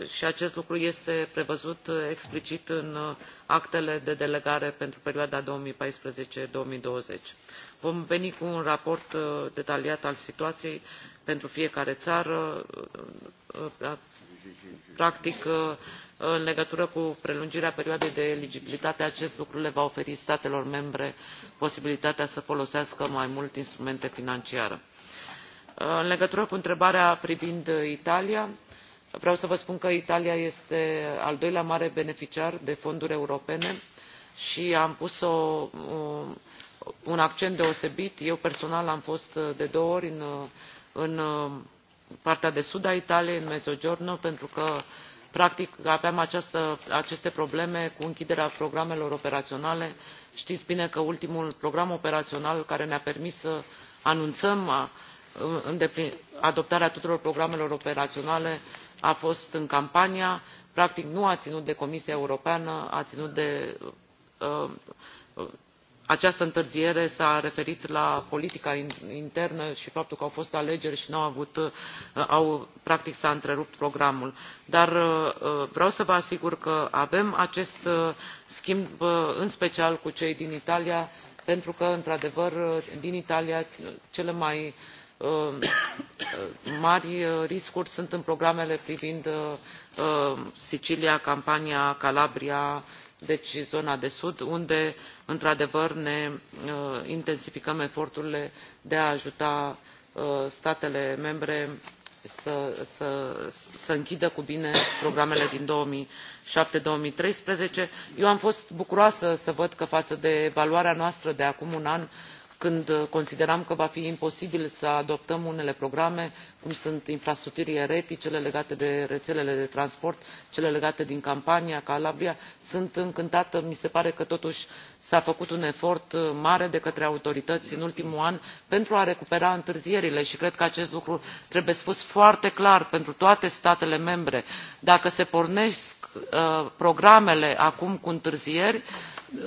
S4: și acest lucru este prevăzut explicit în actele de delegare pentru perioada 2014-2020. Vom veni cu un raport detaliat al situației pentru fiecare țară practic uh, în legătură cu prelungirea perioadei de eligibilitate acest lucru le va oferi statelor membre posibilitatea să folosească mai mult instrumente financiare. Uh, în legătură cu întrebarea privind italia vreau să vă spun că italia este al doilea mare beneficiar de fonduri europene și am pus o, un accent deosebit eu personal am fost de două ori în, în partea de sud a Italiei, în Mezzogiorno, pentru că practic aveam aceste probleme cu închiderea programelor operaționale. Știți bine că ultimul program operațional care ne-a permis să anunțăm adoptarea tuturor programelor operaționale a fost în campania practic nu a ținut de comisia europeană a ținut de ă, această întârziere s a referit la politica internă și faptul că au fost alegeri și au avut, uh, au, practic s a întrerupt programul. Dar uh, uh, vreau să vă asigur că avem acest schimb în special cu cei din Italia, pentru că, într-adevăr, din Italia cele mai mari riscuri sunt în programele privind Sicilia, Campania, Calabria, deci zona de sud unde într adevăr ne uh, intensificăm eforturile de a ajuta uh, statele membre să, să închidă cu bine programele din două mii șapte două mii treisprezece eu am fost bucuroasă să văd că față de evaluarea noastră de acum un an când uh, consideram că va fi imposibil să adoptăm unele programe cum sunt infrastructurile reti cele legate de rețelele de transport cele legate din campania calabria sunt încântată mi se pare că totuși s a făcut un efort uh, mare de către autorități în ultimul an pentru a recupera întârzierile și cred că acest lucru trebuie spus foarte clar pentru toate statele membre dacă se pornesc uh, programele acum cu întârzieri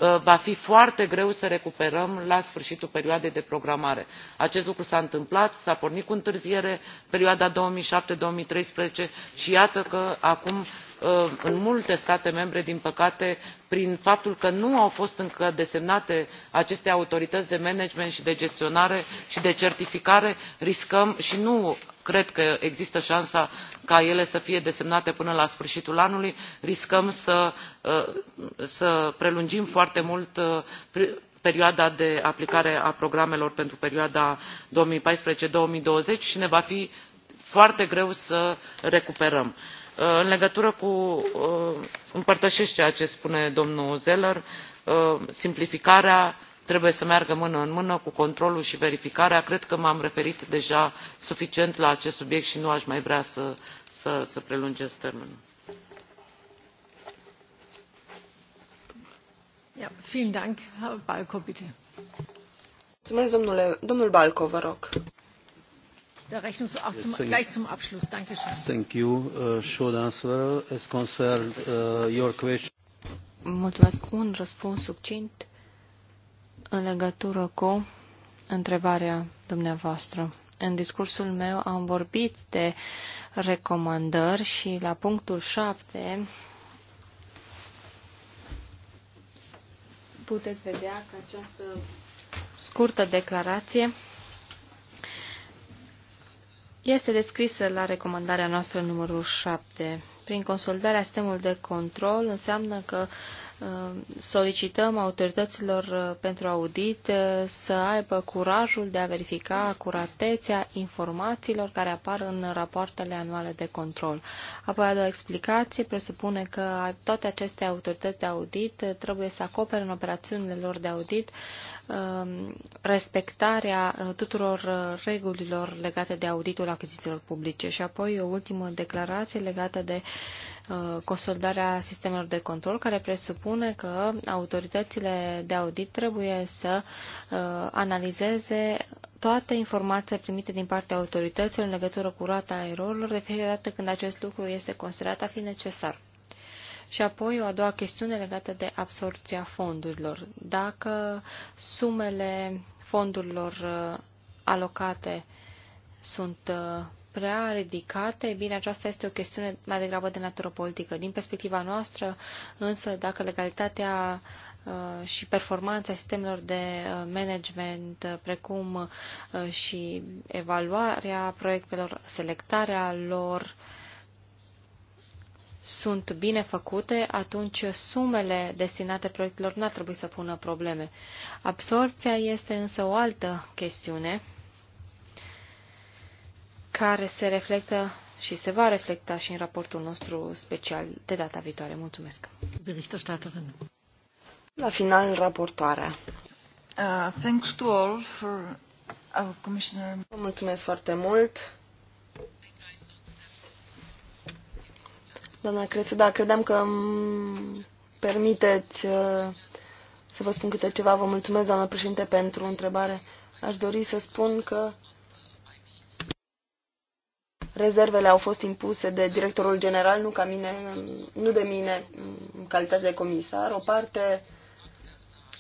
S4: Uh, va fi foarte greu să recuperăm la sfârșitul perioadei de programare. acest lucru s a întâmplat s a pornit cu întârziere în perioada două mii șapte două mii treisprezece și iată că acum Uh, în multe state membre din păcate prin faptul că nu au fost încă desemnate aceste autorități de management și de gestionare și de certificare riscăm și nu cred că există șansa ca ele să fie desemnate până la sfârșitul anului riscăm să, uh, să prelungim foarte mult uh, perioada de aplicare a programelor pentru perioada două mii paisprezece două mii douăzeci și ne va fi foarte greu să recuperăm în legătură cu uh, împărtășesc ceea ce spune domnul zeller uh, simplificarea trebuie să meargă mână în mână cu controlul și verificarea cred că m am referit deja suficient la acest subiect și nu aș mai vrea să, să, prelungesc termenul.
S2: Mulțumesc, domnule, domnul Balco, vă rog
S1: der da, Rechnungshof zum, gleich zum Abschluss.
S3: Thank you. Uh, short answer as concern uh, your question.
S5: Mulțumesc. Un răspuns succint în legătură cu întrebarea dumneavoastră. În discursul meu am vorbit de recomandări și la punctul 7 puteți vedea că această scurtă declarație este descrisă la recomandarea noastră numărul 7. Prin consolidarea sistemului de control înseamnă că uh, solicităm autorităților uh, pentru audit uh, să aibă curajul de a verifica acuratețea informațiilor care apar în rapoartele anuale de control. Apoi, a doua explicație presupune că toate aceste autorități de audit uh, trebuie să acopere în operațiunile lor de audit um, respectarea tuturor regulilor legate de auditul achizițiilor publice. Și apoi o ultimă declarație legată de uh, Uh, consolidarea sistemelor de control, care presupune că autoritățile de audit trebuie să uh, analizeze toate informațiile primite din partea autorităților în legătură cu roata erorilor, de fiecare dată când acest lucru este considerat a fi necesar. Și apoi o a doua chestiune legată de absorpția fondurilor. Dacă sumele fondurilor uh, alocate sunt prea ridicate, bine, aceasta este o chestiune mai degrabă de natură politică. Din perspectiva noastră, însă, dacă legalitatea uh, și performanța sistemelor de uh, management, uh, precum și evaluarea proiectelor, selectarea lor, sunt bine făcute, atunci sumele destinate proiectelor nu ar trebui să pună probleme. Absorpția este însă o altă chestiune care se reflectă și se va reflecta și în raportul nostru special de data viitoare. Mulțumesc!
S2: La final, raportoarea. Uh, thanks to all for our commissioner. Vă mulțumesc foarte mult. Doamna Crețu, da, credeam că îmi permiteți uh, să vă spun câte ceva. Vă mulțumesc, doamnă președinte, pentru întrebare. Aș dori să spun că Rezervele au fost impuse de directorul general, nu, ca mine, nu de mine în calitate de comisar. O parte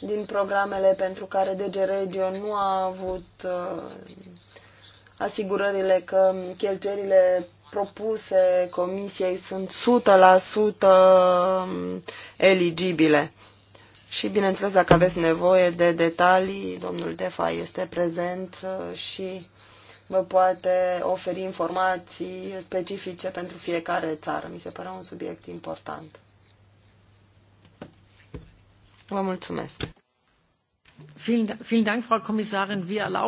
S2: din programele pentru care DG Regio nu a avut uh, asigurările că cheltuierile propuse comisiei sunt 100% um, eligibile. Și bineînțeles, dacă aveți nevoie de detalii, domnul Defa este prezent uh, și vă poate oferi informații specifice pentru fiecare țară. Mi se pare un subiect important.
S1: Vă mulțumesc. Da-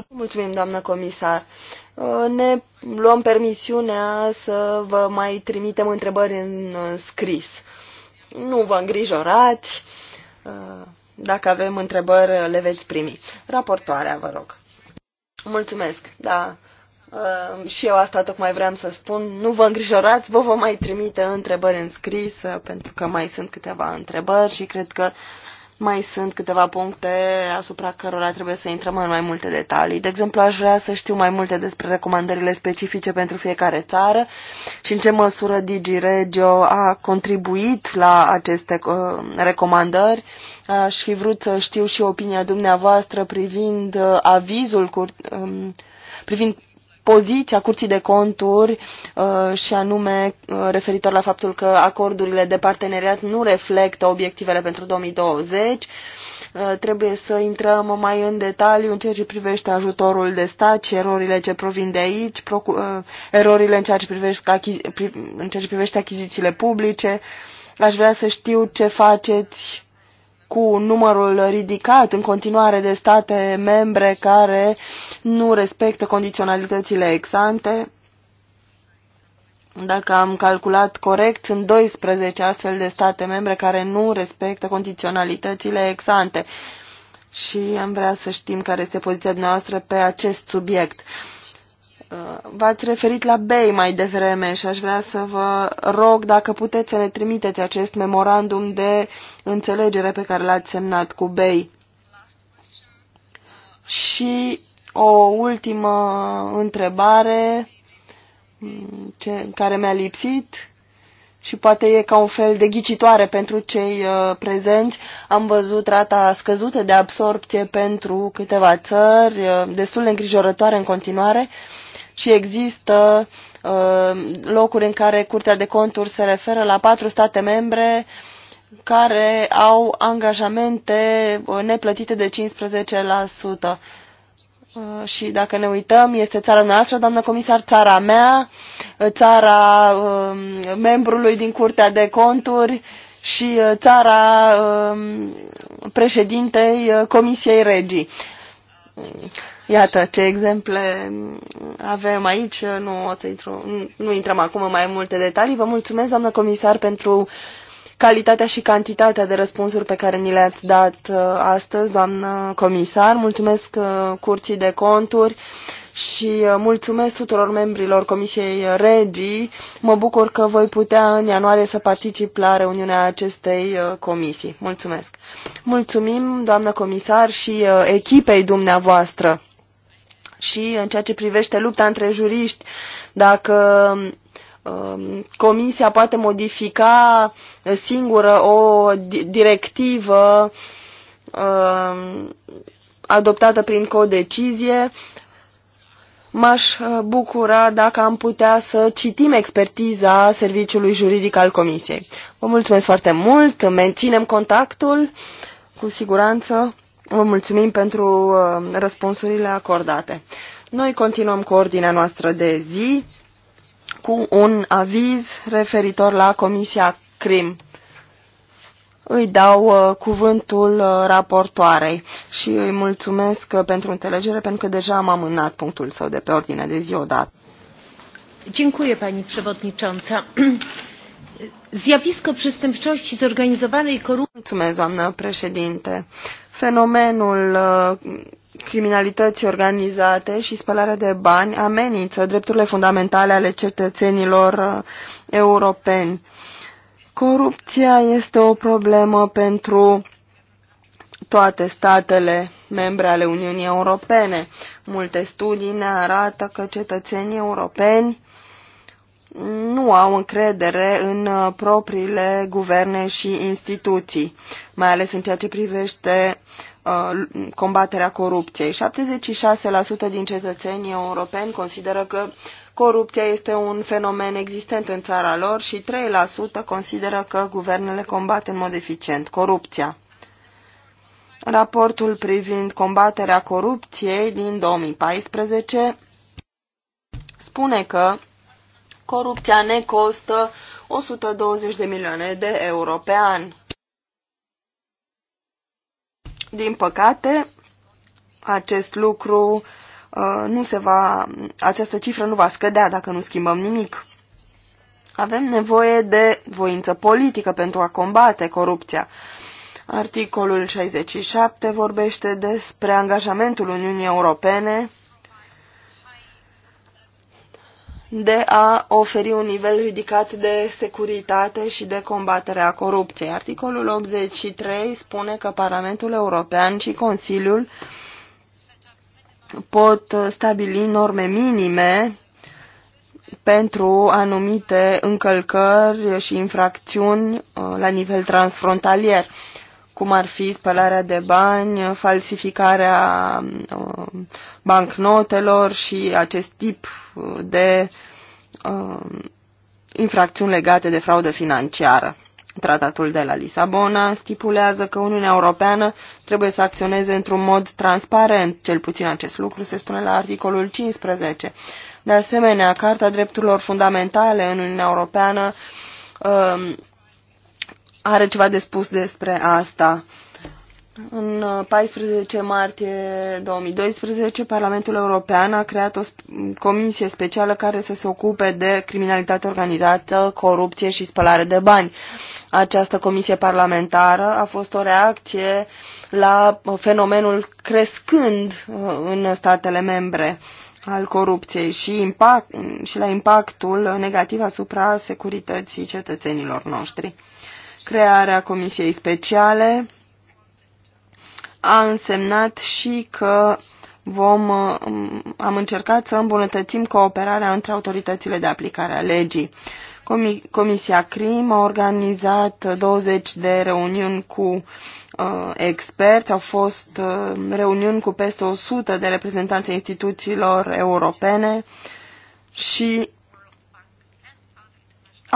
S2: mulțumim, doamnă comisar. Uh, ne luăm permisiunea să vă mai trimitem întrebări în uh, scris. Nu vă îngrijorați. Uh, dacă avem întrebări, le veți primi. Raportoarea, vă rog. Mulțumesc, da. Uh, și eu asta tocmai vreau să spun. Nu vă îngrijorați, vă vom mai trimite întrebări în scris, eh, pentru că mai sunt câteva întrebări și cred că mai sunt câteva puncte asupra cărora trebuie să intrăm în mai multe detalii. De exemplu, aș vrea să știu mai multe despre recomandările specifice pentru fiecare țară și în ce măsură DigiRegio a contribuit la aceste uh, recomandări. Aș fi vrut să știu și opinia dumneavoastră privind uh, avizul um, privind poziția Curții de Conturi uh, și anume uh, referitor la faptul că acordurile de parteneriat nu reflectă obiectivele pentru 2020. Uh, trebuie să intrăm mai în detaliu în ceea ce privește ajutorul de stat și erorile ce provin de aici, erorile în ceea ce privește, achizi în ceea ce privește achizițiile publice. Aș vrea să știu ce faceți cu numărul ridicat în continuare de state membre care nu respectă condiționalitățile exante. Dacă am calculat corect, sunt 12 astfel de state membre care nu respectă condiționalitățile exante. Și am vrea să știm care este poziția noastră pe acest subiect. Uh, v-ați referit la BEI mai devreme și aș vrea să vă rog dacă puteți să ne trimiteți acest memorandum de înțelegere pe care l-ați semnat cu BEI. Și o ultimă întrebare mm, ce, care mi-a lipsit și poate e ca un fel de ghicitoare pentru cei uh, prezenți. Am văzut rata scăzută de absorpție pentru câteva țări, uh, destul de îngrijorătoare în continuare. Uh, și există uh, locuri în care Curtea de Conturi se referă la patru state membre care au angajamente uh, neplătite de 15%. Uh, și dacă ne uităm, este țara noastră, doamnă comisar, țara mea, țara um, membrului din Curtea de Conturi și țara um, președintei Comisiei Regii Iată ce exemple avem aici, nu, o să intru, nu intrăm acum în mai multe detalii. Vă mulțumesc, doamnă comisar, pentru calitatea și cantitatea de răspunsuri pe care ni le-ați dat uh, astăzi, doamnă comisar. Mulțumesc uh, curții de conturi și uh, mulțumesc tuturor membrilor Comisiei Regii. Mă bucur că voi putea în ianuarie să particip la reuniunea acestei comisii. Mulțumesc! Mulțumim, doamnă comisar, și echipei dumneavoastră și în ceea ce privește lupta între juriști, dacă um, Comisia poate modifica singură o directivă um, adoptată prin codecizie, m-aș uh, bucura dacă am putea să citim expertiza Serviciului Juridic al Comisiei. Vă mulțumesc foarte mult, menținem contactul, cu siguranță Vă mulțumim pentru uh, răspunsurile acordate. Noi continuăm cu ordinea noastră de zi cu un aviz referitor la Comisia CRIM. Îi dau uh, cuvântul uh, raportoarei și îi mulțumesc pentru înțelegere pentru că deja am amânat punctul său de pe ordinea de zi odată.
S1: Dziękuję Pani Przewodnicząca. Zjawisko przestępczości zorganizowanej korupcji. Mulțumesc,
S2: doamnă președinte. Fenomenul uh, criminalității organizate și spălarea de bani amenință drepturile fundamentale ale cetățenilor uh, europeni. Corupția este o problemă pentru toate statele membre ale Uniunii Europene. Multe studii ne arată că cetățenii europeni nu au încredere în uh, propriile guverne și instituții, mai ales în ceea ce privește uh, combaterea corupției. 76% din cetățenii europeni consideră că corupția este un fenomen existent în țara lor și 3% consideră că guvernele combat în mod eficient corupția. Raportul privind combaterea corupției din 2014 spune că Corupția ne costă 120 de milioane de euro pe an. Din păcate, acest lucru uh, nu se va, această cifră nu va scădea dacă nu schimbăm nimic. Avem nevoie de voință politică pentru a combate corupția. Articolul 67 vorbește despre angajamentul Uniunii Europene de a oferi un nivel ridicat de securitate și de combatere a corupției. Articolul 83 spune că Parlamentul European și Consiliul pot stabili norme minime pentru anumite încălcări și infracțiuni uh, la nivel transfrontalier cum ar fi spălarea de bani, falsificarea um, bancnotelor și acest tip uh, de um, infracțiuni legate de fraudă financiară. Tratatul de la Lisabona stipulează că Uniunea Europeană trebuie să acționeze într-un mod transparent, cel puțin acest lucru se spune la articolul 15. De asemenea, Carta Drepturilor Fundamentale în Uniunea Europeană uh, are ceva de spus despre asta. În 14 uh, martie 2012, Parlamentul European a creat o comisie specială care să se ocupe de criminalitate organizată, corupție și spălare de bani. Această comisie parlamentară a fost o reacție la uh, fenomenul crescând uh, în statele membre al corupției și, impact, și la impactul negativ asupra securității cetățenilor noștri. Crearea Comisiei Speciale a însemnat și că vom, um, am încercat să îmbunătățim cooperarea între autoritățile de aplicare a legii. Comisia CRIM a organizat 20 de reuniuni cu uh, experți, au fost uh, reuniuni cu peste 100 de reprezentanți instituțiilor europene și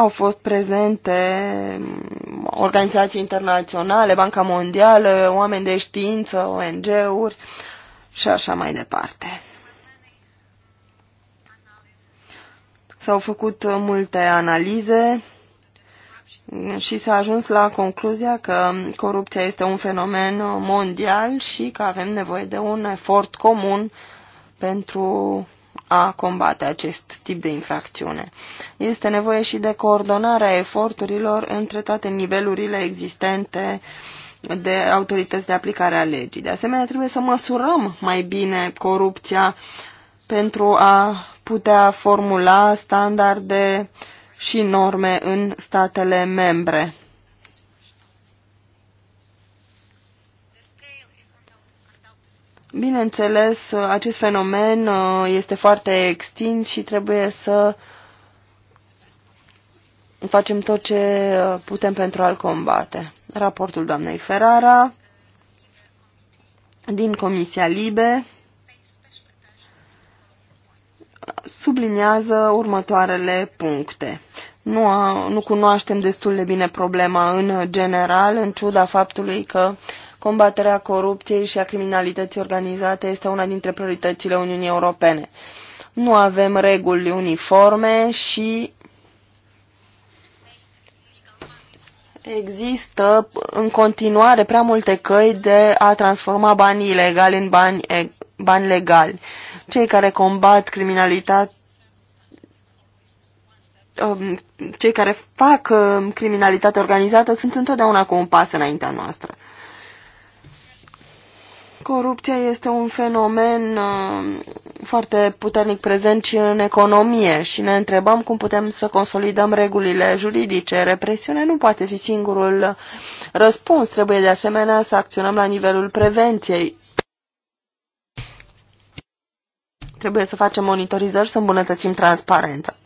S2: au fost prezente organizații internaționale, Banca Mondială, oameni de știință, ONG-uri și așa mai departe. S-au făcut multe analize și s-a ajuns la concluzia că corupția este un fenomen mondial și că avem nevoie de un efort comun pentru a combate acest tip de infracțiune. Este nevoie și de coordonarea eforturilor între toate nivelurile existente de autorități de aplicare a legii. De asemenea, trebuie să măsurăm mai bine corupția pentru a putea formula standarde și norme în statele membre. Bineînțeles, acest fenomen uh, este foarte extins și trebuie să facem tot ce uh, putem pentru a-l combate. Raportul doamnei Ferrara din Comisia Libe subliniază următoarele puncte. Nu, a, nu cunoaștem destul de bine problema în general, în ciuda faptului că uh, Combaterea corupției și a criminalității organizate este una dintre prioritățile Uniunii Europene. Nu avem reguli uniforme și există în continuare prea multe căi de a transforma banii ilegali în bani, bani legali. Cei care combat criminalitatea um, cei care fac um, criminalitate organizată sunt întotdeauna cu un pas înaintea noastră. Corupția este un fenomen uh, foarte puternic prezent și în economie și ne întrebăm cum putem să consolidăm regulile juridice. Represiunea nu poate fi singurul răspuns. Trebuie de asemenea să acționăm la nivelul prevenției. Trebuie să facem monitorizări să îmbunătățim transparența.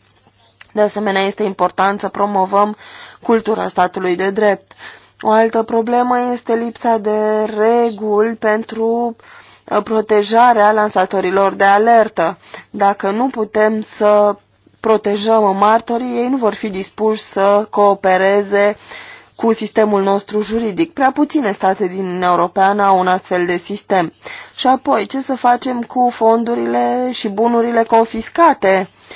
S2: De asemenea, este important să promovăm cultura statului de drept. O altă problemă este lipsa de reguli pentru uh, protejarea lansatorilor de alertă. Dacă nu putem să protejăm martorii, ei nu vor fi dispuși să coopereze cu sistemul nostru juridic. Prea puține state din Uniunea Europeană au un astfel de sistem. Și apoi, ce să facem cu fondurile și bunurile confiscate? Uh,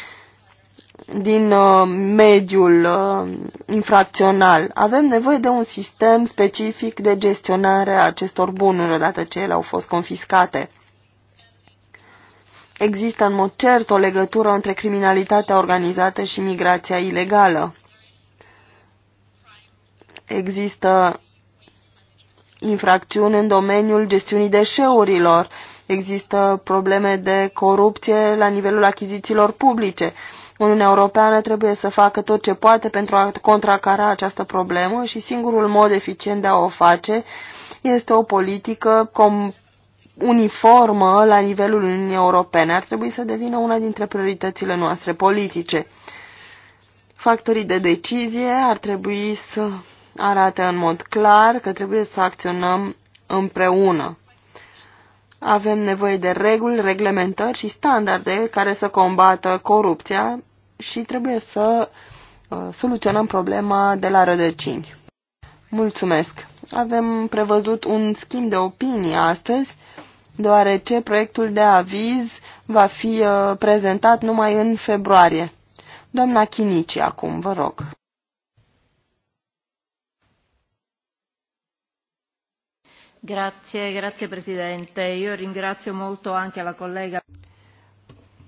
S2: din uh, mediul uh, infracțional. Avem nevoie de un sistem specific de gestionare a acestor bunuri odată ce ele au fost confiscate. Există în mod cert o legătură între criminalitatea organizată și migrația ilegală. Există infracțiuni în domeniul gestiunii deșeurilor, există probleme de corupție la nivelul achizițiilor publice, Uniunea Europeană trebuie să facă tot ce poate pentru a contracara această problemă și singurul mod eficient de a o face este o politică uniformă la nivelul Uniunii Europene. Ar trebui să devină una dintre prioritățile noastre politice. Factorii de decizie ar trebui să arate în mod clar că trebuie să acționăm împreună. Avem nevoie de reguli, reglementări și standarde care să combată corupția, și trebuie să uh, soluționăm problema de la rădăcini. Mulțumesc! Avem prevăzut un schimb de opinie astăzi, deoarece proiectul de aviz va fi uh, prezentat numai în februarie. Doamna Chinici, acum, vă rog.
S5: Grazie, grazie Presidente. Io ringrazio molto anche la collega.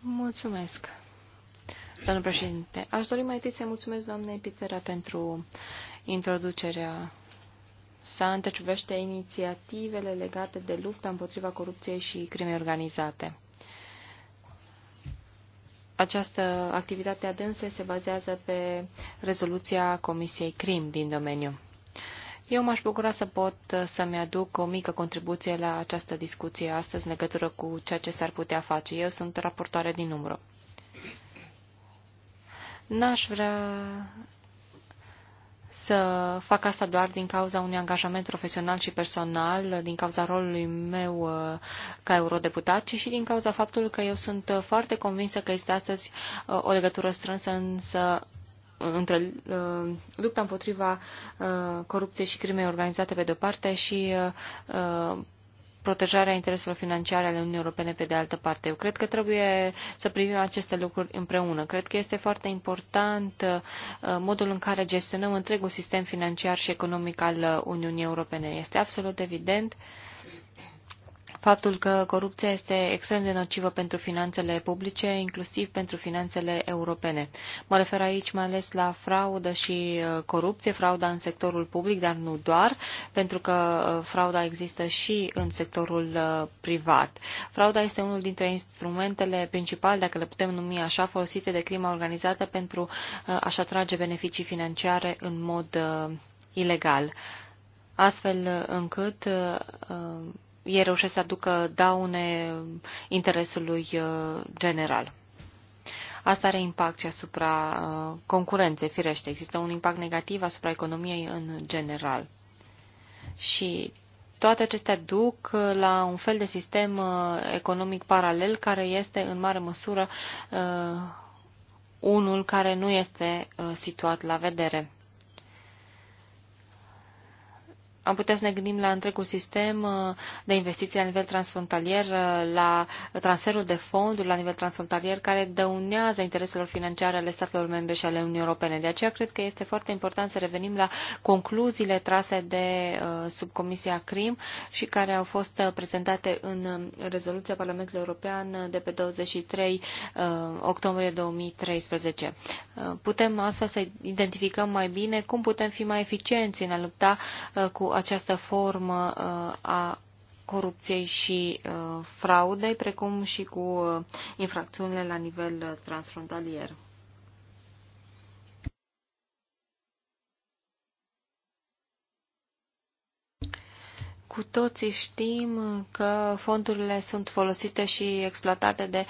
S5: Mulțumesc. Domnul președinte, aș dori mai întâi să mulțumesc doamnei Pitera pentru introducerea sa întrecivește inițiativele legate de lupta împotriva corupției și crimei organizate. Această activitate adânse se bazează pe rezoluția Comisiei CRIM din domeniu. Eu m-aș bucura să pot să-mi aduc o mică contribuție la această discuție astăzi în legătură cu ceea ce s-ar putea face. Eu sunt raportoare din numărul. N-aș vrea să fac asta doar din cauza unui angajament profesional și personal, din cauza rolului meu uh, ca eurodeputat, ci și din cauza faptului că eu sunt uh, foarte convinsă că este astăzi uh, o legătură strânsă însă între uh, lupta împotriva uh, corupției și crimei organizate pe de-o parte și uh, protejarea intereselor financiare ale Uniunii Europene pe de altă parte. Eu cred că trebuie să privim aceste lucruri împreună. Cred că este foarte important uh, modul în care gestionăm întregul sistem financiar și economic al uh, Uniunii Europene. Este absolut evident faptul că corupția este extrem de nocivă pentru finanțele publice, inclusiv pentru finanțele europene. Mă refer aici mai ales la fraudă și uh, corupție, frauda în sectorul public, dar nu doar, pentru că uh, frauda există și în sectorul uh, privat. Frauda este unul dintre instrumentele principale, dacă le putem numi așa, folosite de crima organizată pentru a-și atrage beneficii financiare în mod ilegal astfel încât ei reușesc să aducă daune interesului uh, general. Asta are impact și asupra uh, concurenței, firește. Există un impact negativ asupra economiei în general. Și toate acestea duc uh, la un fel de sistem economic paralel care este în mare măsură unul care nu este situat la vedere. Am putea să ne gândim la întregul sistem uh, de investiții la nivel transfrontalier, uh, la transferul de fonduri la nivel transfrontalier, care dăunează intereselor financiare ale statelor membre și ale Uniunii Europene. De aceea cred că este foarte important să revenim la concluziile trase de uh, subcomisia CRIM și care au fost prezentate în rezoluția Parlamentului European de pe 23 octombrie 2013. Putem astfel să identificăm mai bine cum putem fi mai eficienți în a lupta cu această formă uh, a corupției și uh, fraudei, precum și cu uh, infracțiunile la nivel transfrontalier. Cu toții știm că fondurile sunt folosite și exploatate de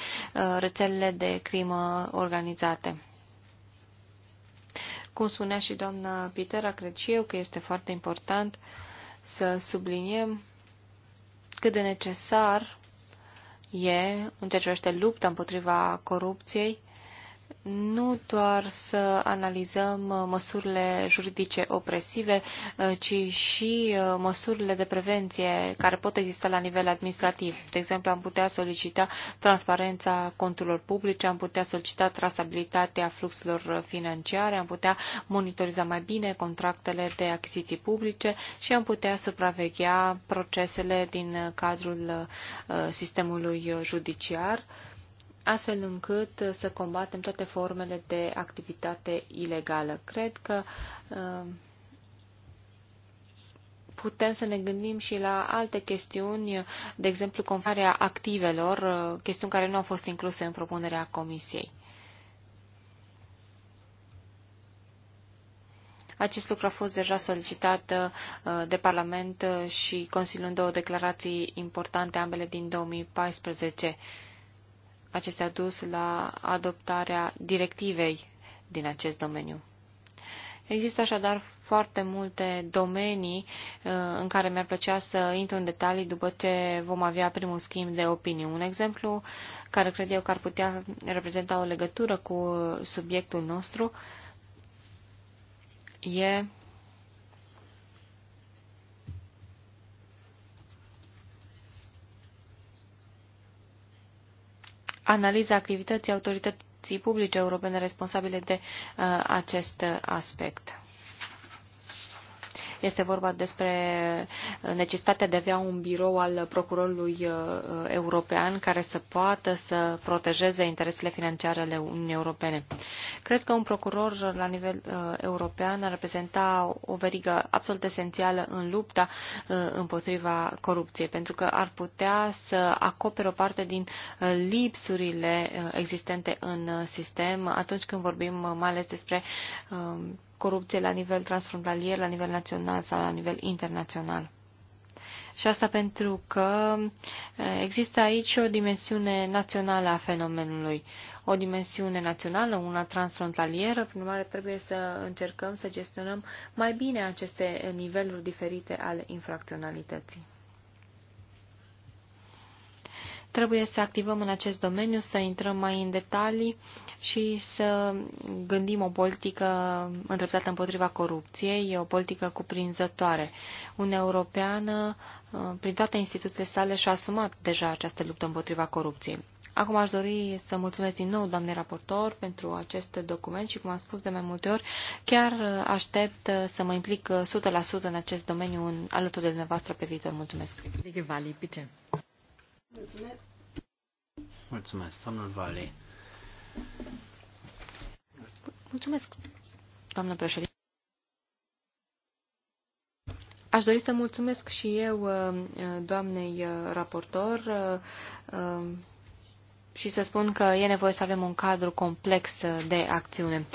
S5: rețelele de crimă organizate. Cum spunea și doamna Pitera, cred și eu că este foarte important să subliniem cât de necesar e, în ceea ce privește lupta împotriva corupției, nu doar să analizăm uh, măsurile juridice opresive, uh, ci și uh, măsurile de prevenție care pot exista la nivel administrativ. De exemplu, am putea solicita transparența conturilor publice, am putea solicita trasabilitatea fluxurilor financiare, am putea monitoriza mai bine contractele de achiziții publice și am putea supraveghea procesele din cadrul sistemului judiciar astfel încât uh, să combatem toate formele de activitate ilegală. Cred că uh, putem să ne gândim și la alte chestiuni, de exemplu, confarea activelor, uh, chestiuni care nu au fost incluse în propunerea Comisiei. Acest lucru a fost deja solicitat de Parlament și Consiliul în două declarații importante, ambele din 2014 acestea dus la adoptarea directivei din acest domeniu. Există așadar foarte multe domenii uh, în care mi-ar plăcea să intru în detalii după ce vom avea primul schimb de opinii. Un exemplu care cred eu că ar putea reprezenta o legătură cu subiectul nostru e analiza activității autorității publice europene responsabile de uh, acest uh, aspect. Este vorba despre uh, necesitatea de a avea un birou al procurorului uh, uh, european care să poată să protejeze interesele financiare ale Uniunii Europene. Cred că un procuror la nivel european ar reprezenta o verigă absolut esențială în lupta împotriva corupției, pentru că ar putea să acopere o parte din lipsurile existente în sistem atunci când vorbim mai ales despre um, corupție la nivel transfrontalier, la nivel național sau la nivel internațional. Și asta pentru că există aici o dimensiune națională a fenomenului, o dimensiune națională, una transfrontalieră, prin urmare trebuie să încercăm să gestionăm mai bine aceste niveluri diferite ale infracționalității. Trebuie să activăm în acest domeniu, să intrăm mai în detalii și să gândim o politică îndreptată împotriva corupției, o politică cuprinzătoare. Uniunea Europeană, uh, prin toate instituțiile sale, și-a asumat deja această luptă împotriva corupției. Acum aș dori să mulțumesc din nou, doamne raportor, pentru acest document și, cum am spus de mai multe ori, chiar uh, aștept uh, să mă implic 100% în acest domeniu în, alături de dumneavoastră pe viitor. Mulțumesc!
S2: Mulțumesc.
S3: Mulțumesc, domnul Vali.
S5: Mulțumesc, doamnă președinte. Aș dori să mulțumesc și eu uh, doamnei uh, raportor uh, și să spun că e nevoie să avem un cadru complex de acțiune.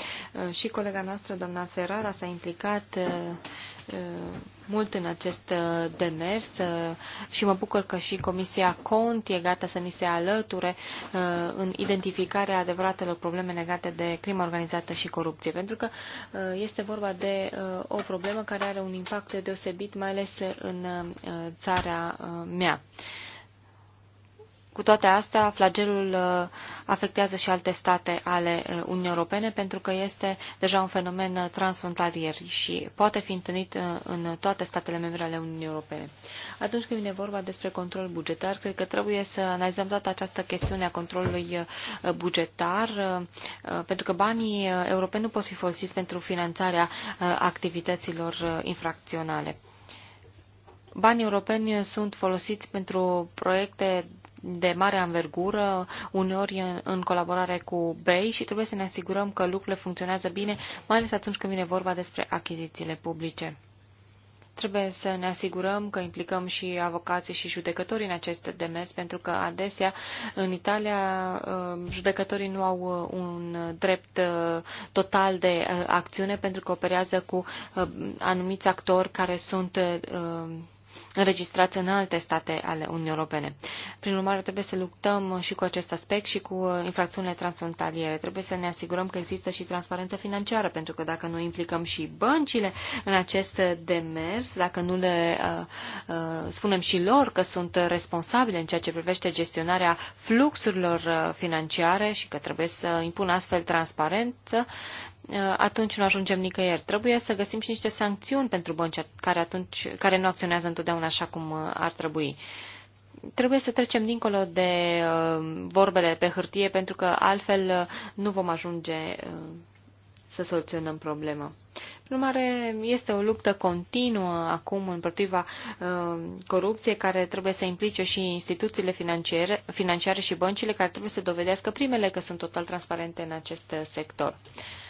S5: Și colega noastră, doamna Ferrara, s-a implicat Uh, mult în acest uh, demers uh, și mă bucur că și Comisia Cont e gata să ni se alăture în identificarea adevăratelor probleme legate de crimă organizată și corupție, pentru că este vorba de o problemă care are un impact deosebit, mai ales în țara mea. Cu toate astea, flagelul uh, afectează și alte state ale uh, Uniunii Europene pentru că este deja un fenomen uh, transfrontalier și poate fi întâlnit în toate statele membre ale Uniunii Europene. Atunci când vine vorba despre control bugetar, cred că trebuie să analizăm toată această chestiune a controlului bugetar pentru că banii europeni nu pot fi folosiți pentru finanțarea activităților infracționale. Banii europeni sunt folosiți pentru proiecte de mare anvergură, uneori în colaborare cu BEI și trebuie să ne asigurăm că lucrurile funcționează bine, mai ales atunci când vine vorba despre achizițiile publice. Trebuie să ne asigurăm că implicăm și avocații și judecătorii în acest demers, pentru că adesea în Italia um, judecătorii nu au uh, un drept uh, total de uh, acțiune pentru că operează cu anumiți actori care sunt înregistrați în alte state ale Uniunii Europene. Prin urmare, trebuie să luptăm și cu acest aspect și cu uh, infracțiunile transfrontaliere. Trebuie să ne asigurăm că există și transparență financiară, pentru că dacă nu implicăm și băncile în acest demers, dacă nu le uh, uh, spunem și lor că sunt responsabile în ceea ce privește gestionarea fluxurilor uh, financiare și că trebuie să impună astfel transparență, Uh, atunci nu ajungem nicăieri. Trebuie să găsim și niște sancțiuni pentru bănci care, atunci, care nu acționează întotdeauna așa cum uh, ar trebui. Trebuie să trecem dincolo de uh, vorbele pe hârtie, pentru că altfel nu vom ajunge să soluționăm problema. Prin urmare, este o luptă continuă acum împotriva uh, corupției care trebuie să implice și instituțiile financiare, financiare și băncile care trebuie să dovedească primele că sunt total transparente în acest sector. Uh,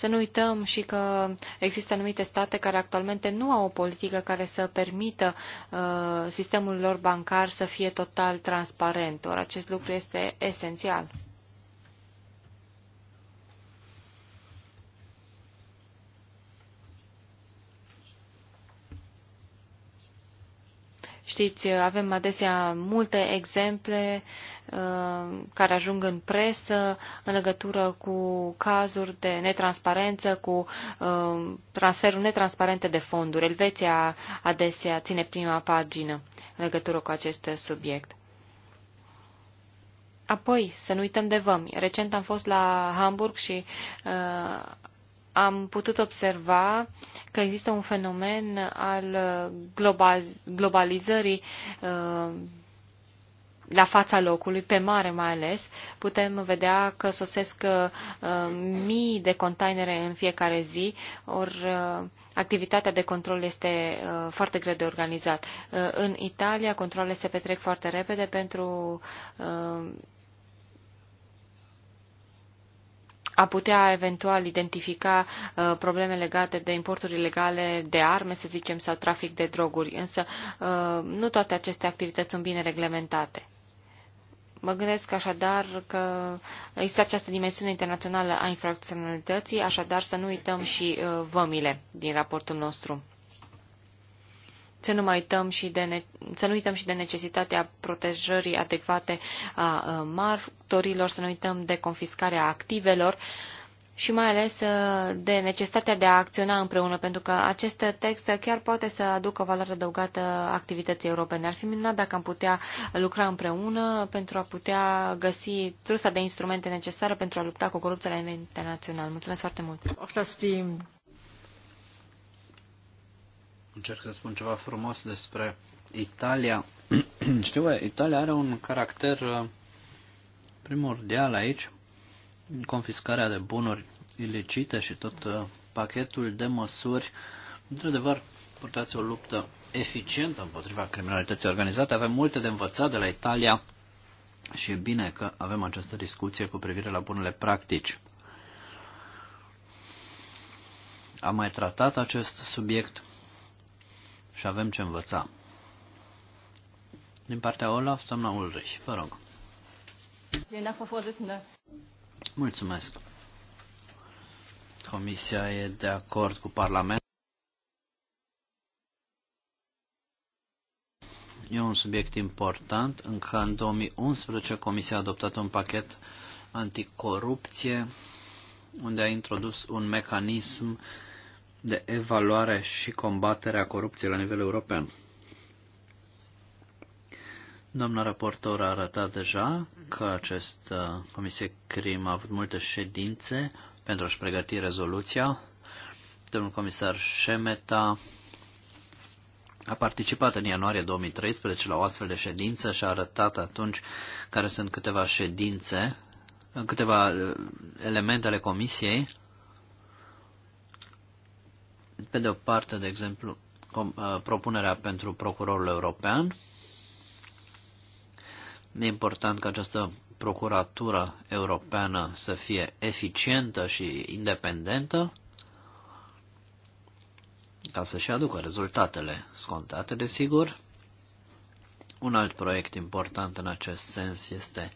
S5: să nu uităm și că există anumite state care actualmente nu au o politică care să permită uh, sistemul lor bancar să fie total transparent. Or, acest lucru este esențial. știți, avem adesea multe exemple uh, care ajung în presă în legătură cu cazuri de netransparență, cu uh, transferuri netransparente de fonduri. Elveția adesea ține prima pagină în legătură cu acest subiect. Apoi, să nu uităm de vămi. Recent am fost la Hamburg și uh, am putut observa că există un fenomen al uh, globalizării uh, la fața locului, pe mare mai ales, putem vedea că sosesc uh, mii de containere în fiecare zi, ori activitatea de control este foarte greu de organizat. În Italia, controlele se petrec foarte repede pentru a putea eventual identifica uh, probleme legate de importuri ilegale de arme, să zicem, sau trafic de droguri. Însă uh, nu toate aceste activități sunt bine reglementate. Mă gândesc așadar că există această dimensiune internațională a infracționalității, așadar să nu uităm și uh, vămile din raportul nostru să nu, mai uităm și de să nu uităm și de necesitatea protejării adecvate a uh, martorilor, să nu uităm de confiscarea activelor și mai ales uh, de necesitatea de a acționa împreună, pentru că acest text chiar poate să aducă valoare adăugată activității europene. Ar fi minunat dacă am putea lucra împreună pentru a putea găsi trusa de instrumente necesară pentru a lupta cu corupția la nivel internațional. Mulțumesc
S1: foarte mult!
S3: încerc să spun ceva frumos despre Italia. Știu, Italia are un caracter uh, primordial aici, confiscarea de bunuri ilicite și tot uh, pachetul de măsuri. Într-adevăr, purtați o luptă eficientă împotriva criminalității organizate. Avem multe de învățat de la Italia și e bine că avem această discuție cu privire la bunele practici. Am mai tratat acest subiect și avem ce învăța. Din partea Olaf, doamna Ulrich, vă rog. Mulțumesc. Comisia e de acord cu Parlamentul. E un subiect important. Încă în 2011 Comisia a adoptat un pachet anticorupție unde a introdus un mecanism uh, de evaluare și combatere a corupției la nivel european. Doamna raportor a arătat deja că această comisie CRIM a avut multe ședințe pentru a-și pregăti rezoluția. Domnul comisar Șemeta a participat în ianuarie 2013 la o astfel de ședință și a arătat atunci care sunt câteva ședințe, câteva uh, elemente ale comisiei pe de o parte, de exemplu, uh, propunerea pentru procurorul european. E important ca această procuratură europeană să fie eficientă și independentă ca să-și aducă rezultatele scontate, desigur. Un alt proiect important în acest sens este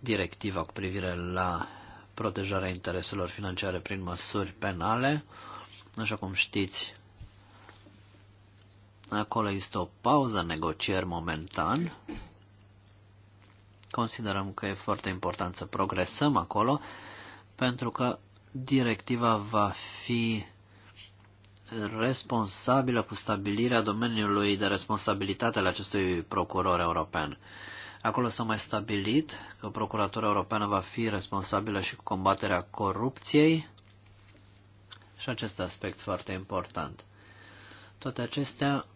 S3: directiva cu privire la protejarea intereselor financiare prin măsuri penale. Uh, Așa cum știți, acolo este o pauză negocieri momentan. Considerăm că e foarte important să progresăm acolo, pentru că directiva va fi responsabilă cu stabilirea domeniului de responsabilitate al acestui procuror european. Acolo s-a mai stabilit că procuratura europeană va fi responsabilă și cu combaterea corupției, și acest aspect foarte important. Toate acestea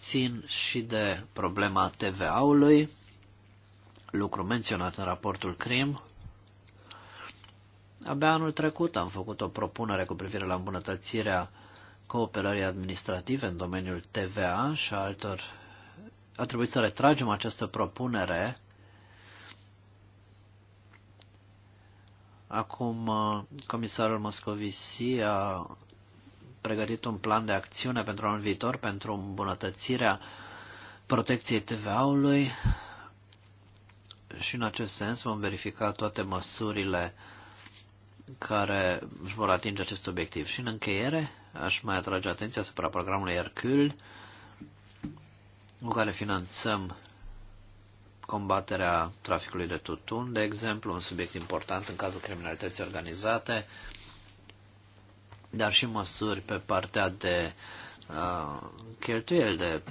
S3: țin și de problema TVA-ului, lucru menționat în raportul CRIM. Abia anul trecut am făcut o propunere cu privire la îmbunătățirea cooperării administrative în domeniul TVA și altor... A trebuit să retragem această propunere Acum, uh, comisarul Moscovici a pregătit un plan de acțiune pentru anul viitor pentru îmbunătățirea protecției TVA-ului și în acest sens vom verifica toate măsurile care își vor atinge acest obiectiv. Și în încheiere aș mai atrage atenția asupra programului Hercule, cu care finanțăm combaterea traficului de tutun, de exemplu, un subiect important în cazul criminalității organizate, dar și măsuri pe partea de uh, cheltuieli, de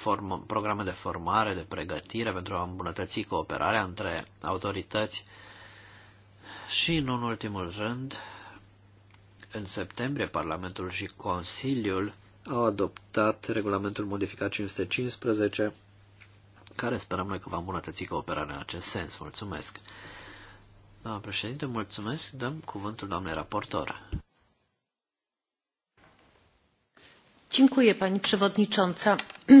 S3: formă, programe de formare, de pregătire pentru a îmbunătăți cooperarea între autorități și, în în ultimul rând, în septembrie Parlamentul și Consiliul au adoptat regulamentul modificat 515 care sperăm noi că va îmbunătăți cooperarea în acest sens. Mulțumesc. Doamna președinte, mulțumesc. Dăm cuvântul doamnei raportor.
S1: Dziękuję Pani Przewodnicząca.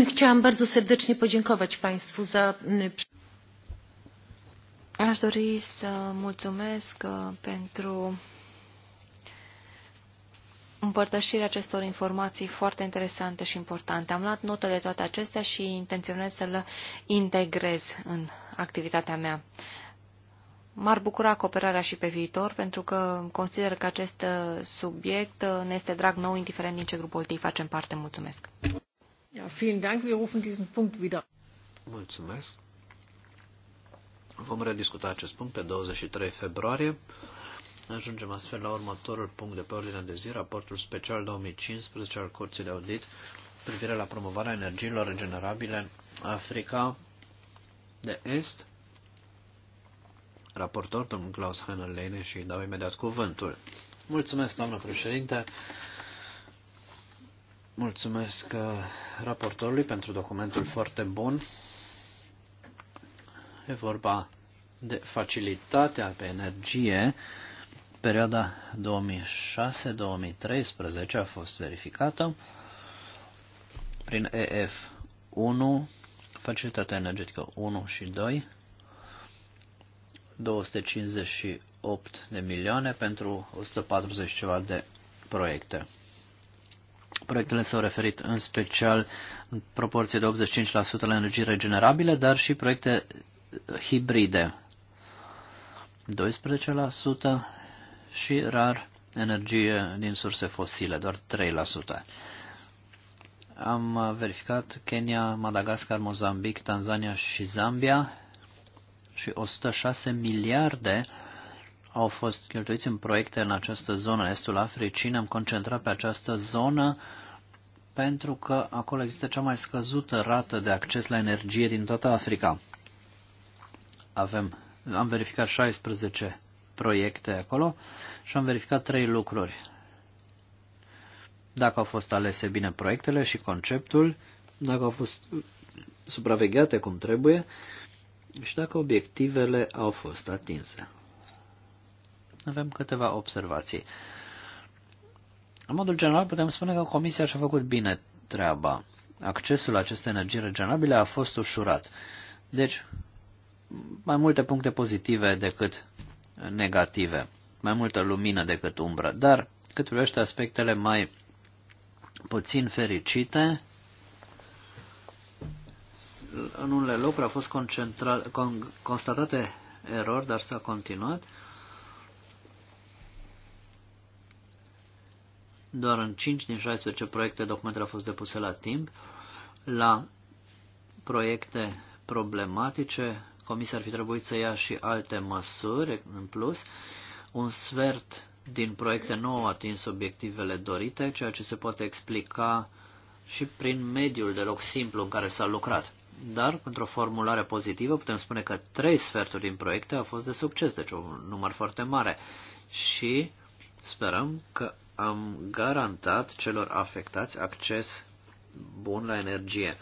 S1: Chciałam bardzo serdecznie podziękować Państwu za...
S5: Aș dori să mulțumesc uh, pentru împărtășirea acestor informații foarte interesante și importante. Am luat notă de toate acestea și intenționez să le integrez în activitatea mea. M-ar bucura cooperarea și pe viitor, pentru că consider că acest uh, subiect uh, ne este drag nou, indiferent din ce grup politic facem parte. Mulțumesc! Ja,
S1: vielen Dank. Wir rufen diesen Punkt wieder.
S3: Mulțumesc. Vom rediscuta acest punct pe 23 februarie. Ajungem astfel la următorul punct de pe ordinea de zi, raportul special 2015 al Curții de Audit privire la promovarea energiilor regenerabile în Africa de Est. Raportor domnul Klaus Heiner Lene și dau imediat cuvântul. Mulțumesc, doamnă președinte. Mulțumesc uh, raportorului pentru documentul foarte bun. E vorba de facilitatea pe energie perioada 2006-2013 a fost verificată prin EF1, Facilitatea Energetică 1 și 2, 258 de milioane pentru 140 ceva de proiecte. Proiectele s-au referit în special în proporție de 85% la energii regenerabile, dar și proiecte hibride. 12%, și rar energie din surse fosile, doar 3%. Am verificat Kenya, Madagascar, Mozambic, Tanzania și Zambia și 106 miliarde au fost cheltuiți în proiecte în această zonă, estul Africii. Ne-am concentrat pe această zonă pentru că acolo există cea mai scăzută rată de acces la energie din toată Africa. Avem, am verificat 16 proiecte acolo și am verificat trei lucruri. Dacă au fost alese bine proiectele și conceptul, dacă au fost supravegheate cum trebuie și dacă obiectivele au fost atinse. Avem câteva observații. În modul general putem spune că Comisia și-a făcut bine treaba. Accesul la aceste energii regenerabile a fost ușurat. Deci, mai multe puncte pozitive decât negative. Mai multă lumină decât umbră. Dar cât privește aspectele mai puțin fericite, în unele locuri au fost con, constatate erori, dar s-a continuat. Doar în 5 din 16 proiecte documentele au fost depuse la timp. La proiecte problematice Comisia ar fi trebuit să ia și alte măsuri în plus. Un sfert din proiecte nu au atins obiectivele dorite, ceea ce se poate explica și prin mediul deloc simplu în care s-a lucrat. Dar, pentru o formulare pozitivă, putem spune că trei sferturi din proiecte au fost de succes, deci un număr foarte mare. Și sperăm că am garantat celor afectați acces bun la energie.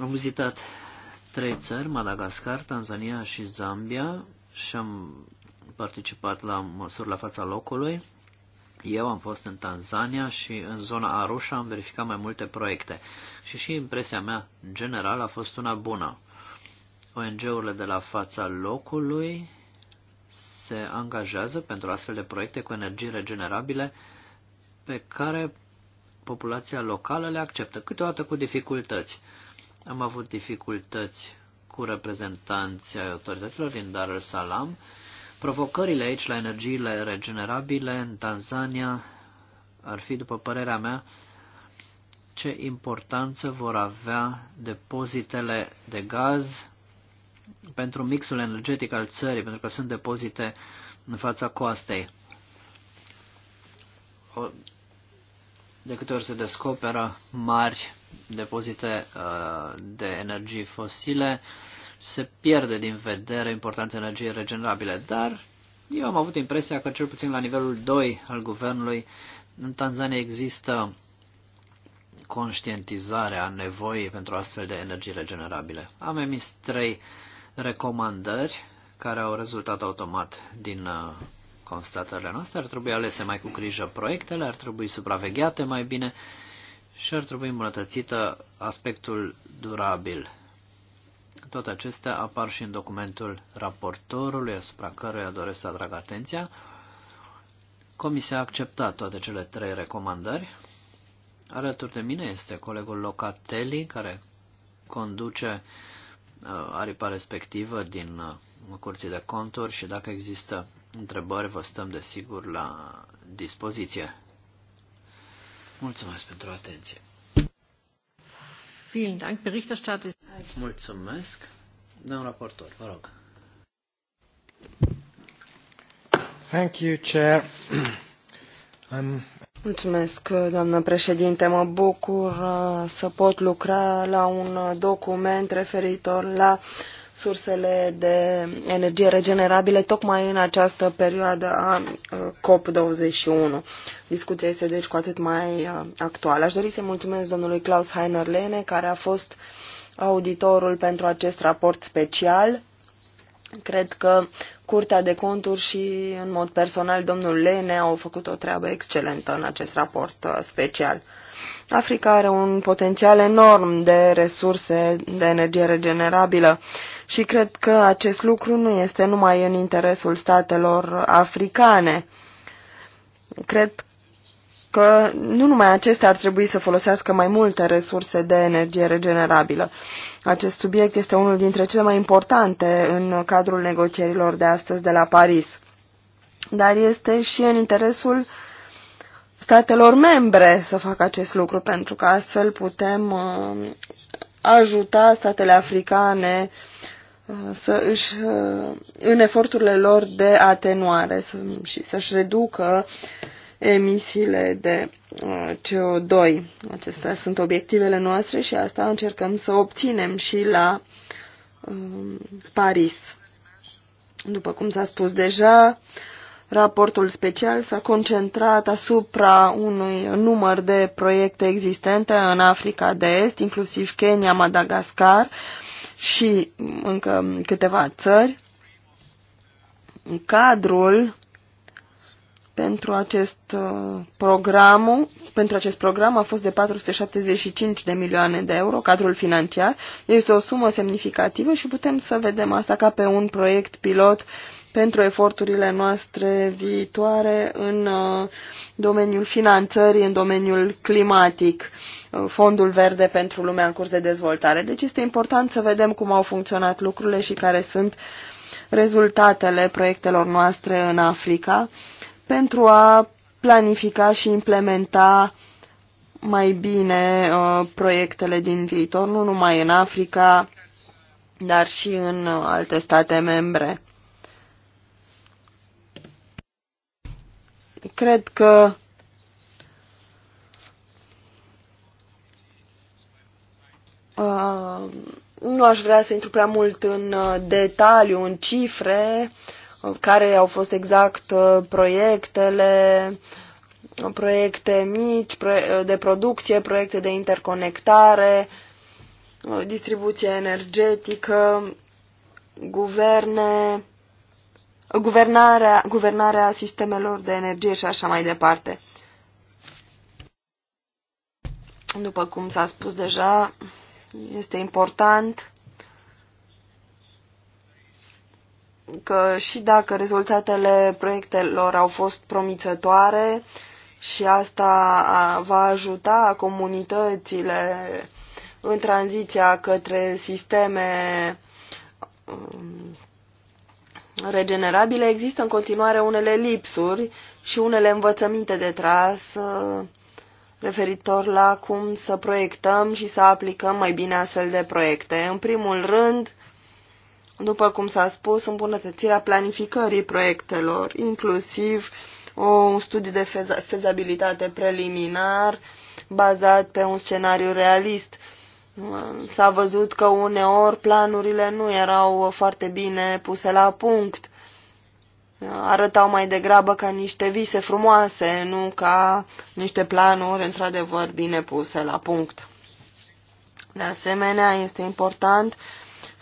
S3: Am vizitat trei țări, Madagascar, Tanzania și Zambia, și am participat la măsuri la fața locului. Eu am fost în Tanzania și în zona Arusha am verificat mai multe proiecte și și impresia mea în general a fost una bună. ONG-urile de la fața locului se angajează pentru astfel de proiecte cu energii regenerabile pe care populația locală le acceptă, câteodată cu dificultăți. Am avut dificultăți cu reprezentanții ai autorităților din Dar el Salam. Provocările aici la energiile regenerabile în Tanzania ar fi, după părerea mea, ce importanță vor avea depozitele de gaz pentru mixul energetic al țării, pentru că sunt depozite în fața coastei. O, de câte ori se descoperă mari depozite uh, de energii fosile, se pierde din vedere importanța energiei regenerabile, dar eu am avut impresia că cel puțin la nivelul 2 al guvernului în Tanzania există conștientizarea nevoii pentru astfel de energii regenerabile. Am emis trei recomandări care au rezultat automat din uh, constatările noastre. Ar trebui alese mai cu grijă proiectele, ar trebui supravegheate mai bine și ar trebui îmbunătățită aspectul durabil. Tot acestea apar și în documentul raportorului asupra căruia doresc să atrag atenția. Comisia a acceptat toate cele trei recomandări. Alături de mine este colegul Locatelli, care conduce uh, aripa respectivă din uh, curții de conturi și dacă există întrebări, vă stăm desigur la dispoziție. Mulțumesc pentru atenție.
S1: Vielen Dank, Berichterstatter.
S3: Mulțumesc. Domnul raportor, vă rog.
S5: Thank you, Chair. I'm...
S4: Um,
S2: Mulțumesc, doamnă președinte. Mă bucur uh, să pot lucra la un document referitor la uh, sursele de energie regenerabile tocmai în această perioadă a COP21. Discuția este deci cu atât mai actuală. Aș dori să mulțumesc domnului Klaus Heiner Lene, care a fost auditorul pentru acest raport special Cred că Curtea de Conturi și, în mod personal, domnul Lene au făcut o treabă excelentă în acest raport uh, special. Africa are un potențial enorm de resurse de energie regenerabilă și cred că acest lucru nu este numai în interesul statelor africane. Cred că nu numai acestea ar trebui să folosească mai multe resurse de energie regenerabilă. Acest subiect este unul dintre cele mai importante în cadrul negocierilor de astăzi de la Paris. Dar este și în interesul statelor membre să facă acest lucru, pentru că astfel putem uh, ajuta statele africane uh, să își, uh, în eforturile lor de atenuare și să-și reducă uh, emisiile de uh, CO2. Acestea sunt obiectivele noastre și asta încercăm să obținem și la um, Paris. După cum s-a spus deja, raportul special s-a concentrat asupra unui număr de proiecte existente în Africa de Est, inclusiv Kenya, Madagascar și încă câteva țări. Cadrul pentru acest, uh, program, pentru acest program a fost de 475 de milioane de euro, cadrul financiar. Este o sumă semnificativă și putem să vedem asta ca pe un proiect pilot pentru eforturile noastre viitoare în uh, domeniul finanțării, în domeniul climatic, uh, fondul verde pentru lumea în curs de dezvoltare. Deci este important să vedem cum au funcționat lucrurile și care sunt rezultatele proiectelor noastre în Africa pentru a planifica și implementa mai bine uh, proiectele din viitor, nu numai în Africa, dar și în uh, alte state membre. Cred că uh, nu aș vrea să intru prea mult în uh, detaliu, în cifre, uh, care au fost exact uh, proiectele, proiecte mici uh, de producție, proiecte de interconectare, uh, distribuție energetică, guverne, guvernarea, guvernarea sistemelor de energie și așa mai departe. După cum s-a spus deja, este important că și dacă rezultatele proiectelor au fost promițătoare și asta va ajuta comunitățile în tranziția către sisteme um, regenerabile, există în continuare unele lipsuri și unele învățăminte de tras uh, referitor la cum să proiectăm și să aplicăm mai bine astfel de proiecte. În primul rând, după cum s-a spus, îmbunătățirea planificării proiectelor, inclusiv un studiu de fezabilitate preliminar bazat pe un scenariu realist. S-a văzut că uneori planurile nu erau foarte bine puse la punct. Arătau mai degrabă ca niște vise frumoase, nu ca niște planuri într-adevăr bine puse la punct. De asemenea, este important uh,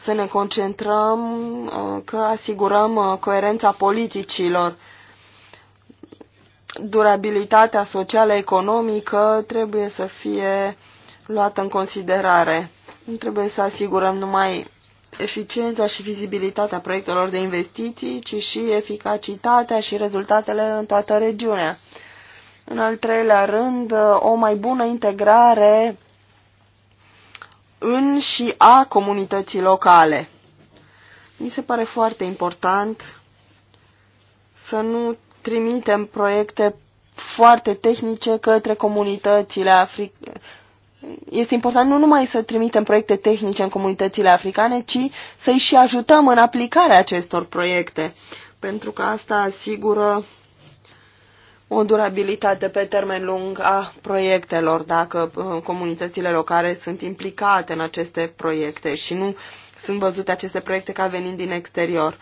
S2: să ne concentrăm uh, că asigurăm uh, coerența politicilor. Durabilitatea socială economică trebuie să fie luată în considerare. Nu trebuie să asigurăm numai eficiența și vizibilitatea proiectelor de investiții, ci și eficacitatea și rezultatele în toată regiunea. În al treilea rând, uh, o mai bună integrare în și a comunității locale. Mi se pare foarte important să nu trimitem proiecte foarte tehnice către comunitățile africane. Este important nu numai să trimitem proiecte tehnice în comunitățile africane, ci să-i și ajutăm în aplicarea acestor proiecte, pentru că asta asigură o durabilitate pe termen lung a proiectelor, dacă uh, comunitățile locale sunt implicate în aceste proiecte și nu sunt văzute aceste proiecte ca venind din exterior.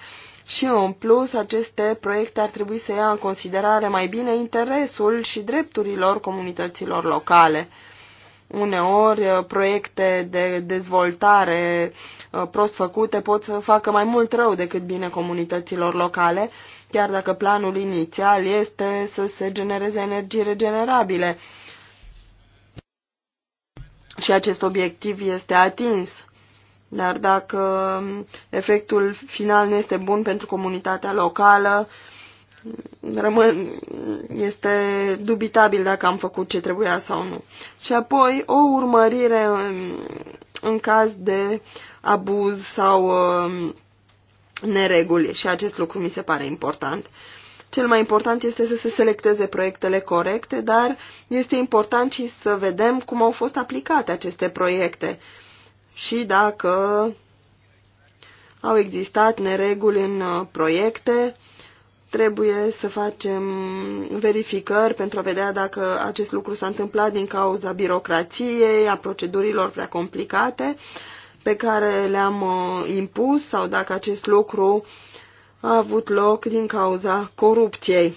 S2: Și în plus, aceste proiecte ar trebui să ia în considerare mai bine interesul și drepturilor comunităților locale. Uneori, uh, proiecte de dezvoltare uh, prost făcute pot să facă mai mult rău decât bine comunităților locale, chiar dacă planul inițial este să se genereze energii regenerabile. Și acest obiectiv este atins. Dar dacă efectul final nu este bun pentru comunitatea locală, rămân, este dubitabil dacă am făcut ce trebuia sau nu. Și apoi o urmărire în, în caz de abuz sau uh, nereguli și acest lucru mi se pare important. Cel mai important este să se selecteze proiectele corecte, dar este important și să vedem cum au fost aplicate aceste proiecte și dacă au existat nereguli în uh, proiecte, trebuie să facem verificări pentru a vedea dacă acest lucru s-a întâmplat din cauza birocrației, a procedurilor prea complicate pe care le-am uh, impus sau dacă acest lucru a avut loc din cauza corupției.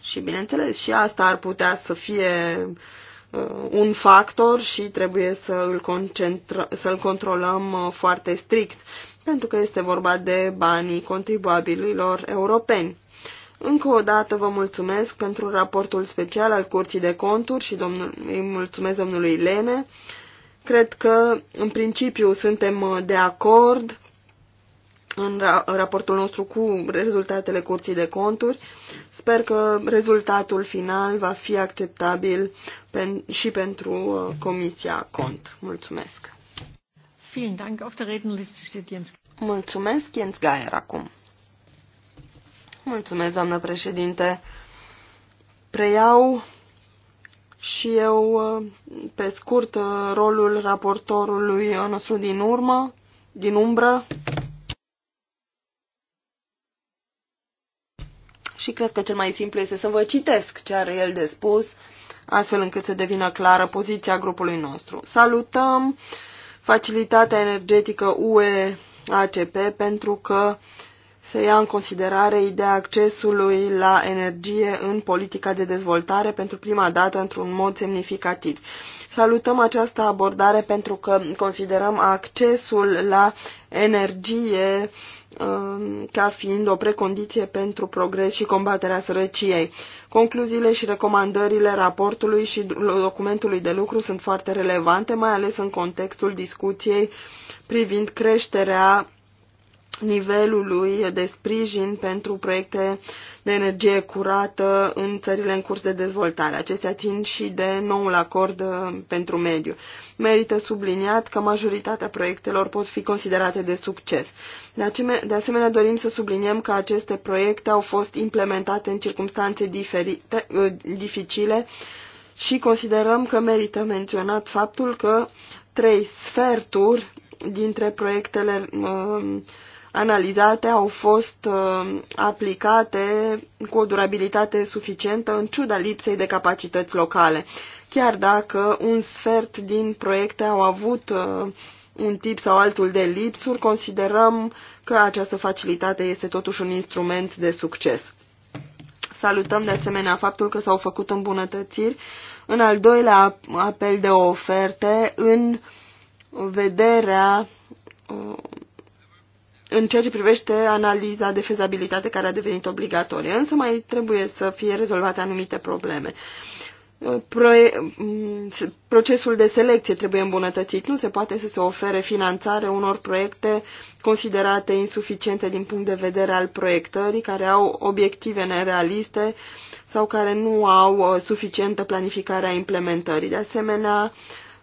S2: Și bineînțeles, și asta ar putea să fie uh, un factor și trebuie să îl să-l controlăm uh, foarte strict, pentru că este vorba de banii contribuabililor europeni. Încă o dată vă mulțumesc pentru raportul special al Curții de Conturi și domnul, îi mulțumesc domnului Lene Cred că, în principiu, suntem uh, de acord în raportul nostru cu rezultatele curții de conturi. Sper că rezultatul final va fi acceptabil și pentru uh, Comisia Cont. Mulțumesc!
S1: Mulțumesc,
S2: Jens Gaier, acum. Mulțumesc, doamnă președinte. Preiau și eu, pe scurt, rolul raportorului nostru din urmă, din umbră. Și cred că cel mai simplu este să vă citesc ce are el de spus, astfel încât să devină clară poziția grupului nostru. Salutăm facilitatea energetică UE ACP pentru că uh, se ia în considerare ideea accesului la energie în politica de dezvoltare pentru prima dată într-un mod semnificativ. Salutăm această abordare pentru că considerăm accesul la energie um, ca fiind o precondiție pentru progres și combaterea sărăciei. Concluziile și recomandările raportului și documentului de lucru sunt foarte relevante, mai ales în contextul discuției privind creșterea nivelului de sprijin pentru proiecte de energie curată în țările în curs de dezvoltare. Acestea țin și de noul acord uh, pentru mediu. Merită subliniat că majoritatea proiectelor pot fi considerate de succes. De asemenea, dorim să subliniem că aceste proiecte au fost implementate în circunstanțe diferite, uh, dificile și considerăm că merită menționat faptul că trei sferturi dintre proiectele uh, analizate au fost uh, aplicate cu o durabilitate suficientă în ciuda lipsei de capacități locale. Chiar dacă un sfert din proiecte au avut uh, un tip sau altul de lipsuri, considerăm că această facilitate este totuși un instrument de succes. Salutăm de asemenea faptul că s-au făcut îmbunătățiri în al doilea apel de oferte în vederea uh, în ceea ce privește analiza de fezabilitate care a devenit obligatorie, însă mai trebuie să fie rezolvate anumite probleme. Pro procesul de selecție trebuie îmbunătățit. Nu se poate să se ofere finanțare unor proiecte considerate insuficiente din punct de vedere al proiectării, care au obiective nerealiste sau care nu au uh, suficientă planificare a implementării. De asemenea,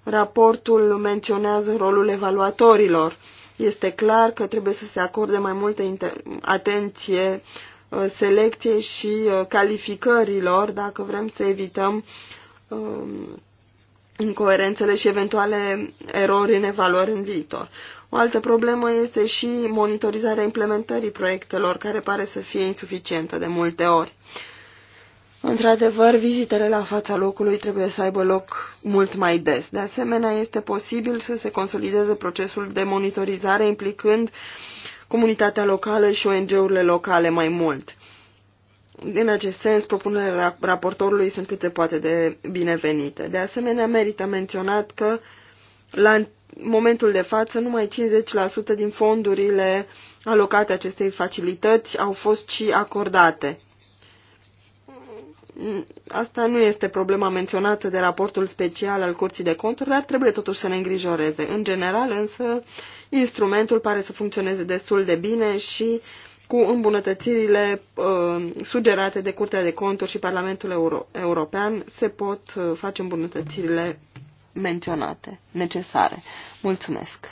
S2: raportul menționează rolul evaluatorilor este clar că trebuie să se acorde mai multă atenție uh, selecției și uh, calificărilor dacă vrem să evităm um, incoerențele și eventuale erori în evaluări în viitor. O altă problemă este și monitorizarea implementării proiectelor, care pare să fie insuficientă de multe ori. Uh, Într-adevăr, vizitele la fața locului trebuie să aibă loc mult mai des. De asemenea, este posibil să se consolideze procesul de monitorizare implicând comunitatea locală și ONG-urile locale mai mult. În acest sens, propunerile raportorului sunt cât se poate de binevenite. De asemenea, merită menționat că la momentul de față numai 50% din fondurile alocate acestei facilități au fost și acordate Asta nu este problema menționată de raportul special al Curții de Conturi, dar trebuie totuși să ne îngrijoreze. În general, însă, instrumentul pare să funcționeze destul de bine și cu îmbunătățirile uh, sugerate de Curtea de Conturi și Parlamentul Euro European se pot uh, face îmbunătățirile menționate, necesare. Mulțumesc!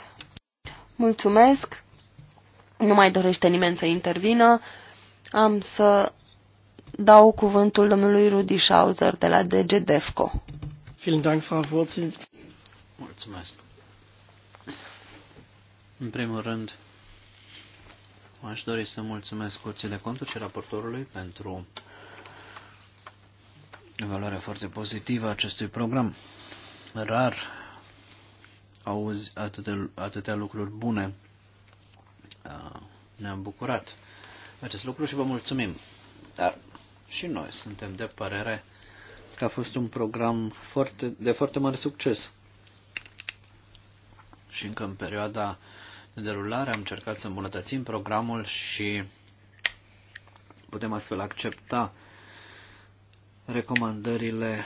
S2: Mulțumesc! Nu mai dorește nimeni să intervină. Am să dau cuvântul domnului Rudi Schauzer de la DG DEFCO.
S3: Mulțumesc. În primul rând, aș dori să mulțumesc Curții de Conturi și raportorului pentru evaluarea foarte pozitivă a acestui program. Rar auzi atâtea, atâtea lucruri bune. Ah, ne-am bucurat acest lucru și vă mulțumim. Dar și noi suntem de părere că a fost un program foarte, de foarte mare succes. Și încă în perioada de derulare am încercat să îmbunătățim programul și putem astfel accepta recomandările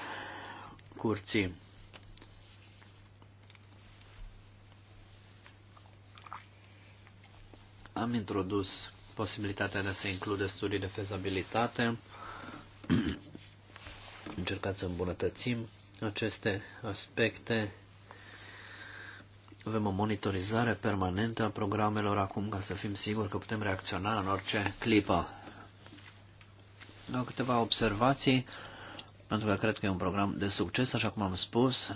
S3: curții. Am introdus posibilitatea de a se include studii de fezabilitate încercat să îmbunătățim aceste aspecte. Avem o monitorizare permanentă a programelor acum ca să fim siguri că putem reacționa în orice clipă. Dau câteva observații, pentru că cred că e un program de succes, așa cum am spus.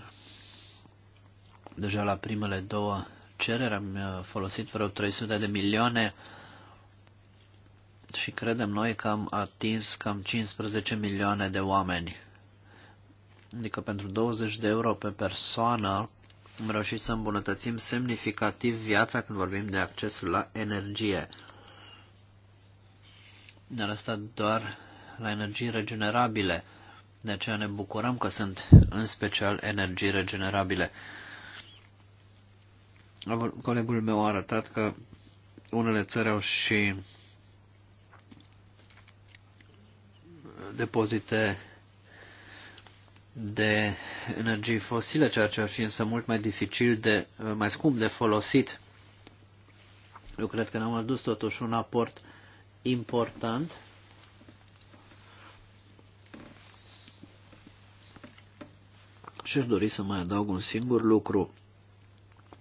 S3: Deja la primele două cereri am uh, folosit vreo 300 de milioane uh, și credem noi că am atins cam 15 milioane de oameni. Adică pentru 20 de euro pe persoană am reușit să îmbunătățim semnificativ viața când vorbim de accesul la energie. Dar asta doar la energii regenerabile. De aceea ne bucurăm că sunt în special energii regenerabile. Colegul meu a arătat că unele țări au și depozite de energii fosile, ceea ce ar fi însă mult mai dificil de, mai scump de folosit. Eu cred că ne-am adus totuși un aport important și aș dori să mai adaug un singur lucru.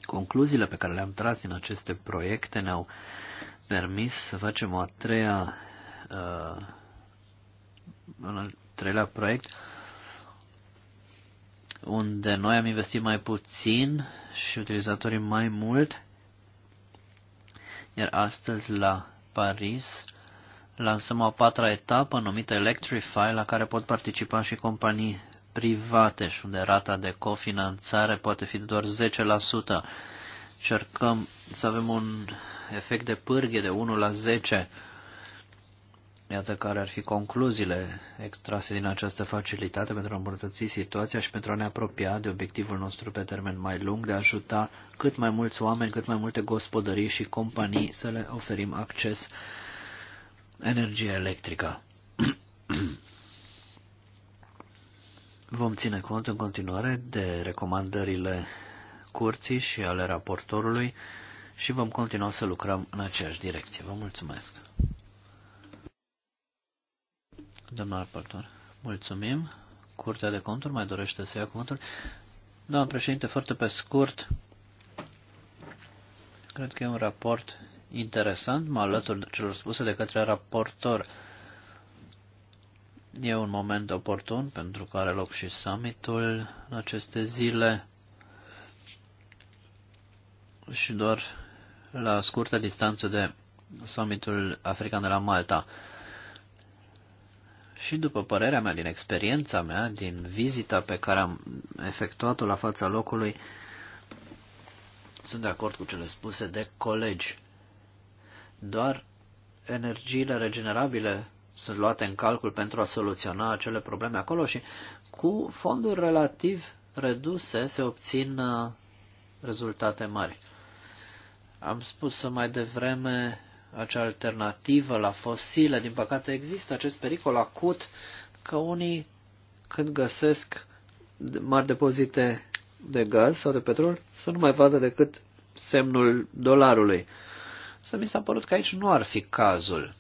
S3: Concluziile pe care le-am tras din aceste proiecte ne-au permis să facem o a treia uh, în al treilea proiect, unde noi am investit mai puțin și utilizatorii mai mult, iar astăzi la Paris lansăm o patra etapă numită Electrify, la care pot participa și companii private și unde rata de cofinanțare poate fi doar 10%. Cercăm să avem un efect de pârghie de 1 la 10 Iată care ar fi concluziile extrase din această facilitate pentru a îmbunătăți situația și pentru a ne apropia de obiectivul nostru pe termen mai lung de a ajuta cât mai mulți oameni, cât mai multe gospodării și companii să le oferim acces energie electrică. Vom ține cont în continuare de recomandările curții și ale raportorului și vom continua să lucrăm în aceeași direcție. Vă mulțumesc! Domnul raportor, mulțumim. Curtea de conturi mai dorește să ia cuvântul. Doamna președinte, foarte pe scurt, cred că e un raport interesant, mă alătur celor spuse de către raportor. E un moment oportun pentru că are loc și summitul în aceste zile și doar la scurtă distanță de summitul african de la Malta. Și după părerea mea, din experiența mea, din vizita pe care am efectuat-o la fața locului, sunt de acord cu cele spuse de colegi. Doar energiile regenerabile sunt luate în calcul pentru a soluționa acele probleme acolo și cu fonduri relativ reduse se obțin uh, rezultate mari. Am spus mai devreme acea alternativă la fosile. Din păcate există acest pericol acut că unii când găsesc mari depozite de gaz sau de petrol să nu mai vadă decât semnul dolarului. Să mi s-a părut că aici nu ar fi cazul.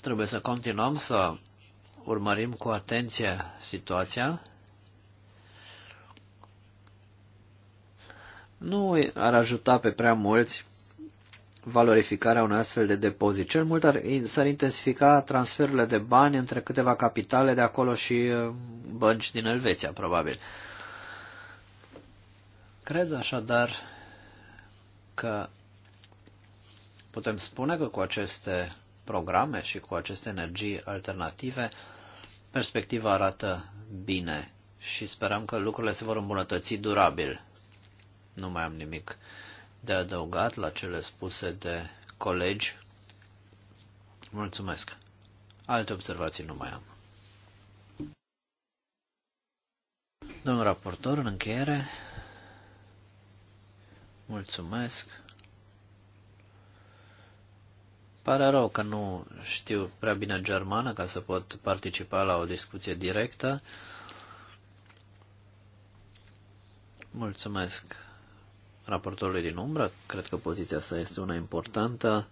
S3: Trebuie să continuăm să urmărim cu atenție situația nu ar ajuta pe prea mulți valorificarea unui astfel de depozit. Cel mult ar, s-ar intensifica transferurile de bani între câteva capitale de acolo și uh, bănci din Elveția, probabil. Cred așadar că putem spune că cu aceste programe și cu aceste energii alternative, perspectiva arată bine și sperăm că lucrurile se vor îmbunătăți durabil. Nu mai am nimic de adăugat la cele spuse de colegi. Mulțumesc. Alte observații nu mai am. Domnul raportor, în încheiere, mulțumesc. Pare rău că nu știu prea bine germană ca să pot participa la o discuție directă. Mulțumesc raportorului din umbră. Cred că poziția sa este una importantă.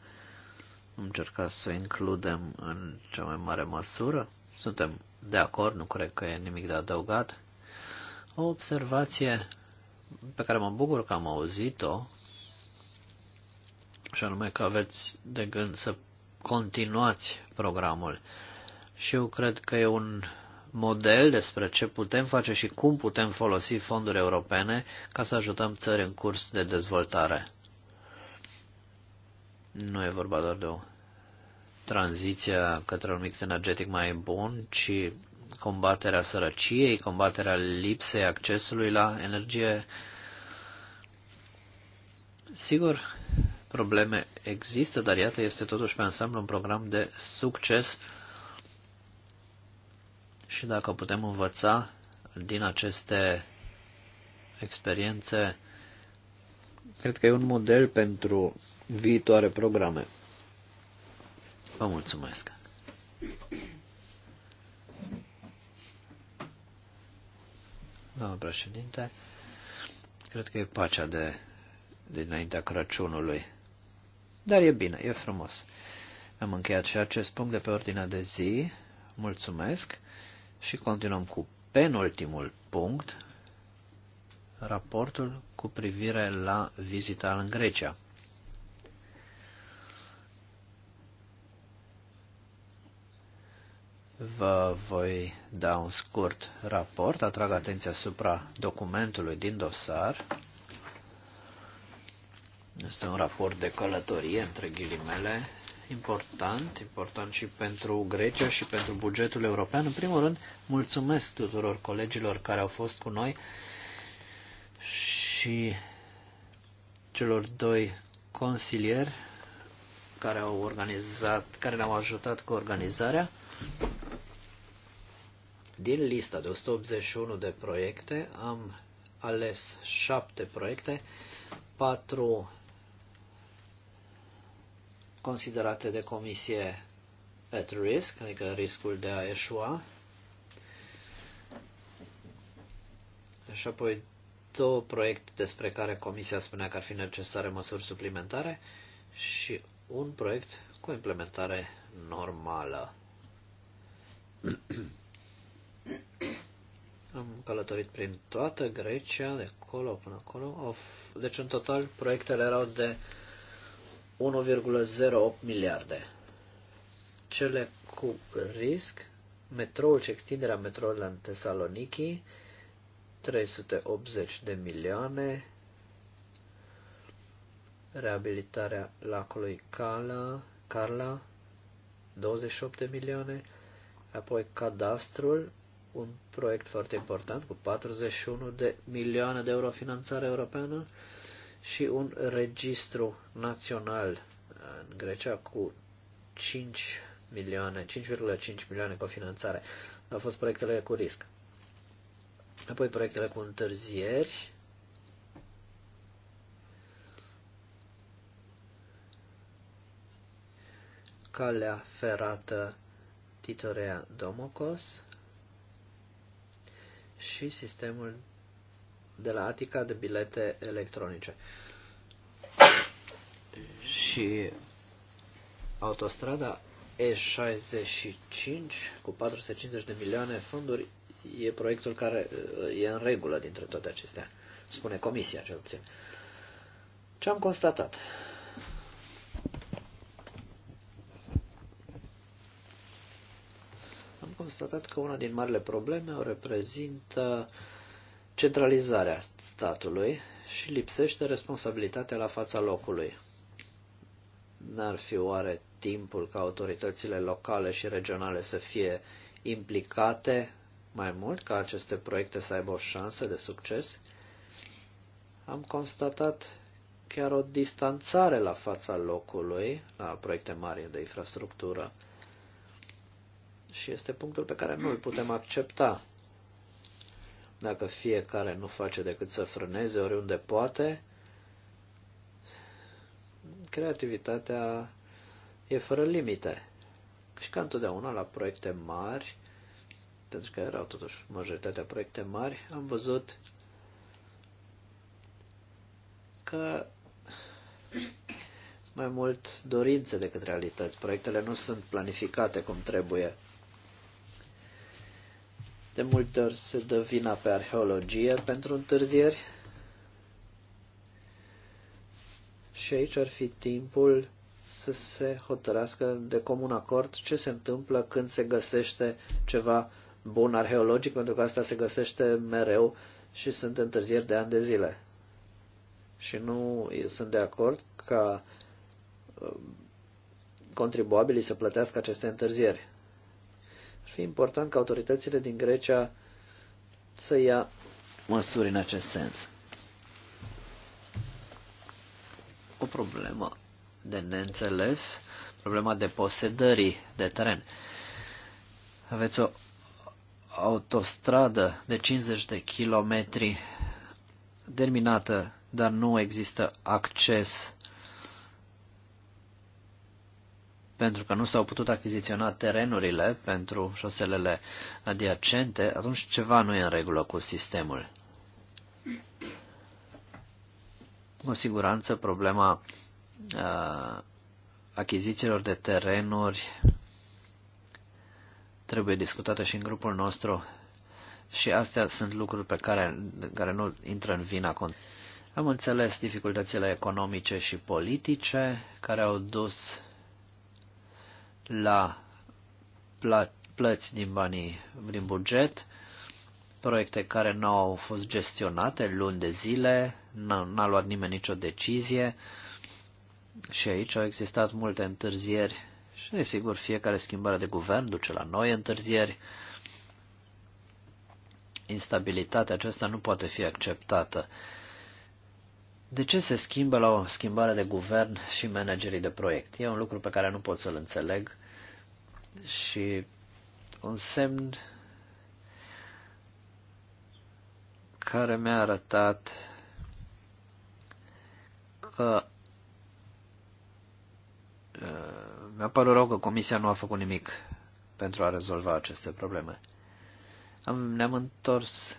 S3: Am încercat să o includem în cea mai mare măsură. Suntem de acord, nu cred că e nimic de adăugat. O observație pe care mă bucur că am auzit-o, și anume că aveți de gând să continuați programul. Și eu cred că e un model despre ce putem face și cum putem folosi fonduri europene ca să ajutăm țări în curs de dezvoltare. Nu e vorba doar de o tranziție către un mix energetic mai bun, ci combaterea sărăciei, combaterea lipsei accesului la energie. Sigur, probleme există, dar iată, este totuși pe ansamblu un program de succes și dacă putem învăța din aceste experiențe, cred că e un model pentru viitoare programe. Vă mulțumesc! Domnul președinte, cred că e pacea de dinaintea Crăciunului. Dar e bine, e frumos. Am încheiat și acest punct de pe ordinea de zi. Mulțumesc! Și continuăm cu penultimul punct, raportul cu privire la vizita în Grecia. Vă voi da un scurt raport, atrag atenția asupra documentului din dosar. Este un raport de călătorie, între ghilimele, important, important și pentru Grecia și pentru bugetul european. În primul rând, mulțumesc tuturor colegilor care au fost cu noi și celor doi consilieri care au organizat, care ne-au ajutat cu organizarea. Din lista de 181 de proiecte am ales șapte proiecte, 4 considerate de comisie at risk, adică riscul de a eșua. Și apoi două proiecte despre care comisia spunea că ar fi necesare măsuri suplimentare și un proiect cu implementare normală. Am călătorit prin toată Grecia, de acolo până acolo. Deci, în total, proiectele erau de 1,08 miliarde. Cele cu risc, metroul și extinderea metroului în Tesaloniki, 380 de milioane, reabilitarea lacului Carla, Carla, 28 de milioane, apoi cadastrul, un proiect foarte important cu 41 de milioane de euro finanțare europeană, și un registru național în Grecia cu 5 milioane, 5,5 milioane cofinanțare. Au fost proiectele cu risc. Apoi proiectele cu întârzieri. Calea ferată Titorea Domocos și sistemul de la Atica de bilete electronice. Și autostrada E65 cu 450 de milioane fonduri e proiectul care e în regulă dintre toate acestea, spune comisia cel puțin. Ce am constatat? Am constatat că una din marile probleme o reprezintă uh, centralizarea statului și lipsește responsabilitatea la fața locului. N-ar fi oare timpul ca autoritățile locale și regionale să fie implicate mai mult ca aceste proiecte să aibă o șansă de succes? Am constatat chiar o distanțare la fața locului, la proiecte mari de infrastructură. Și este punctul pe care nu îl putem accepta. Dacă fiecare nu face decât să frâneze oriunde poate, creativitatea e fără limite. Și ca întotdeauna la proiecte mari, pentru că erau totuși majoritatea proiecte mari, am văzut că mai mult dorințe decât realități. Proiectele nu sunt planificate cum trebuie. De multe ori se dă vina pe arheologie pentru întârzieri. Și aici ar fi timpul să se hotărască de comun acord ce se întâmplă când se găsește ceva bun arheologic, pentru că asta se găsește mereu și sunt întârzieri de ani de zile. Și nu sunt de acord ca um, contribuabilii să plătească aceste întârzieri. Ar fi important ca autoritățile din Grecia să ia măsuri în acest sens. O problemă de neînțeles, problema de posedării de teren. Aveți o autostradă de 50 de kilometri terminată, dar nu există acces pentru că nu s-au putut achiziționa terenurile pentru șoselele adiacente, atunci ceva nu e în regulă cu sistemul. Cu siguranță problema uh, achizițiilor de terenuri trebuie discutată și în grupul nostru și astea sunt lucruri pe care, care nu intră în vina cont. Am înțeles dificultățile economice și politice care au dus la plăți din banii din buget, proiecte care nu au fost gestionate luni de zile, n-a luat nimeni nicio decizie și aici au existat multe întârzieri și, desigur, fiecare schimbare de guvern duce la noi întârzieri. Instabilitatea aceasta nu poate fi acceptată. De ce se schimbă la o schimbare de guvern și managerii de proiect? E un lucru pe care nu pot să-l înțeleg și un semn care mi-a arătat că uh, mi-a părut rău că comisia nu a făcut nimic pentru a rezolva aceste probleme. Am, ne-am întors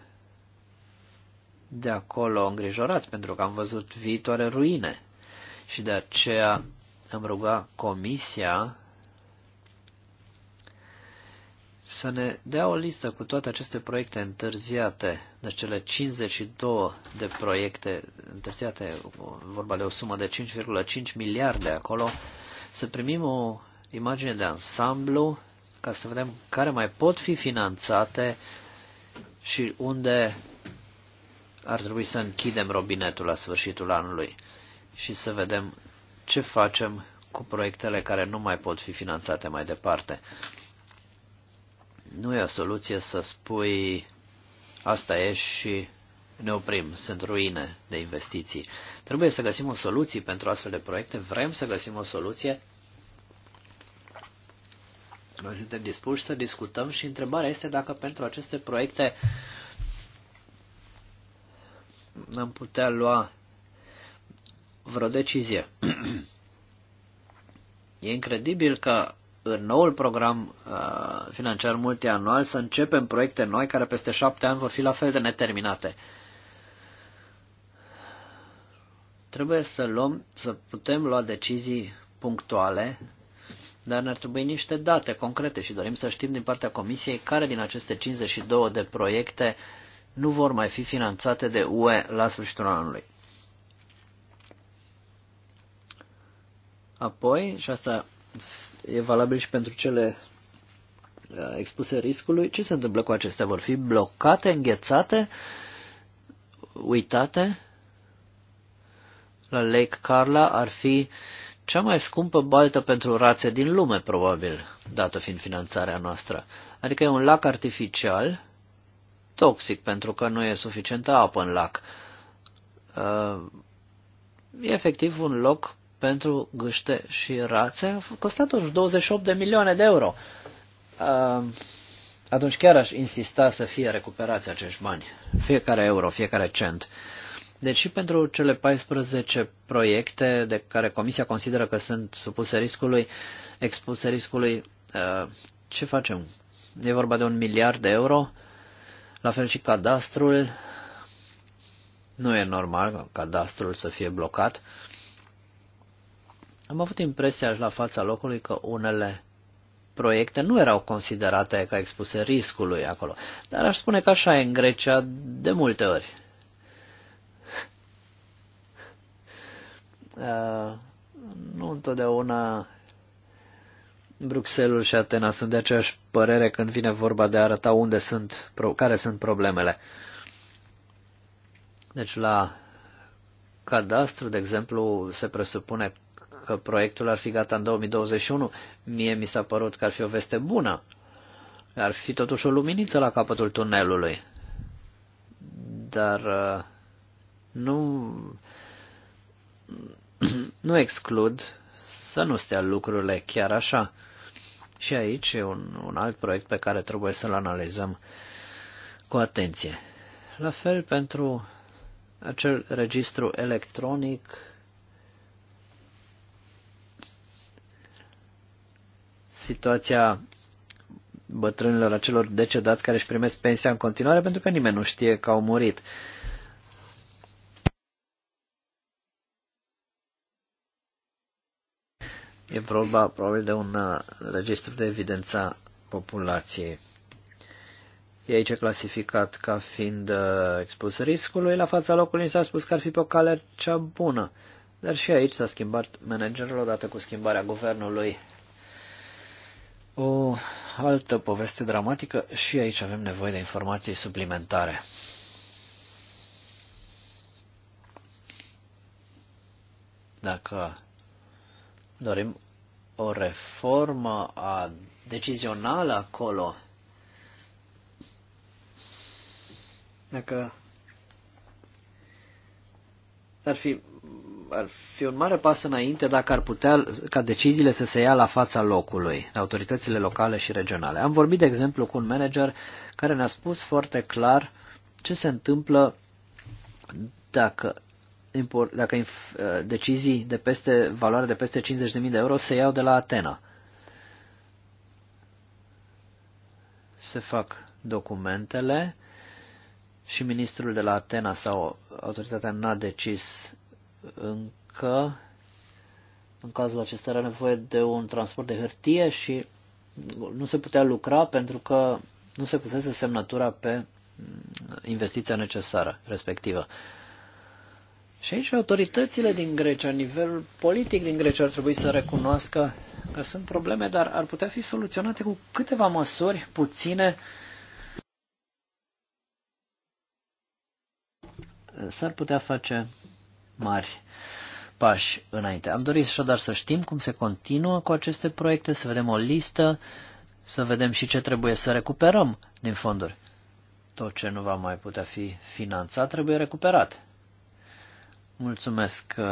S3: de acolo îngrijorați pentru că am văzut viitoare ruine și de aceea am rugat comisia să ne dea o listă cu toate aceste proiecte întârziate, de deci cele 52 de proiecte întârziate, vorba de o sumă de 5,5 miliarde acolo, să primim o imagine de ansamblu ca să vedem care mai pot fi finanțate și unde ar trebui să închidem robinetul la sfârșitul anului și să vedem ce facem cu proiectele care nu mai pot fi finanțate mai departe. Nu e o soluție să spui asta e și ne oprim, sunt ruine de investiții. Trebuie să găsim o soluție pentru astfel de proiecte, vrem să găsim o soluție. Noi suntem dispuși să discutăm și întrebarea este dacă pentru aceste proiecte uh, n-am putea lua vreo decizie. e incredibil că în noul program uh, financiar multianual să începem proiecte noi care peste șapte ani vor fi la fel de neterminate. Trebuie să luăm, să putem lua decizii punctuale, dar ne-ar trebui niște date concrete și dorim să știm din partea Comisiei care din aceste 52 de proiecte uh, nu vor mai fi finanțate de UE la sfârșitul anului. Apoi, și asta e valabil și pentru cele uh, expuse riscului, ce se întâmplă cu acestea? Vor fi blocate, înghețate, uitate? La Lake Carla ar fi cea mai scumpă baltă pentru rațe din lume, probabil, dată fiind finanțarea noastră. Adică e un lac artificial toxic pentru că nu e suficientă apă în lac. E efectiv un loc pentru gâște și rațe. A costat totuși 28 de milioane de euro. Atunci chiar aș insista să fie recuperați acești bani. Fiecare euro, fiecare cent. Deci și pentru cele 14 proiecte de care Comisia consideră că sunt supuse riscului, expuse riscului, ce facem? E vorba de un miliard de euro la fel și cadastrul. Nu e normal ca cadastrul să fie blocat. Am avut impresia la fața locului că unele proiecte nu erau considerate ca expuse riscului acolo. Dar aș spune că așa e în Grecia de multe ori. Uh, nu întotdeauna Bruxelles și Atena sunt de aceeași părere când vine vorba de a arăta unde sunt, care sunt problemele. Deci la cadastru, de exemplu, se presupune că proiectul ar fi gata în 2021. Mie mi s-a părut că ar fi o veste bună. Ar fi totuși o luminiță la capătul tunelului. Dar uh, nu, nu exclud să nu stea lucrurile chiar așa. Și aici e un, un alt proiect pe care trebuie să-l analizăm cu atenție. La fel pentru acel registru electronic situația bătrânilor acelor decedați care își primesc pensia în continuare pentru că nimeni nu știe că au murit. Uh, E vorba probabil de un uh, registru de evidența populației. E aici clasificat ca fiind uh, expus riscului, la fața locului s-a spus că ar fi pe o cale cea bună. Dar și aici s-a schimbat managerul odată cu schimbarea guvernului. O altă poveste dramatică și aici avem nevoie de informații suplimentare. Dacă Dorim o reformă a decizională acolo. Dacă ar fi, ar fi un mare pas înainte dacă ar putea ca deciziile să se ia la fața locului, autoritățile locale și regionale. Am vorbit, de exemplu, cu un manager care ne-a spus foarte clar ce se întâmplă dacă dacă uh, decizii de peste, valoare de peste 50.000 de euro se iau de la Atena. Se fac documentele și ministrul de la Atena sau autoritatea n-a decis încă. În cazul acesta era nevoie de un transport de hârtie și nu se putea lucra pentru că nu se pusese semnătura pe mm, investiția necesară respectivă. Și aici autoritățile din Grecia, nivelul politic din Grecia ar trebui să recunoască că sunt probleme, dar ar putea fi soluționate cu câteva măsuri puține. S-ar putea face mari pași înainte. Am dorit așadar să știm cum se continuă cu aceste proiecte, să vedem o listă, să vedem și ce trebuie să recuperăm din fonduri. Tot ce nu va mai putea fi finanțat trebuie recuperat. Mulțumesc uh,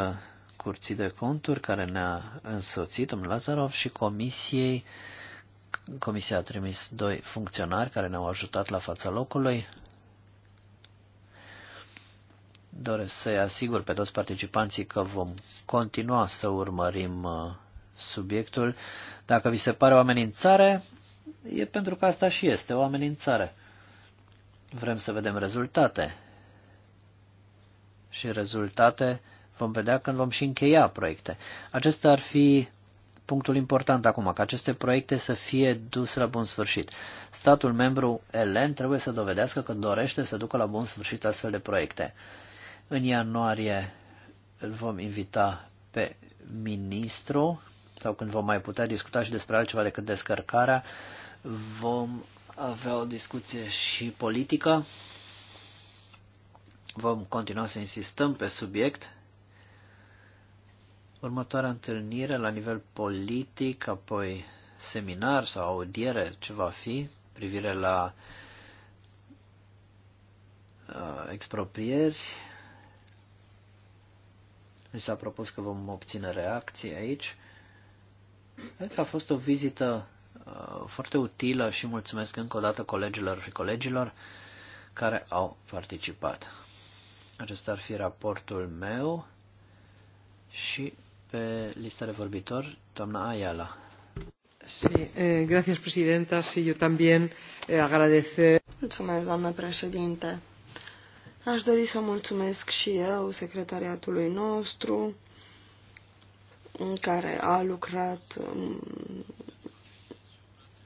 S3: Curții de Conturi care ne-a însoțit, domnul Lazarov, și Comisiei. Comisia a trimis doi funcționari care ne-au ajutat la fața locului. Doresc să-i asigur pe toți participanții că vom continua să urmărim uh, subiectul. Dacă vi se pare o amenințare, e pentru că asta și este o amenințare. Vrem să vedem rezultate și rezultate vom vedea când vom și încheia proiecte. Acesta ar fi punctul important acum, ca aceste proiecte să fie duse la bun sfârșit. Statul membru elen trebuie să dovedească că dorește să ducă la bun sfârșit astfel de proiecte. În ianuarie îl vom invita pe ministru sau când vom mai putea discuta și despre altceva decât descărcarea, vom avea o discuție și politică Vom continua să insistăm pe subiect. Următoarea întâlnire la nivel politic, apoi seminar sau audiere, ce va fi, privire la uh, exproprieri. Mi s-a propus că vom obține reacții aici. Cred că a fost o vizită uh, foarte utilă și mulțumesc încă o dată colegilor și colegilor care au participat. Acesta ar fi raportul meu și pe lista de vorbitor, doamna
S1: Ayala. Sí, eh, gracias, presidenta. Sí, yo también eh, agradecer.
S2: Mulțumesc, doamnă președinte. Aș dori să mulțumesc și eu secretariatului nostru care a lucrat mm,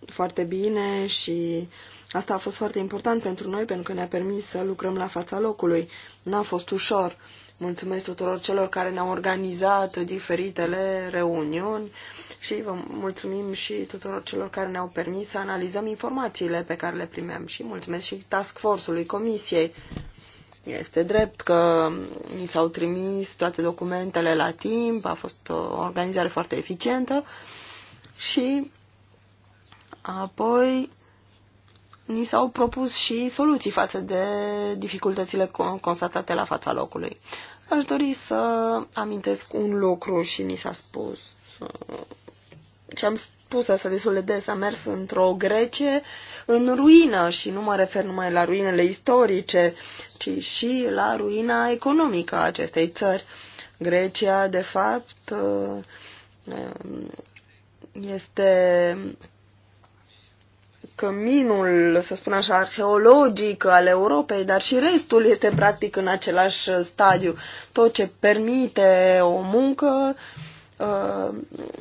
S2: foarte bine și uh, Asta a fost foarte important pentru noi pentru că ne-a permis să lucrăm la fața locului. N-a fost ușor. Mulțumesc tuturor celor care ne-au organizat diferitele reuniuni și vă mulțumim și tuturor celor care ne-au permis să analizăm informațiile pe care le primeam și mulțumesc și task force-ului comisiei. Este drept că ni s-au trimis toate documentele la timp, a fost o organizare foarte eficientă și apoi ni s-au propus și soluții față de dificultățile constatate la fața locului. Aș dori să amintesc un lucru și mi s-a spus uh, ce am spus asta destul de des, am mers într-o Grecie în ruină și nu mă refer numai la ruinele istorice, ci și la ruina economică a acestei țări. Grecia, de fapt, uh, um, este căminul, să spun așa, arheologic al Europei, dar și restul este practic în același stadiu. Tot ce permite o muncă uh,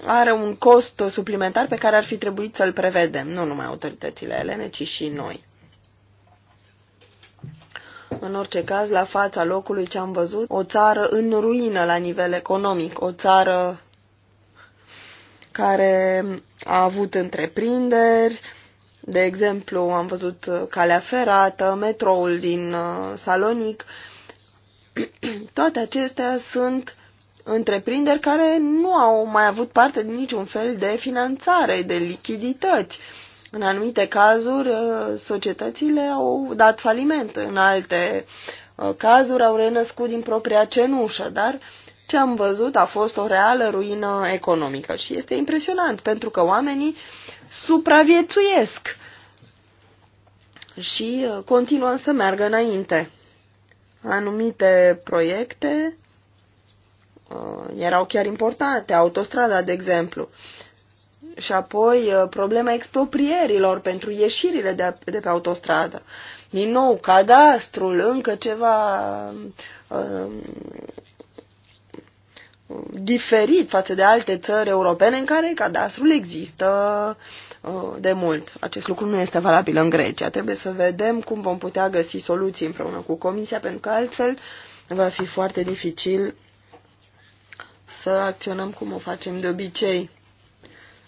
S2: are un cost suplimentar pe care ar fi trebuit să-l prevedem, nu numai autoritățile elene, ci și noi. În orice caz, la fața locului ce am văzut, o țară în ruină la nivel economic, o țară care a avut întreprinderi, de exemplu, am văzut uh, calea ferată, metroul din uh, Salonic. Toate acestea sunt întreprinderi care nu au mai avut parte de niciun fel de finanțare, de lichidități. În anumite cazuri, uh, societățile au dat faliment, în alte cazuri au renăscut din propria cenușă, dar ce am văzut a fost o reală ruină economică și este impresionant pentru că oamenii supraviețuiesc și uh, continuăm să meargă înainte. Anumite proiecte uh, erau chiar importante, autostrada, de exemplu. Și apoi uh, problema exproprierilor pentru ieșirile de, de pe autostradă. Din nou, cadastrul, încă ceva diferit față de alte țări europene în care cadastrul există uh, de mult. Acest lucru nu este valabil în Grecia. Trebuie să vedem cum vom putea găsi soluții împreună cu Comisia, pentru că altfel va fi foarte dificil să acționăm cum o facem de obicei.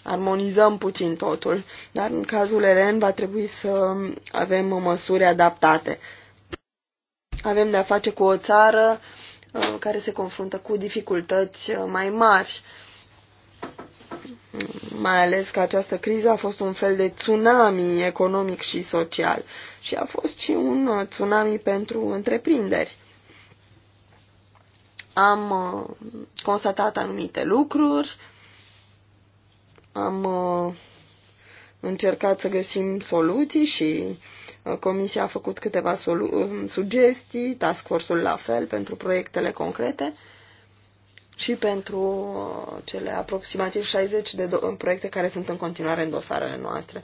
S2: Armonizăm puțin totul, dar în cazul Eren va trebui să avem măsuri adaptate. Avem de-a face cu o țară Uh, care se confruntă cu dificultăți uh, mai mari. Mai ales că această criză a fost un fel de tsunami economic și social și a fost și un uh, tsunami pentru întreprinderi. Am constatat anumite lucruri, am încercat să găsim soluții și Comisia a făcut câteva sugestii, task force-ul la fel pentru proiectele concrete și pentru uh, cele aproximativ 60 de proiecte care sunt în continuare în dosarele noastre.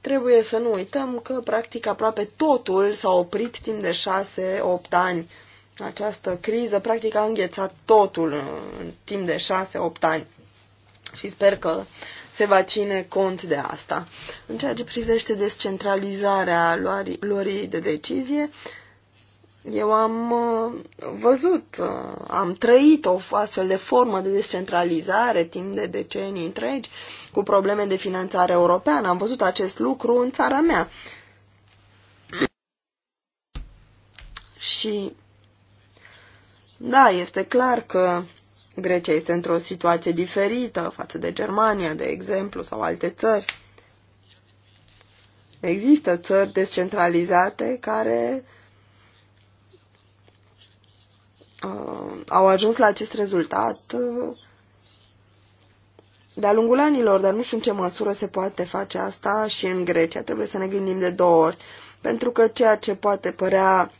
S2: Trebuie să nu uităm că, practic, aproape totul s-a oprit timp de 6-8 ani. Această criză, practic, a înghețat totul în timp de 6-8 ani. Și sper că uh, se va ține cont de asta. În ceea ce privește descentralizarea luării, de decizie, eu am uh, văzut, uh, am trăit o astfel de formă de descentralizare timp de decenii întregi cu probleme de finanțare europeană. Am văzut acest lucru în țara mea. Și da, este clar că Grecia este într-o situație diferită față de Germania, de exemplu, sau alte țări. Există țări descentralizate care uh, au ajuns la acest rezultat uh, de-a lungul anilor, dar nu știu în ce măsură se poate face asta și în Grecia. Trebuie să ne gândim de două ori, pentru că ceea ce poate părea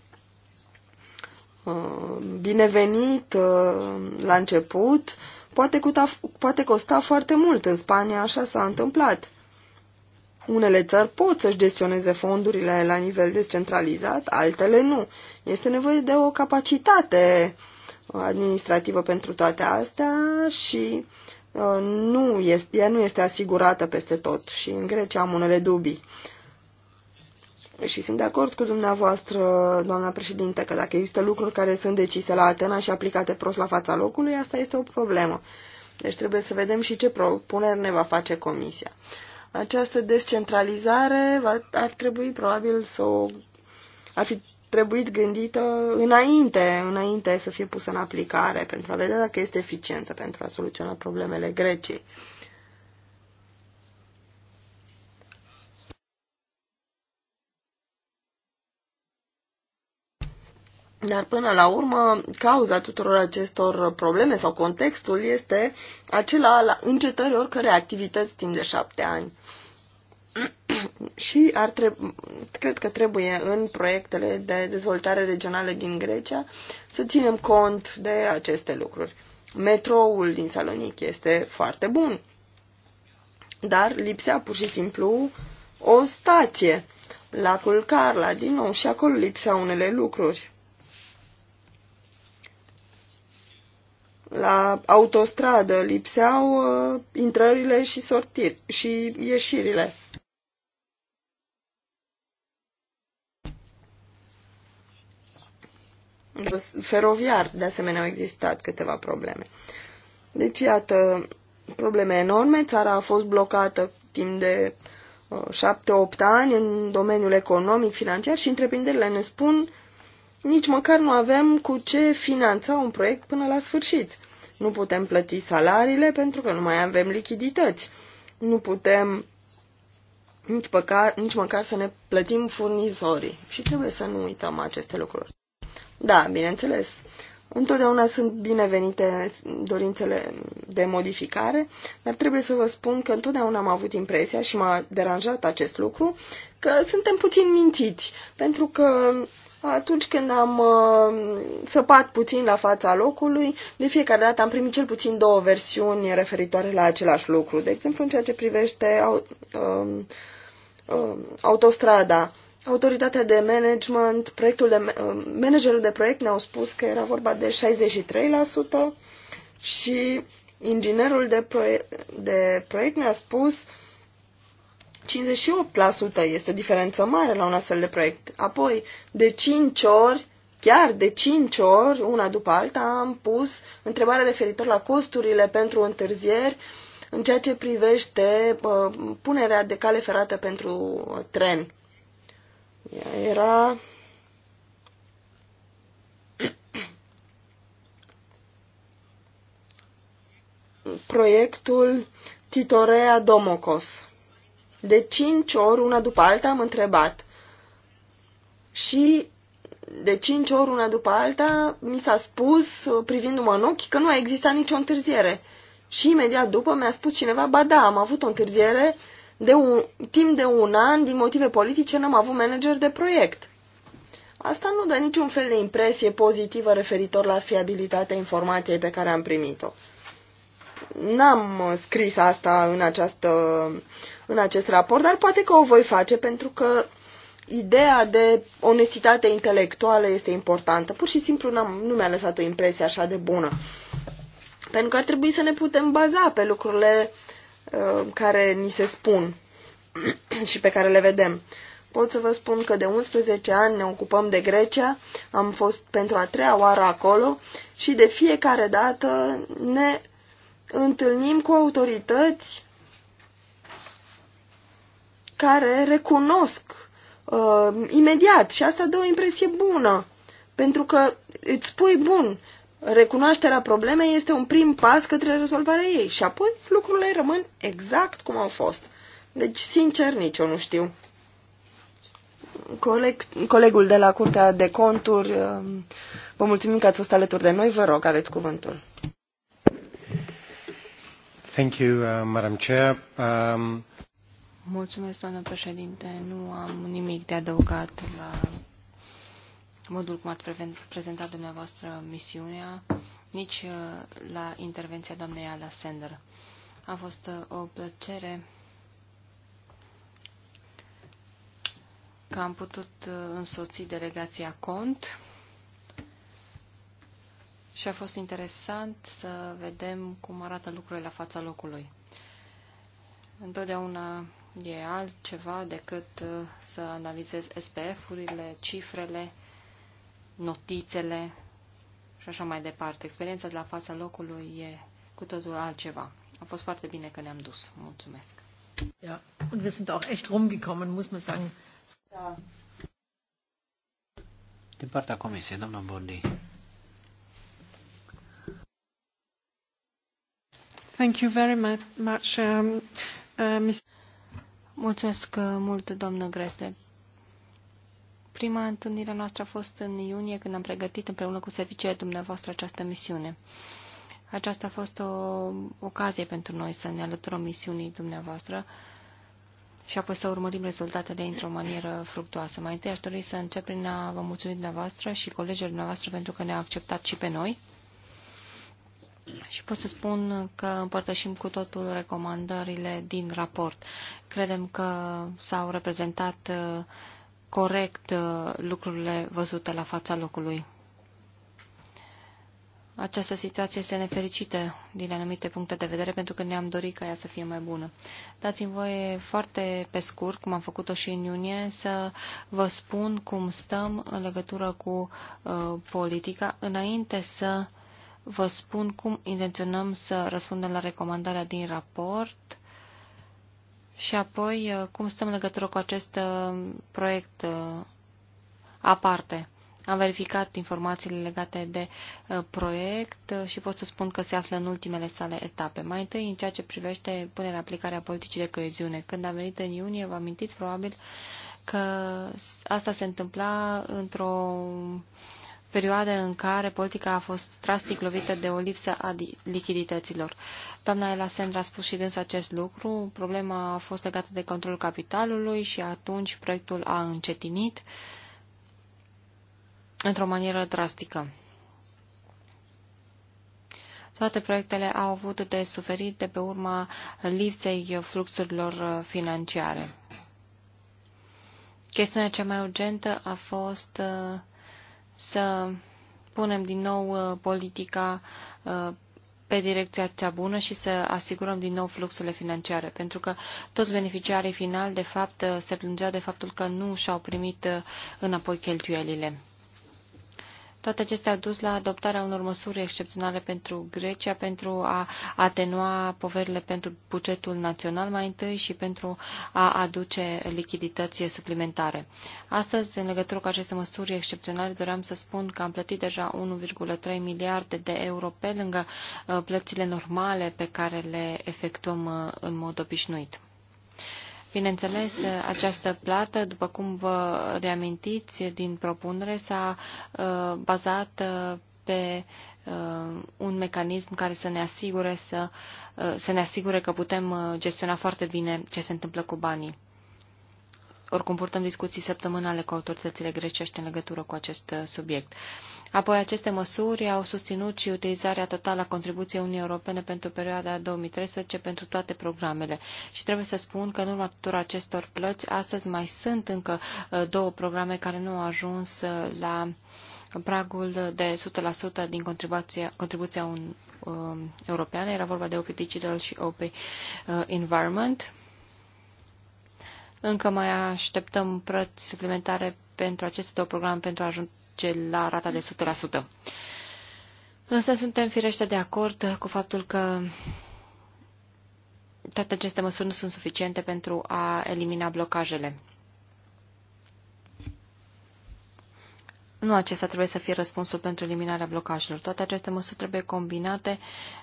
S2: Uh, binevenit uh, la început poate, cuta, poate costa foarte mult. În Spania așa s-a întâmplat. Unele țări pot să-și gestioneze fondurile la nivel descentralizat, altele nu. Este nevoie de o capacitate administrativă pentru toate astea și uh, nu este, ea nu este asigurată peste tot și în Grecia am unele dubii. Și sunt de acord cu dumneavoastră, doamna președinte, că dacă există lucruri care sunt decise la Atena și aplicate prost la fața locului, asta este o problemă. Deci trebuie să vedem și ce propuneri ne va face Comisia. Această descentralizare va, ar trebui probabil să o, ar fi trebuit gândită înainte, înainte să fie pusă în aplicare, pentru a vedea dacă este eficientă pentru a soluționa problemele Greciei. Dar până la urmă, cauza tuturor acestor probleme sau contextul este acela al încetării oricărei activități timp de șapte ani. și ar treb- cred că trebuie în proiectele de dezvoltare regională din Grecia să ținem cont de aceste lucruri. Metroul din Salonic este foarte bun, dar lipsea pur și simplu o stație. Lacul Carla, din nou, și acolo lipsea unele lucruri. la autostradă lipseau uh, intrările și sortiri și ieșirile. Feroviar, de asemenea, au existat câteva probleme. Deci, iată, probleme enorme. Țara a fost blocată timp de uh, 7-8 ani în domeniul economic, financiar și întreprinderile ne spun uh, nici măcar nu avem cu ce finanța un proiect până la sfârșit. Nu putem plăti salariile pentru că nu mai avem lichidități. Nu putem nici, păcar, nici măcar să ne plătim furnizorii. Și trebuie să nu uităm aceste lucruri. Da, bineînțeles. Întotdeauna sunt binevenite dorințele de modificare, dar trebuie să vă spun că întotdeauna am avut impresia și m-a deranjat acest lucru că suntem puțin mințiți, pentru că atunci când am uh, săpat puțin la fața locului, de fiecare dată am primit cel puțin două versiuni referitoare la același lucru. De exemplu, în ceea ce privește uh, uh, autostrada, autoritatea de management, proiectul de, uh, managerul de proiect ne-au spus că era vorba de 63% și inginerul de, proie- de proiect ne-a spus uh, 58% este o diferență mare la un astfel de proiect. Apoi, de 5 ori, chiar de 5 ori, una după alta, am pus întrebarea referitor la costurile pentru întârzieri în ceea ce privește punerea de cale ferată pentru tren. Ea era proiectul Titorea Domocos. De cinci ori, una după alta, am întrebat. Și de cinci ori, una după alta, mi s-a spus, uh, privindu-mă în ochi, că nu a existat nicio întârziere. Și imediat după mi-a spus cineva, ba da, am avut o întârziere de un, timp de un an, din motive politice, n-am avut manager de proiect. Asta nu dă niciun fel de impresie pozitivă referitor la fiabilitatea informației pe care am primit-o. N-am uh, scris asta în această în acest raport, dar poate că o voi face pentru că ideea de onestitate intelectuală este importantă. Pur și simplu -am, nu mi-a lăsat o impresie așa de bună. Pentru că ar trebui să ne putem baza pe lucrurile uh, care ni se spun și pe care le vedem. Pot să vă spun că de 11 ani ne ocupăm de Grecia, am fost pentru a treia oară acolo și de fiecare dată ne întâlnim cu autorități care recunosc uh, imediat și asta dă o impresie bună, pentru că îți spui, bun, recunoașterea problemei este un prim pas către rezolvarea ei și apoi lucrurile rămân exact cum au fost. Deci, sincer, nici eu nu știu. Coleg, colegul de la Curtea de Conturi, um, vă mulțumim că ați fost alături de noi. Vă rog, aveți cuvântul. Thank you, uh, Madam Chair. Um,
S5: Mulțumesc, doamnă președinte. Nu am nimic de adăugat la modul cum ați prezentat dumneavoastră misiunea, nici uh, la intervenția doamnei Ala Sender. A fost uh, o plăcere că am putut uh, însoți delegația CONT și a fost interesant să vedem cum arată lucrurile la fața locului. Întotdeauna e altceva decât uh, să analizez SPF-urile, cifrele, notițele și așa mai departe. Experiența de la fața locului e cu totul altceva. A fost foarte bine că ne-am dus. Mulțumesc.
S1: Ja, und wir sind auch echt rumgekommen, muss man sagen. Da.
S3: Din partea comisiei, domnul Bondi.
S5: Thank you very much, um, uh, Mr. Mulțumesc uh, mult, doamnă Gresle. Prima întâlnire noastră a fost în iunie, când am pregătit împreună cu serviciile dumneavoastră această misiune. Aceasta a fost o ocazie pentru noi să ne alăturăm misiunii dumneavoastră și apoi să urmărim rezultatele într-o manieră fructuoasă. Mai întâi aș dori să încep prin a vă mulțumi dumneavoastră și colegilor dumneavoastră pentru că ne-au acceptat și pe noi și pot să spun că împărtășim cu totul recomandările din raport. Credem că s-au reprezentat uh, corect uh, lucrurile văzute la fața locului. Această situație este nefericită din anumite puncte de vedere pentru că ne-am dorit ca ea să fie mai bună. Dați-mi voie foarte pe scurt, cum am făcut-o și în iunie, să vă spun cum stăm în legătură cu uh, politica înainte să vă spun cum intenționăm să răspundem la recomandarea din raport și apoi uh, cum stăm în legătură cu acest uh, proiect uh, aparte. Am verificat informațiile legate de proiect și pot să spun că se află în ultimele sale etape. Mai întâi, în ceea ce privește punerea aplicarea politicii de coeziune. Când am venit în iunie, vă amintiți probabil că asta se întâmpla într-o perioade în care politica a fost drastic lovită de o lipsă a lichidităților. Doamna Elasendra a spus și dâns acest lucru, problema a fost legată de controlul capitalului și atunci proiectul a încetinit într-o manieră drastică. Toate proiectele au avut de suferit de pe urma lipsei fluxurilor financiare. Chestiunea cea mai urgentă a fost uh, să punem din nou uh, politica uh, pe direcția cea bună și să asigurăm din nou fluxurile financiare, pentru că toți beneficiarii final, de fapt, uh, se plângea de faptul că nu și-au primit înapoi cheltuielile. Toate acestea au dus la adoptarea unor măsuri excepționale pentru Grecia, pentru a atenua poverile pentru bugetul național mai întâi și pentru a aduce lichidității suplimentare. Astăzi, în legătură cu aceste măsuri excepționale, doream să spun că am plătit deja 1,3 miliarde de euro pe lângă uh, plățile normale pe care le efectuăm uh, în mod obișnuit. Bineînțeles, această plată, după cum vă reamintiți din propunere, s-a uh, bazat uh, pe uh, un mecanism care să ne asigure să, să ne asigure că putem gestiona foarte bine ce se întâmplă cu banii. Oricum, purtăm discuții săptămânale cu autoritățile grecești în legătură cu acest uh, subiect. Apoi, aceste măsuri au susținut și utilizarea totală a contribuției Uniunii Europene pentru perioada 2013 pentru toate programele. Și trebuie să spun că în urma tuturor acestor plăți, astăzi mai sunt încă uh, două programe care nu au ajuns uh, la pragul de 100% din contribuția, contribuția un, uh, europeană. Era vorba de OP Digital și OP Environment. Încă mai așteptăm prăți suplimentare pentru aceste două programe pentru a ajunge la rata de 100%. Însă suntem firește de acord cu faptul că toate aceste măsuri nu sunt suficiente pentru a elimina blocajele. Nu acesta trebuie să fie răspunsul pentru eliminarea blocajelor. Toate aceste măsuri trebuie combinate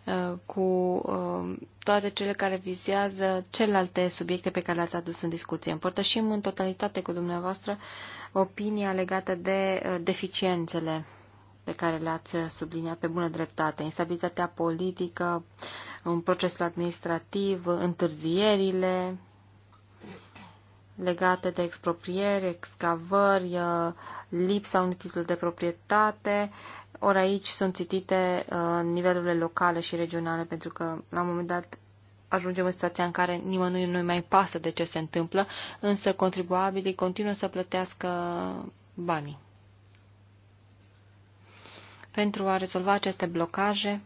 S5: uh, cu uh, toate cele care vizează celelalte subiecte pe care le-ați adus în discuție. Împărtășim în totalitate cu dumneavoastră opinia legată de uh, deficiențele pe care le-ați uh, subliniat pe bună dreptate. Instabilitatea politică, un procesul administrativ, întârzierile, legate de expropriere, excavări, uh, lipsa unui titlu de proprietate, ori aici sunt citite uh, nivelurile locale și regionale, pentru că la un moment dat ajungem în situația în care nimănui nu mai pasă de ce se întâmplă, însă contribuabilii continuă să plătească banii. Pentru a rezolva aceste blocaje,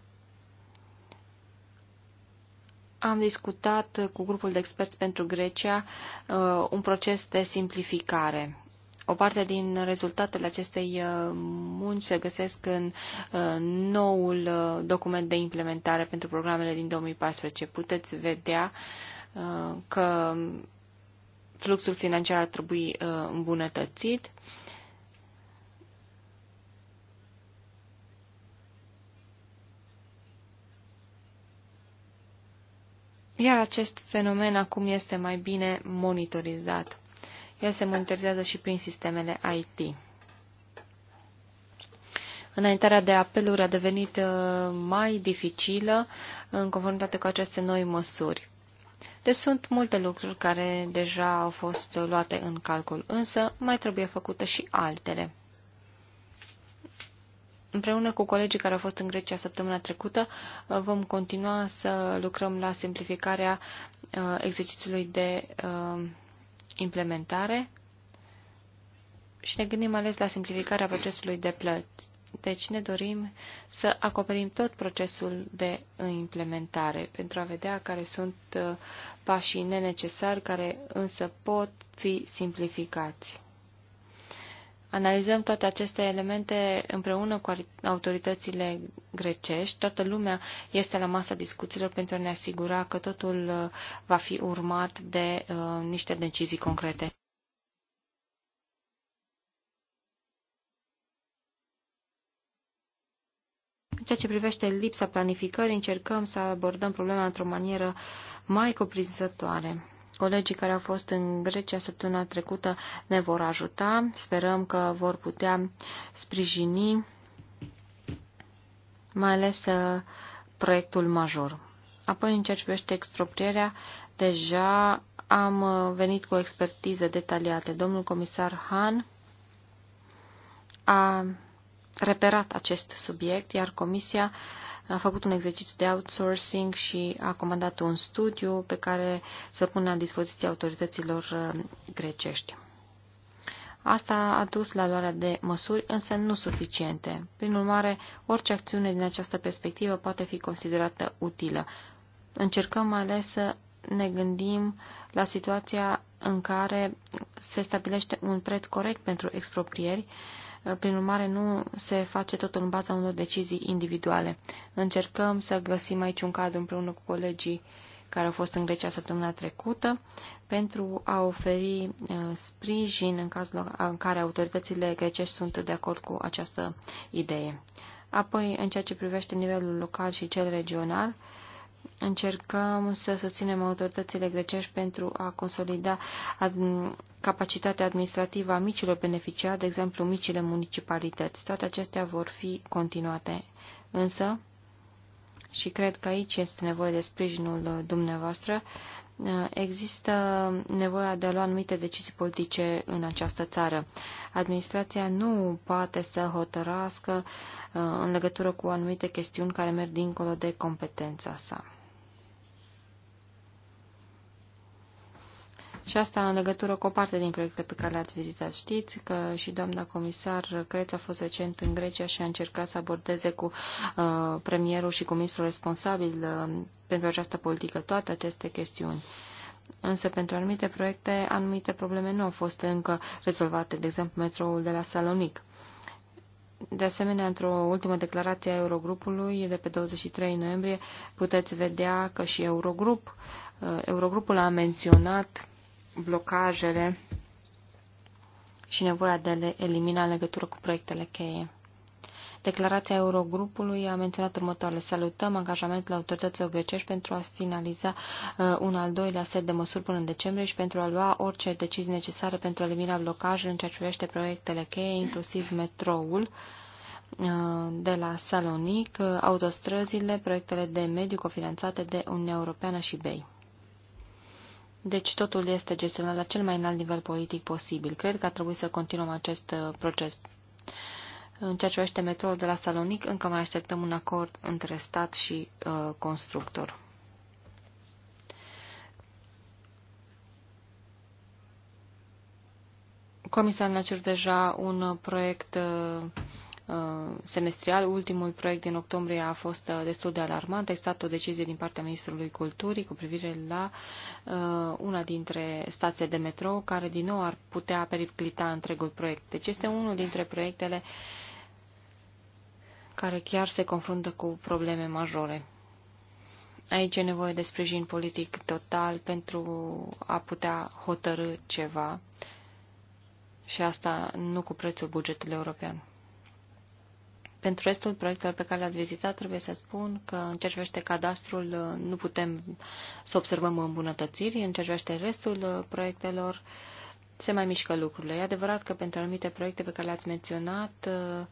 S5: am discutat cu grupul de experți pentru Grecia uh, un proces de simplificare. O parte din rezultatele acestei uh, munci se găsesc în uh, noul uh, document de implementare pentru programele din 2014. Puteți vedea că fluxul financiar ar trebui îmbunătățit iar acest fenomen acum este mai bine monitorizat. El se monitorizează și prin sistemele IT. Înaintarea de apeluri a devenit uh, mai dificilă în conformitate cu aceste noi măsuri. Deci sunt multe lucruri care deja au fost luate în calcul, însă mai trebuie făcute și altele. Împreună cu colegii care au fost în Grecia săptămâna trecută, uh, vom continua să lucrăm la simplificarea uh, exercițiului de uh, implementare și ne gândim ales la simplificarea procesului de plăți. Deci ne dorim să acoperim tot procesul de implementare pentru a vedea care sunt pașii nenecesari care însă pot fi simplificați analizăm toate aceste elemente împreună cu autoritățile grecești. Toată lumea este la masa discuțiilor pentru a ne asigura că totul uh, va fi urmat de uh, niște decizii concrete. În ceea ce privește lipsa planificării, încercăm să abordăm problema într-o manieră mai cuprinzătoare. Colegii care au fost în Grecia săptămâna trecută ne vor ajuta. Sperăm că vor putea sprijini mai ales uh, proiectul major. Apoi, în ceea ce privește exproprierea, deja am uh, venit cu expertize detaliate. Domnul comisar Han a reperat acest subiect, iar Comisia uh, a făcut un exercițiu de outsourcing și a comandat un studiu pe care să pună la dispoziție autorităților uh, grecești. Asta a dus la luarea de măsuri, însă nu suficiente. Prin urmare, orice acțiune din această perspectivă poate fi considerată utilă. Încercăm mai ales să ne gândim la situația în care se stabilește un preț corect pentru exproprieri, uh, prin urmare, nu se face totul în baza unor decizii individuale. Încercăm să găsim aici un cadru împreună cu colegii care au fost în Grecia săptămâna trecută, pentru a oferi uh, sprijin în cazul în care autoritățile grecești sunt de acord cu această idee. Apoi, în ceea ce privește nivelul local și cel regional, Încercăm să susținem autoritățile grecești pentru a consolida ad- capacitatea administrativă a micilor beneficiari, de exemplu micile municipalități. Toate acestea vor fi continuate. Însă, și cred că aici este nevoie de sprijinul dumneavoastră, Eh, există nevoia de a lua anumite decizii politice în această țară. Administrația nu poate să hotărască eh, în legătură cu anumite chestiuni care merg dincolo de competența sa. Și asta în legătură cu o parte din proiecte pe care le-ați vizitat. Știți că și doamna comisar Creț a fost recent în Grecia și a încercat să abordeze cu uh, premierul și cu ministrul responsabil uh, pentru această politică toate aceste chestiuni. Însă pentru anumite proiecte, anumite probleme nu au fost încă rezolvate, de exemplu metroul de la Salonic. De asemenea, într-o ultimă declarație a Eurogrupului de pe 23 noiembrie, puteți vedea că și Eurogrup, uh, Eurogrupul a menționat blocajele și nevoia de a le elimina în legătură cu proiectele cheie. Declarația Eurogrupului a menționat următoarele. Salutăm angajamentul autorităților grecești pentru a finaliza uh, un al doilea set de măsuri până în decembrie și pentru a lua orice decizii necesare pentru a elimina blocajele în ceea ce privește proiectele cheie, inclusiv metroul uh, de la Salonic, uh, autostrăzile, proiectele de mediu cofinanțate de Uniunea Europeană și BEI. Deci totul este gestionat la cel mai înalt nivel politic posibil. Cred că ar trebui să continuăm acest uh, proces. În ceea ce privește metroul de la Salonic, încă mai așteptăm un acord între stat și uh, constructor. Comisia a cerut deja un proiect uh, Uh, semestrial. Ultimul proiect din octombrie a fost uh, destul de alarmant. A existat o decizie din partea Ministrului Culturii cu privire la uh, una dintre stațiile de metrou care din nou ar putea periclita întregul proiect. Deci este unul dintre proiectele care chiar se confruntă cu probleme majore. Aici e nevoie de sprijin politic total pentru a putea hotărâ ceva și asta nu cu prețul bugetului european. Pentru restul proiectelor pe care le-ați vizitat, trebuie să spun că în ce privește cadastrul nu putem să observăm îmbunătățiri, în ce privește restul uh, proiectelor se mai mișcă lucrurile. E adevărat că pentru anumite proiecte pe care le-ați menționat, uh,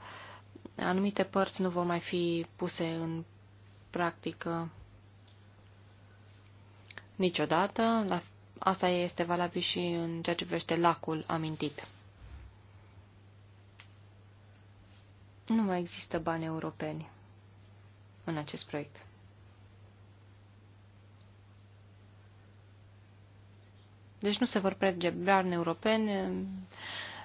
S5: anumite părți nu vor mai fi puse în practică niciodată. Asta este valabil și în ceea ce privește lacul amintit. nu mai există bani europeni în acest proiect. Deci nu se vor prege bani europeni,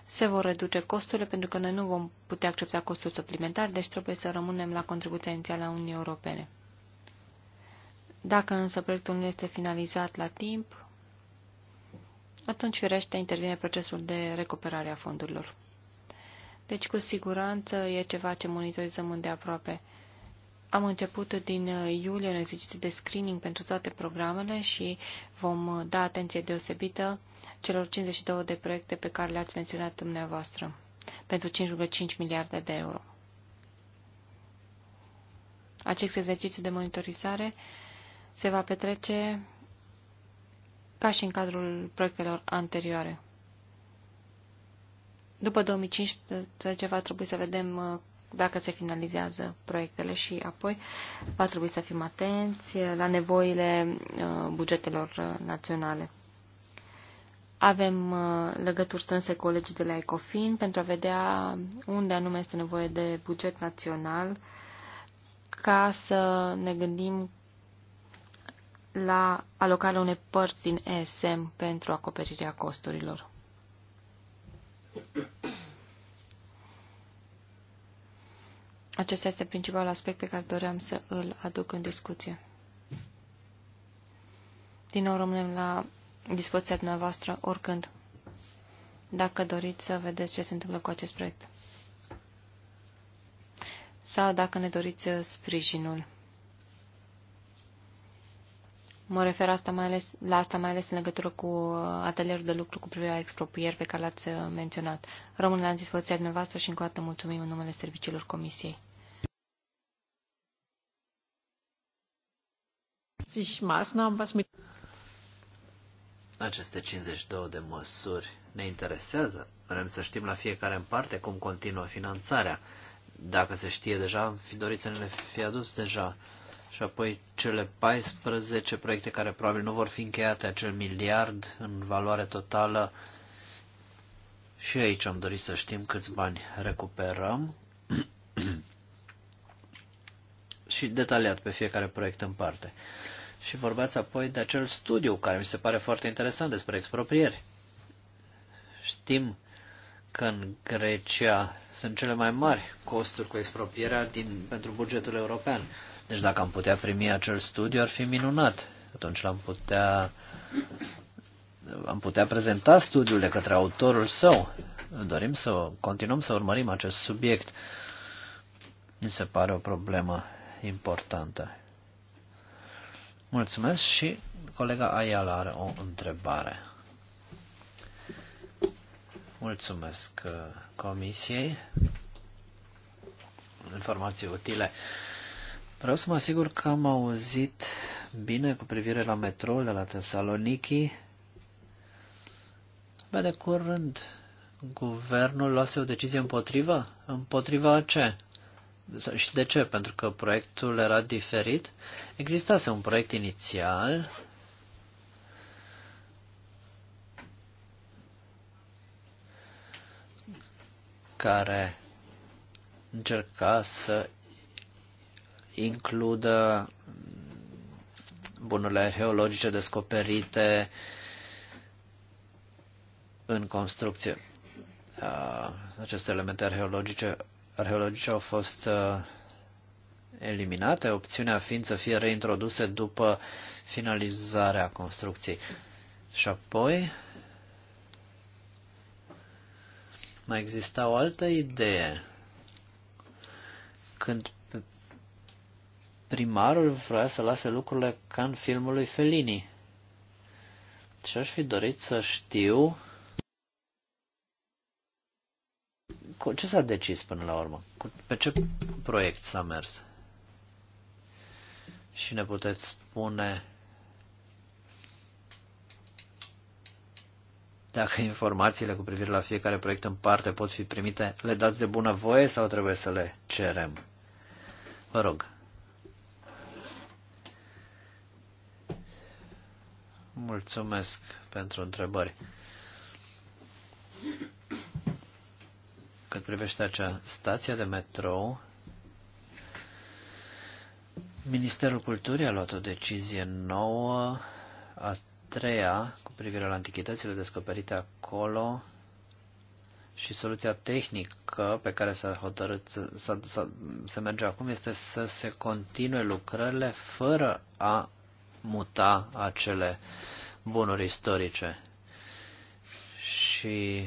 S5: se vor reduce costurile, pentru că noi nu vom putea accepta costuri suplimentare, deci trebuie să rămânem la contribuția inițială a Uniunii Europene. Dacă însă proiectul nu este finalizat la timp, atunci firește intervine procesul de recuperare a fondurilor. Deci, cu siguranță, e ceva ce monitorizăm îndeaproape. Am început din uh, iulie un exercițiu de screening pentru toate programele și vom uh, da atenție deosebită celor 52 de proiecte pe care le-ați menționat dumneavoastră, pentru 5,5 miliarde de euro. Acest exercițiu de monitorizare se va petrece ca și în cadrul proiectelor anterioare. După 2015 va trebui să vedem uh, dacă se finalizează proiectele și apoi va trebui să fim atenți uh, la nevoile uh, bugetelor naționale. Avem legături strânse cu colegii de la ECOFIN pentru a vedea unde anume este nevoie de buget național ca să ne gândim la alocarea unei părți din ESM pentru acoperirea costurilor. Acesta este principalul aspect pe care doream să îl aduc în discuție. Din nou rămânem la dispoziția dumneavoastră oricând, dacă doriți să vedeți ce se întâmplă cu acest proiect. Sau dacă ne doriți uh, sprijinul. Mă refer asta mai ales, la asta mai ales în legătură cu uh, atelierul de lucru cu privire la expropieri pe care l-ați uh, menționat. Rămân la dispoziția dumneavoastră și încă o dată mulțumim în numele serviciilor
S3: Comisiei. Aceste 52 de măsuri ne interesează. Vrem să știm la fiecare în parte cum continuă finanțarea. Dacă se știe deja, fi dorit să ne le fi adus deja și apoi cele 14 proiecte care probabil nu vor fi încheiate, acel miliard în valoare totală. Și aici am dorit să știm câți bani recuperăm și detaliat pe fiecare proiect în parte. Și vorbeați apoi de acel studiu care mi se pare foarte interesant despre exproprieri. Știm că în Grecia sunt cele mai mari costuri cu expropierea din, pentru bugetul european. Deci dacă am putea primi acel studiu, ar fi minunat. Atunci l-am putea, am putea prezenta studiul de către autorul său. Dorim să continuăm să urmărim acest subiect. Mi se pare o problemă importantă. Mulțumesc și colega Ayala are o întrebare. Mulțumesc uh, comisiei. Informații utile. Vreau să mă asigur că am auzit bine cu privire la metroul de la Thessaloniki. Bă, de curând, guvernul luase o decizie împotriva? Împotriva a ce? Și de ce? Pentru că proiectul era diferit? Existase un proiect inițial care încerca să includă bunurile arheologice descoperite în construcție. Uh, aceste elemente arheologice, arheologice au fost uh, eliminate, opțiunea fiind să fie reintroduse după finalizarea construcției. Și apoi mai exista o altă idee. Când primarul vrea să lase lucrurile ca în filmul lui Fellini. Și aș fi dorit să știu cu ce s-a decis până la urmă, pe ce proiect s-a mers. Și ne puteți spune dacă informațiile cu privire la fiecare proiect în parte pot fi primite, le dați de bună voie sau trebuie să le cerem? Vă rog. Mulțumesc pentru întrebări. Cât privește acea stație de metrou, Ministerul Culturii a luat o decizie nouă, a treia, cu privire la antichitățile descoperite acolo și soluția tehnică pe care s-a hotărât să, să, să, să merge acum este să se continue lucrările fără a muta acele bunuri istorice. Și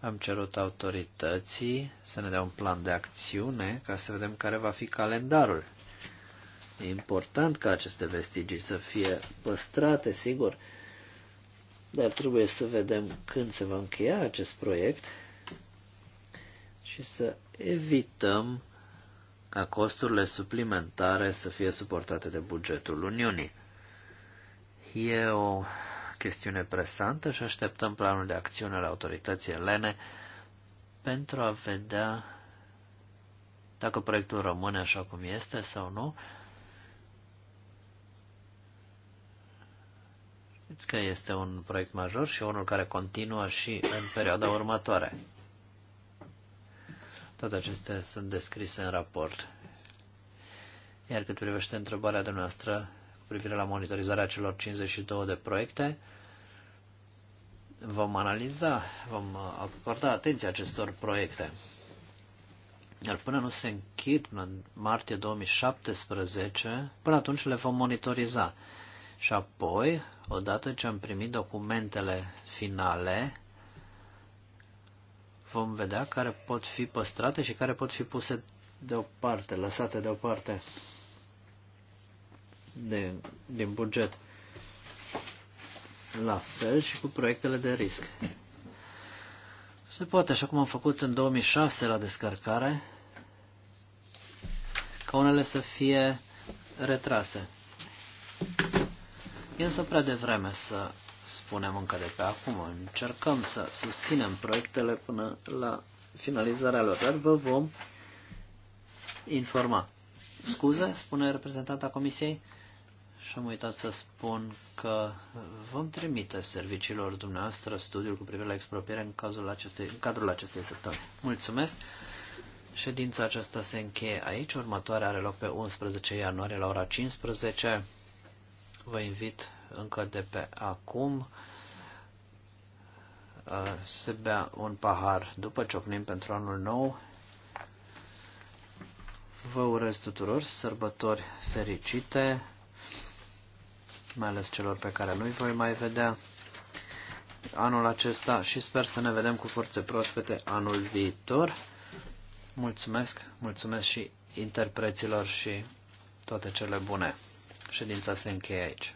S3: am cerut autorității să ne dea un plan de acțiune ca să vedem care va fi calendarul. E important ca aceste vestigii să fie păstrate, sigur, dar trebuie să vedem când se va încheia acest proiect și să evităm ca costurile suplimentare să fie suportate de bugetul Uniunii. E o chestiune presantă și așteptăm planul de acțiune al autorității elene pentru a vedea dacă proiectul rămâne așa cum este sau nu. Știți că este un proiect major și unul care continuă și în perioada următoare. Toate acestea sunt descrise în raport. Iar cât privește întrebarea dumneavoastră cu privire la monitorizarea celor 52 de proiecte, vom analiza, vom acorda atenție acestor proiecte. Iar până nu se închid, până în martie 2017, până atunci le vom monitoriza. Și apoi, odată ce am primit documentele finale, vom vedea care pot fi păstrate și care pot fi puse deoparte, lăsate deoparte de, din buget. La fel și cu proiectele de risc. Se poate, așa cum am făcut în 2006 la descărcare, ca unele să fie retrase. E însă prea devreme să spunem încă de pe acum. Încercăm să susținem proiectele până la finalizarea lor, dar vă vom informa. Scuze, spune reprezentanta Comisiei, și am uitat să spun că vom trimite serviciilor dumneavoastră studiul cu privire la expropiere în, cazul acestei, în cadrul acestei săptămâni. Mulțumesc! Ședința aceasta se încheie aici. Următoarea are loc pe 11 ianuarie la ora 15. Vă invit încă de pe acum se bea un pahar după ciocnim pentru anul nou. Vă urez tuturor sărbători fericite, mai ales celor pe care nu-i voi mai vedea anul acesta și sper să ne vedem cu forțe proaspete anul viitor. Mulțumesc, mulțumesc și interpreților și toate cele bune. Ședința se încheie aici.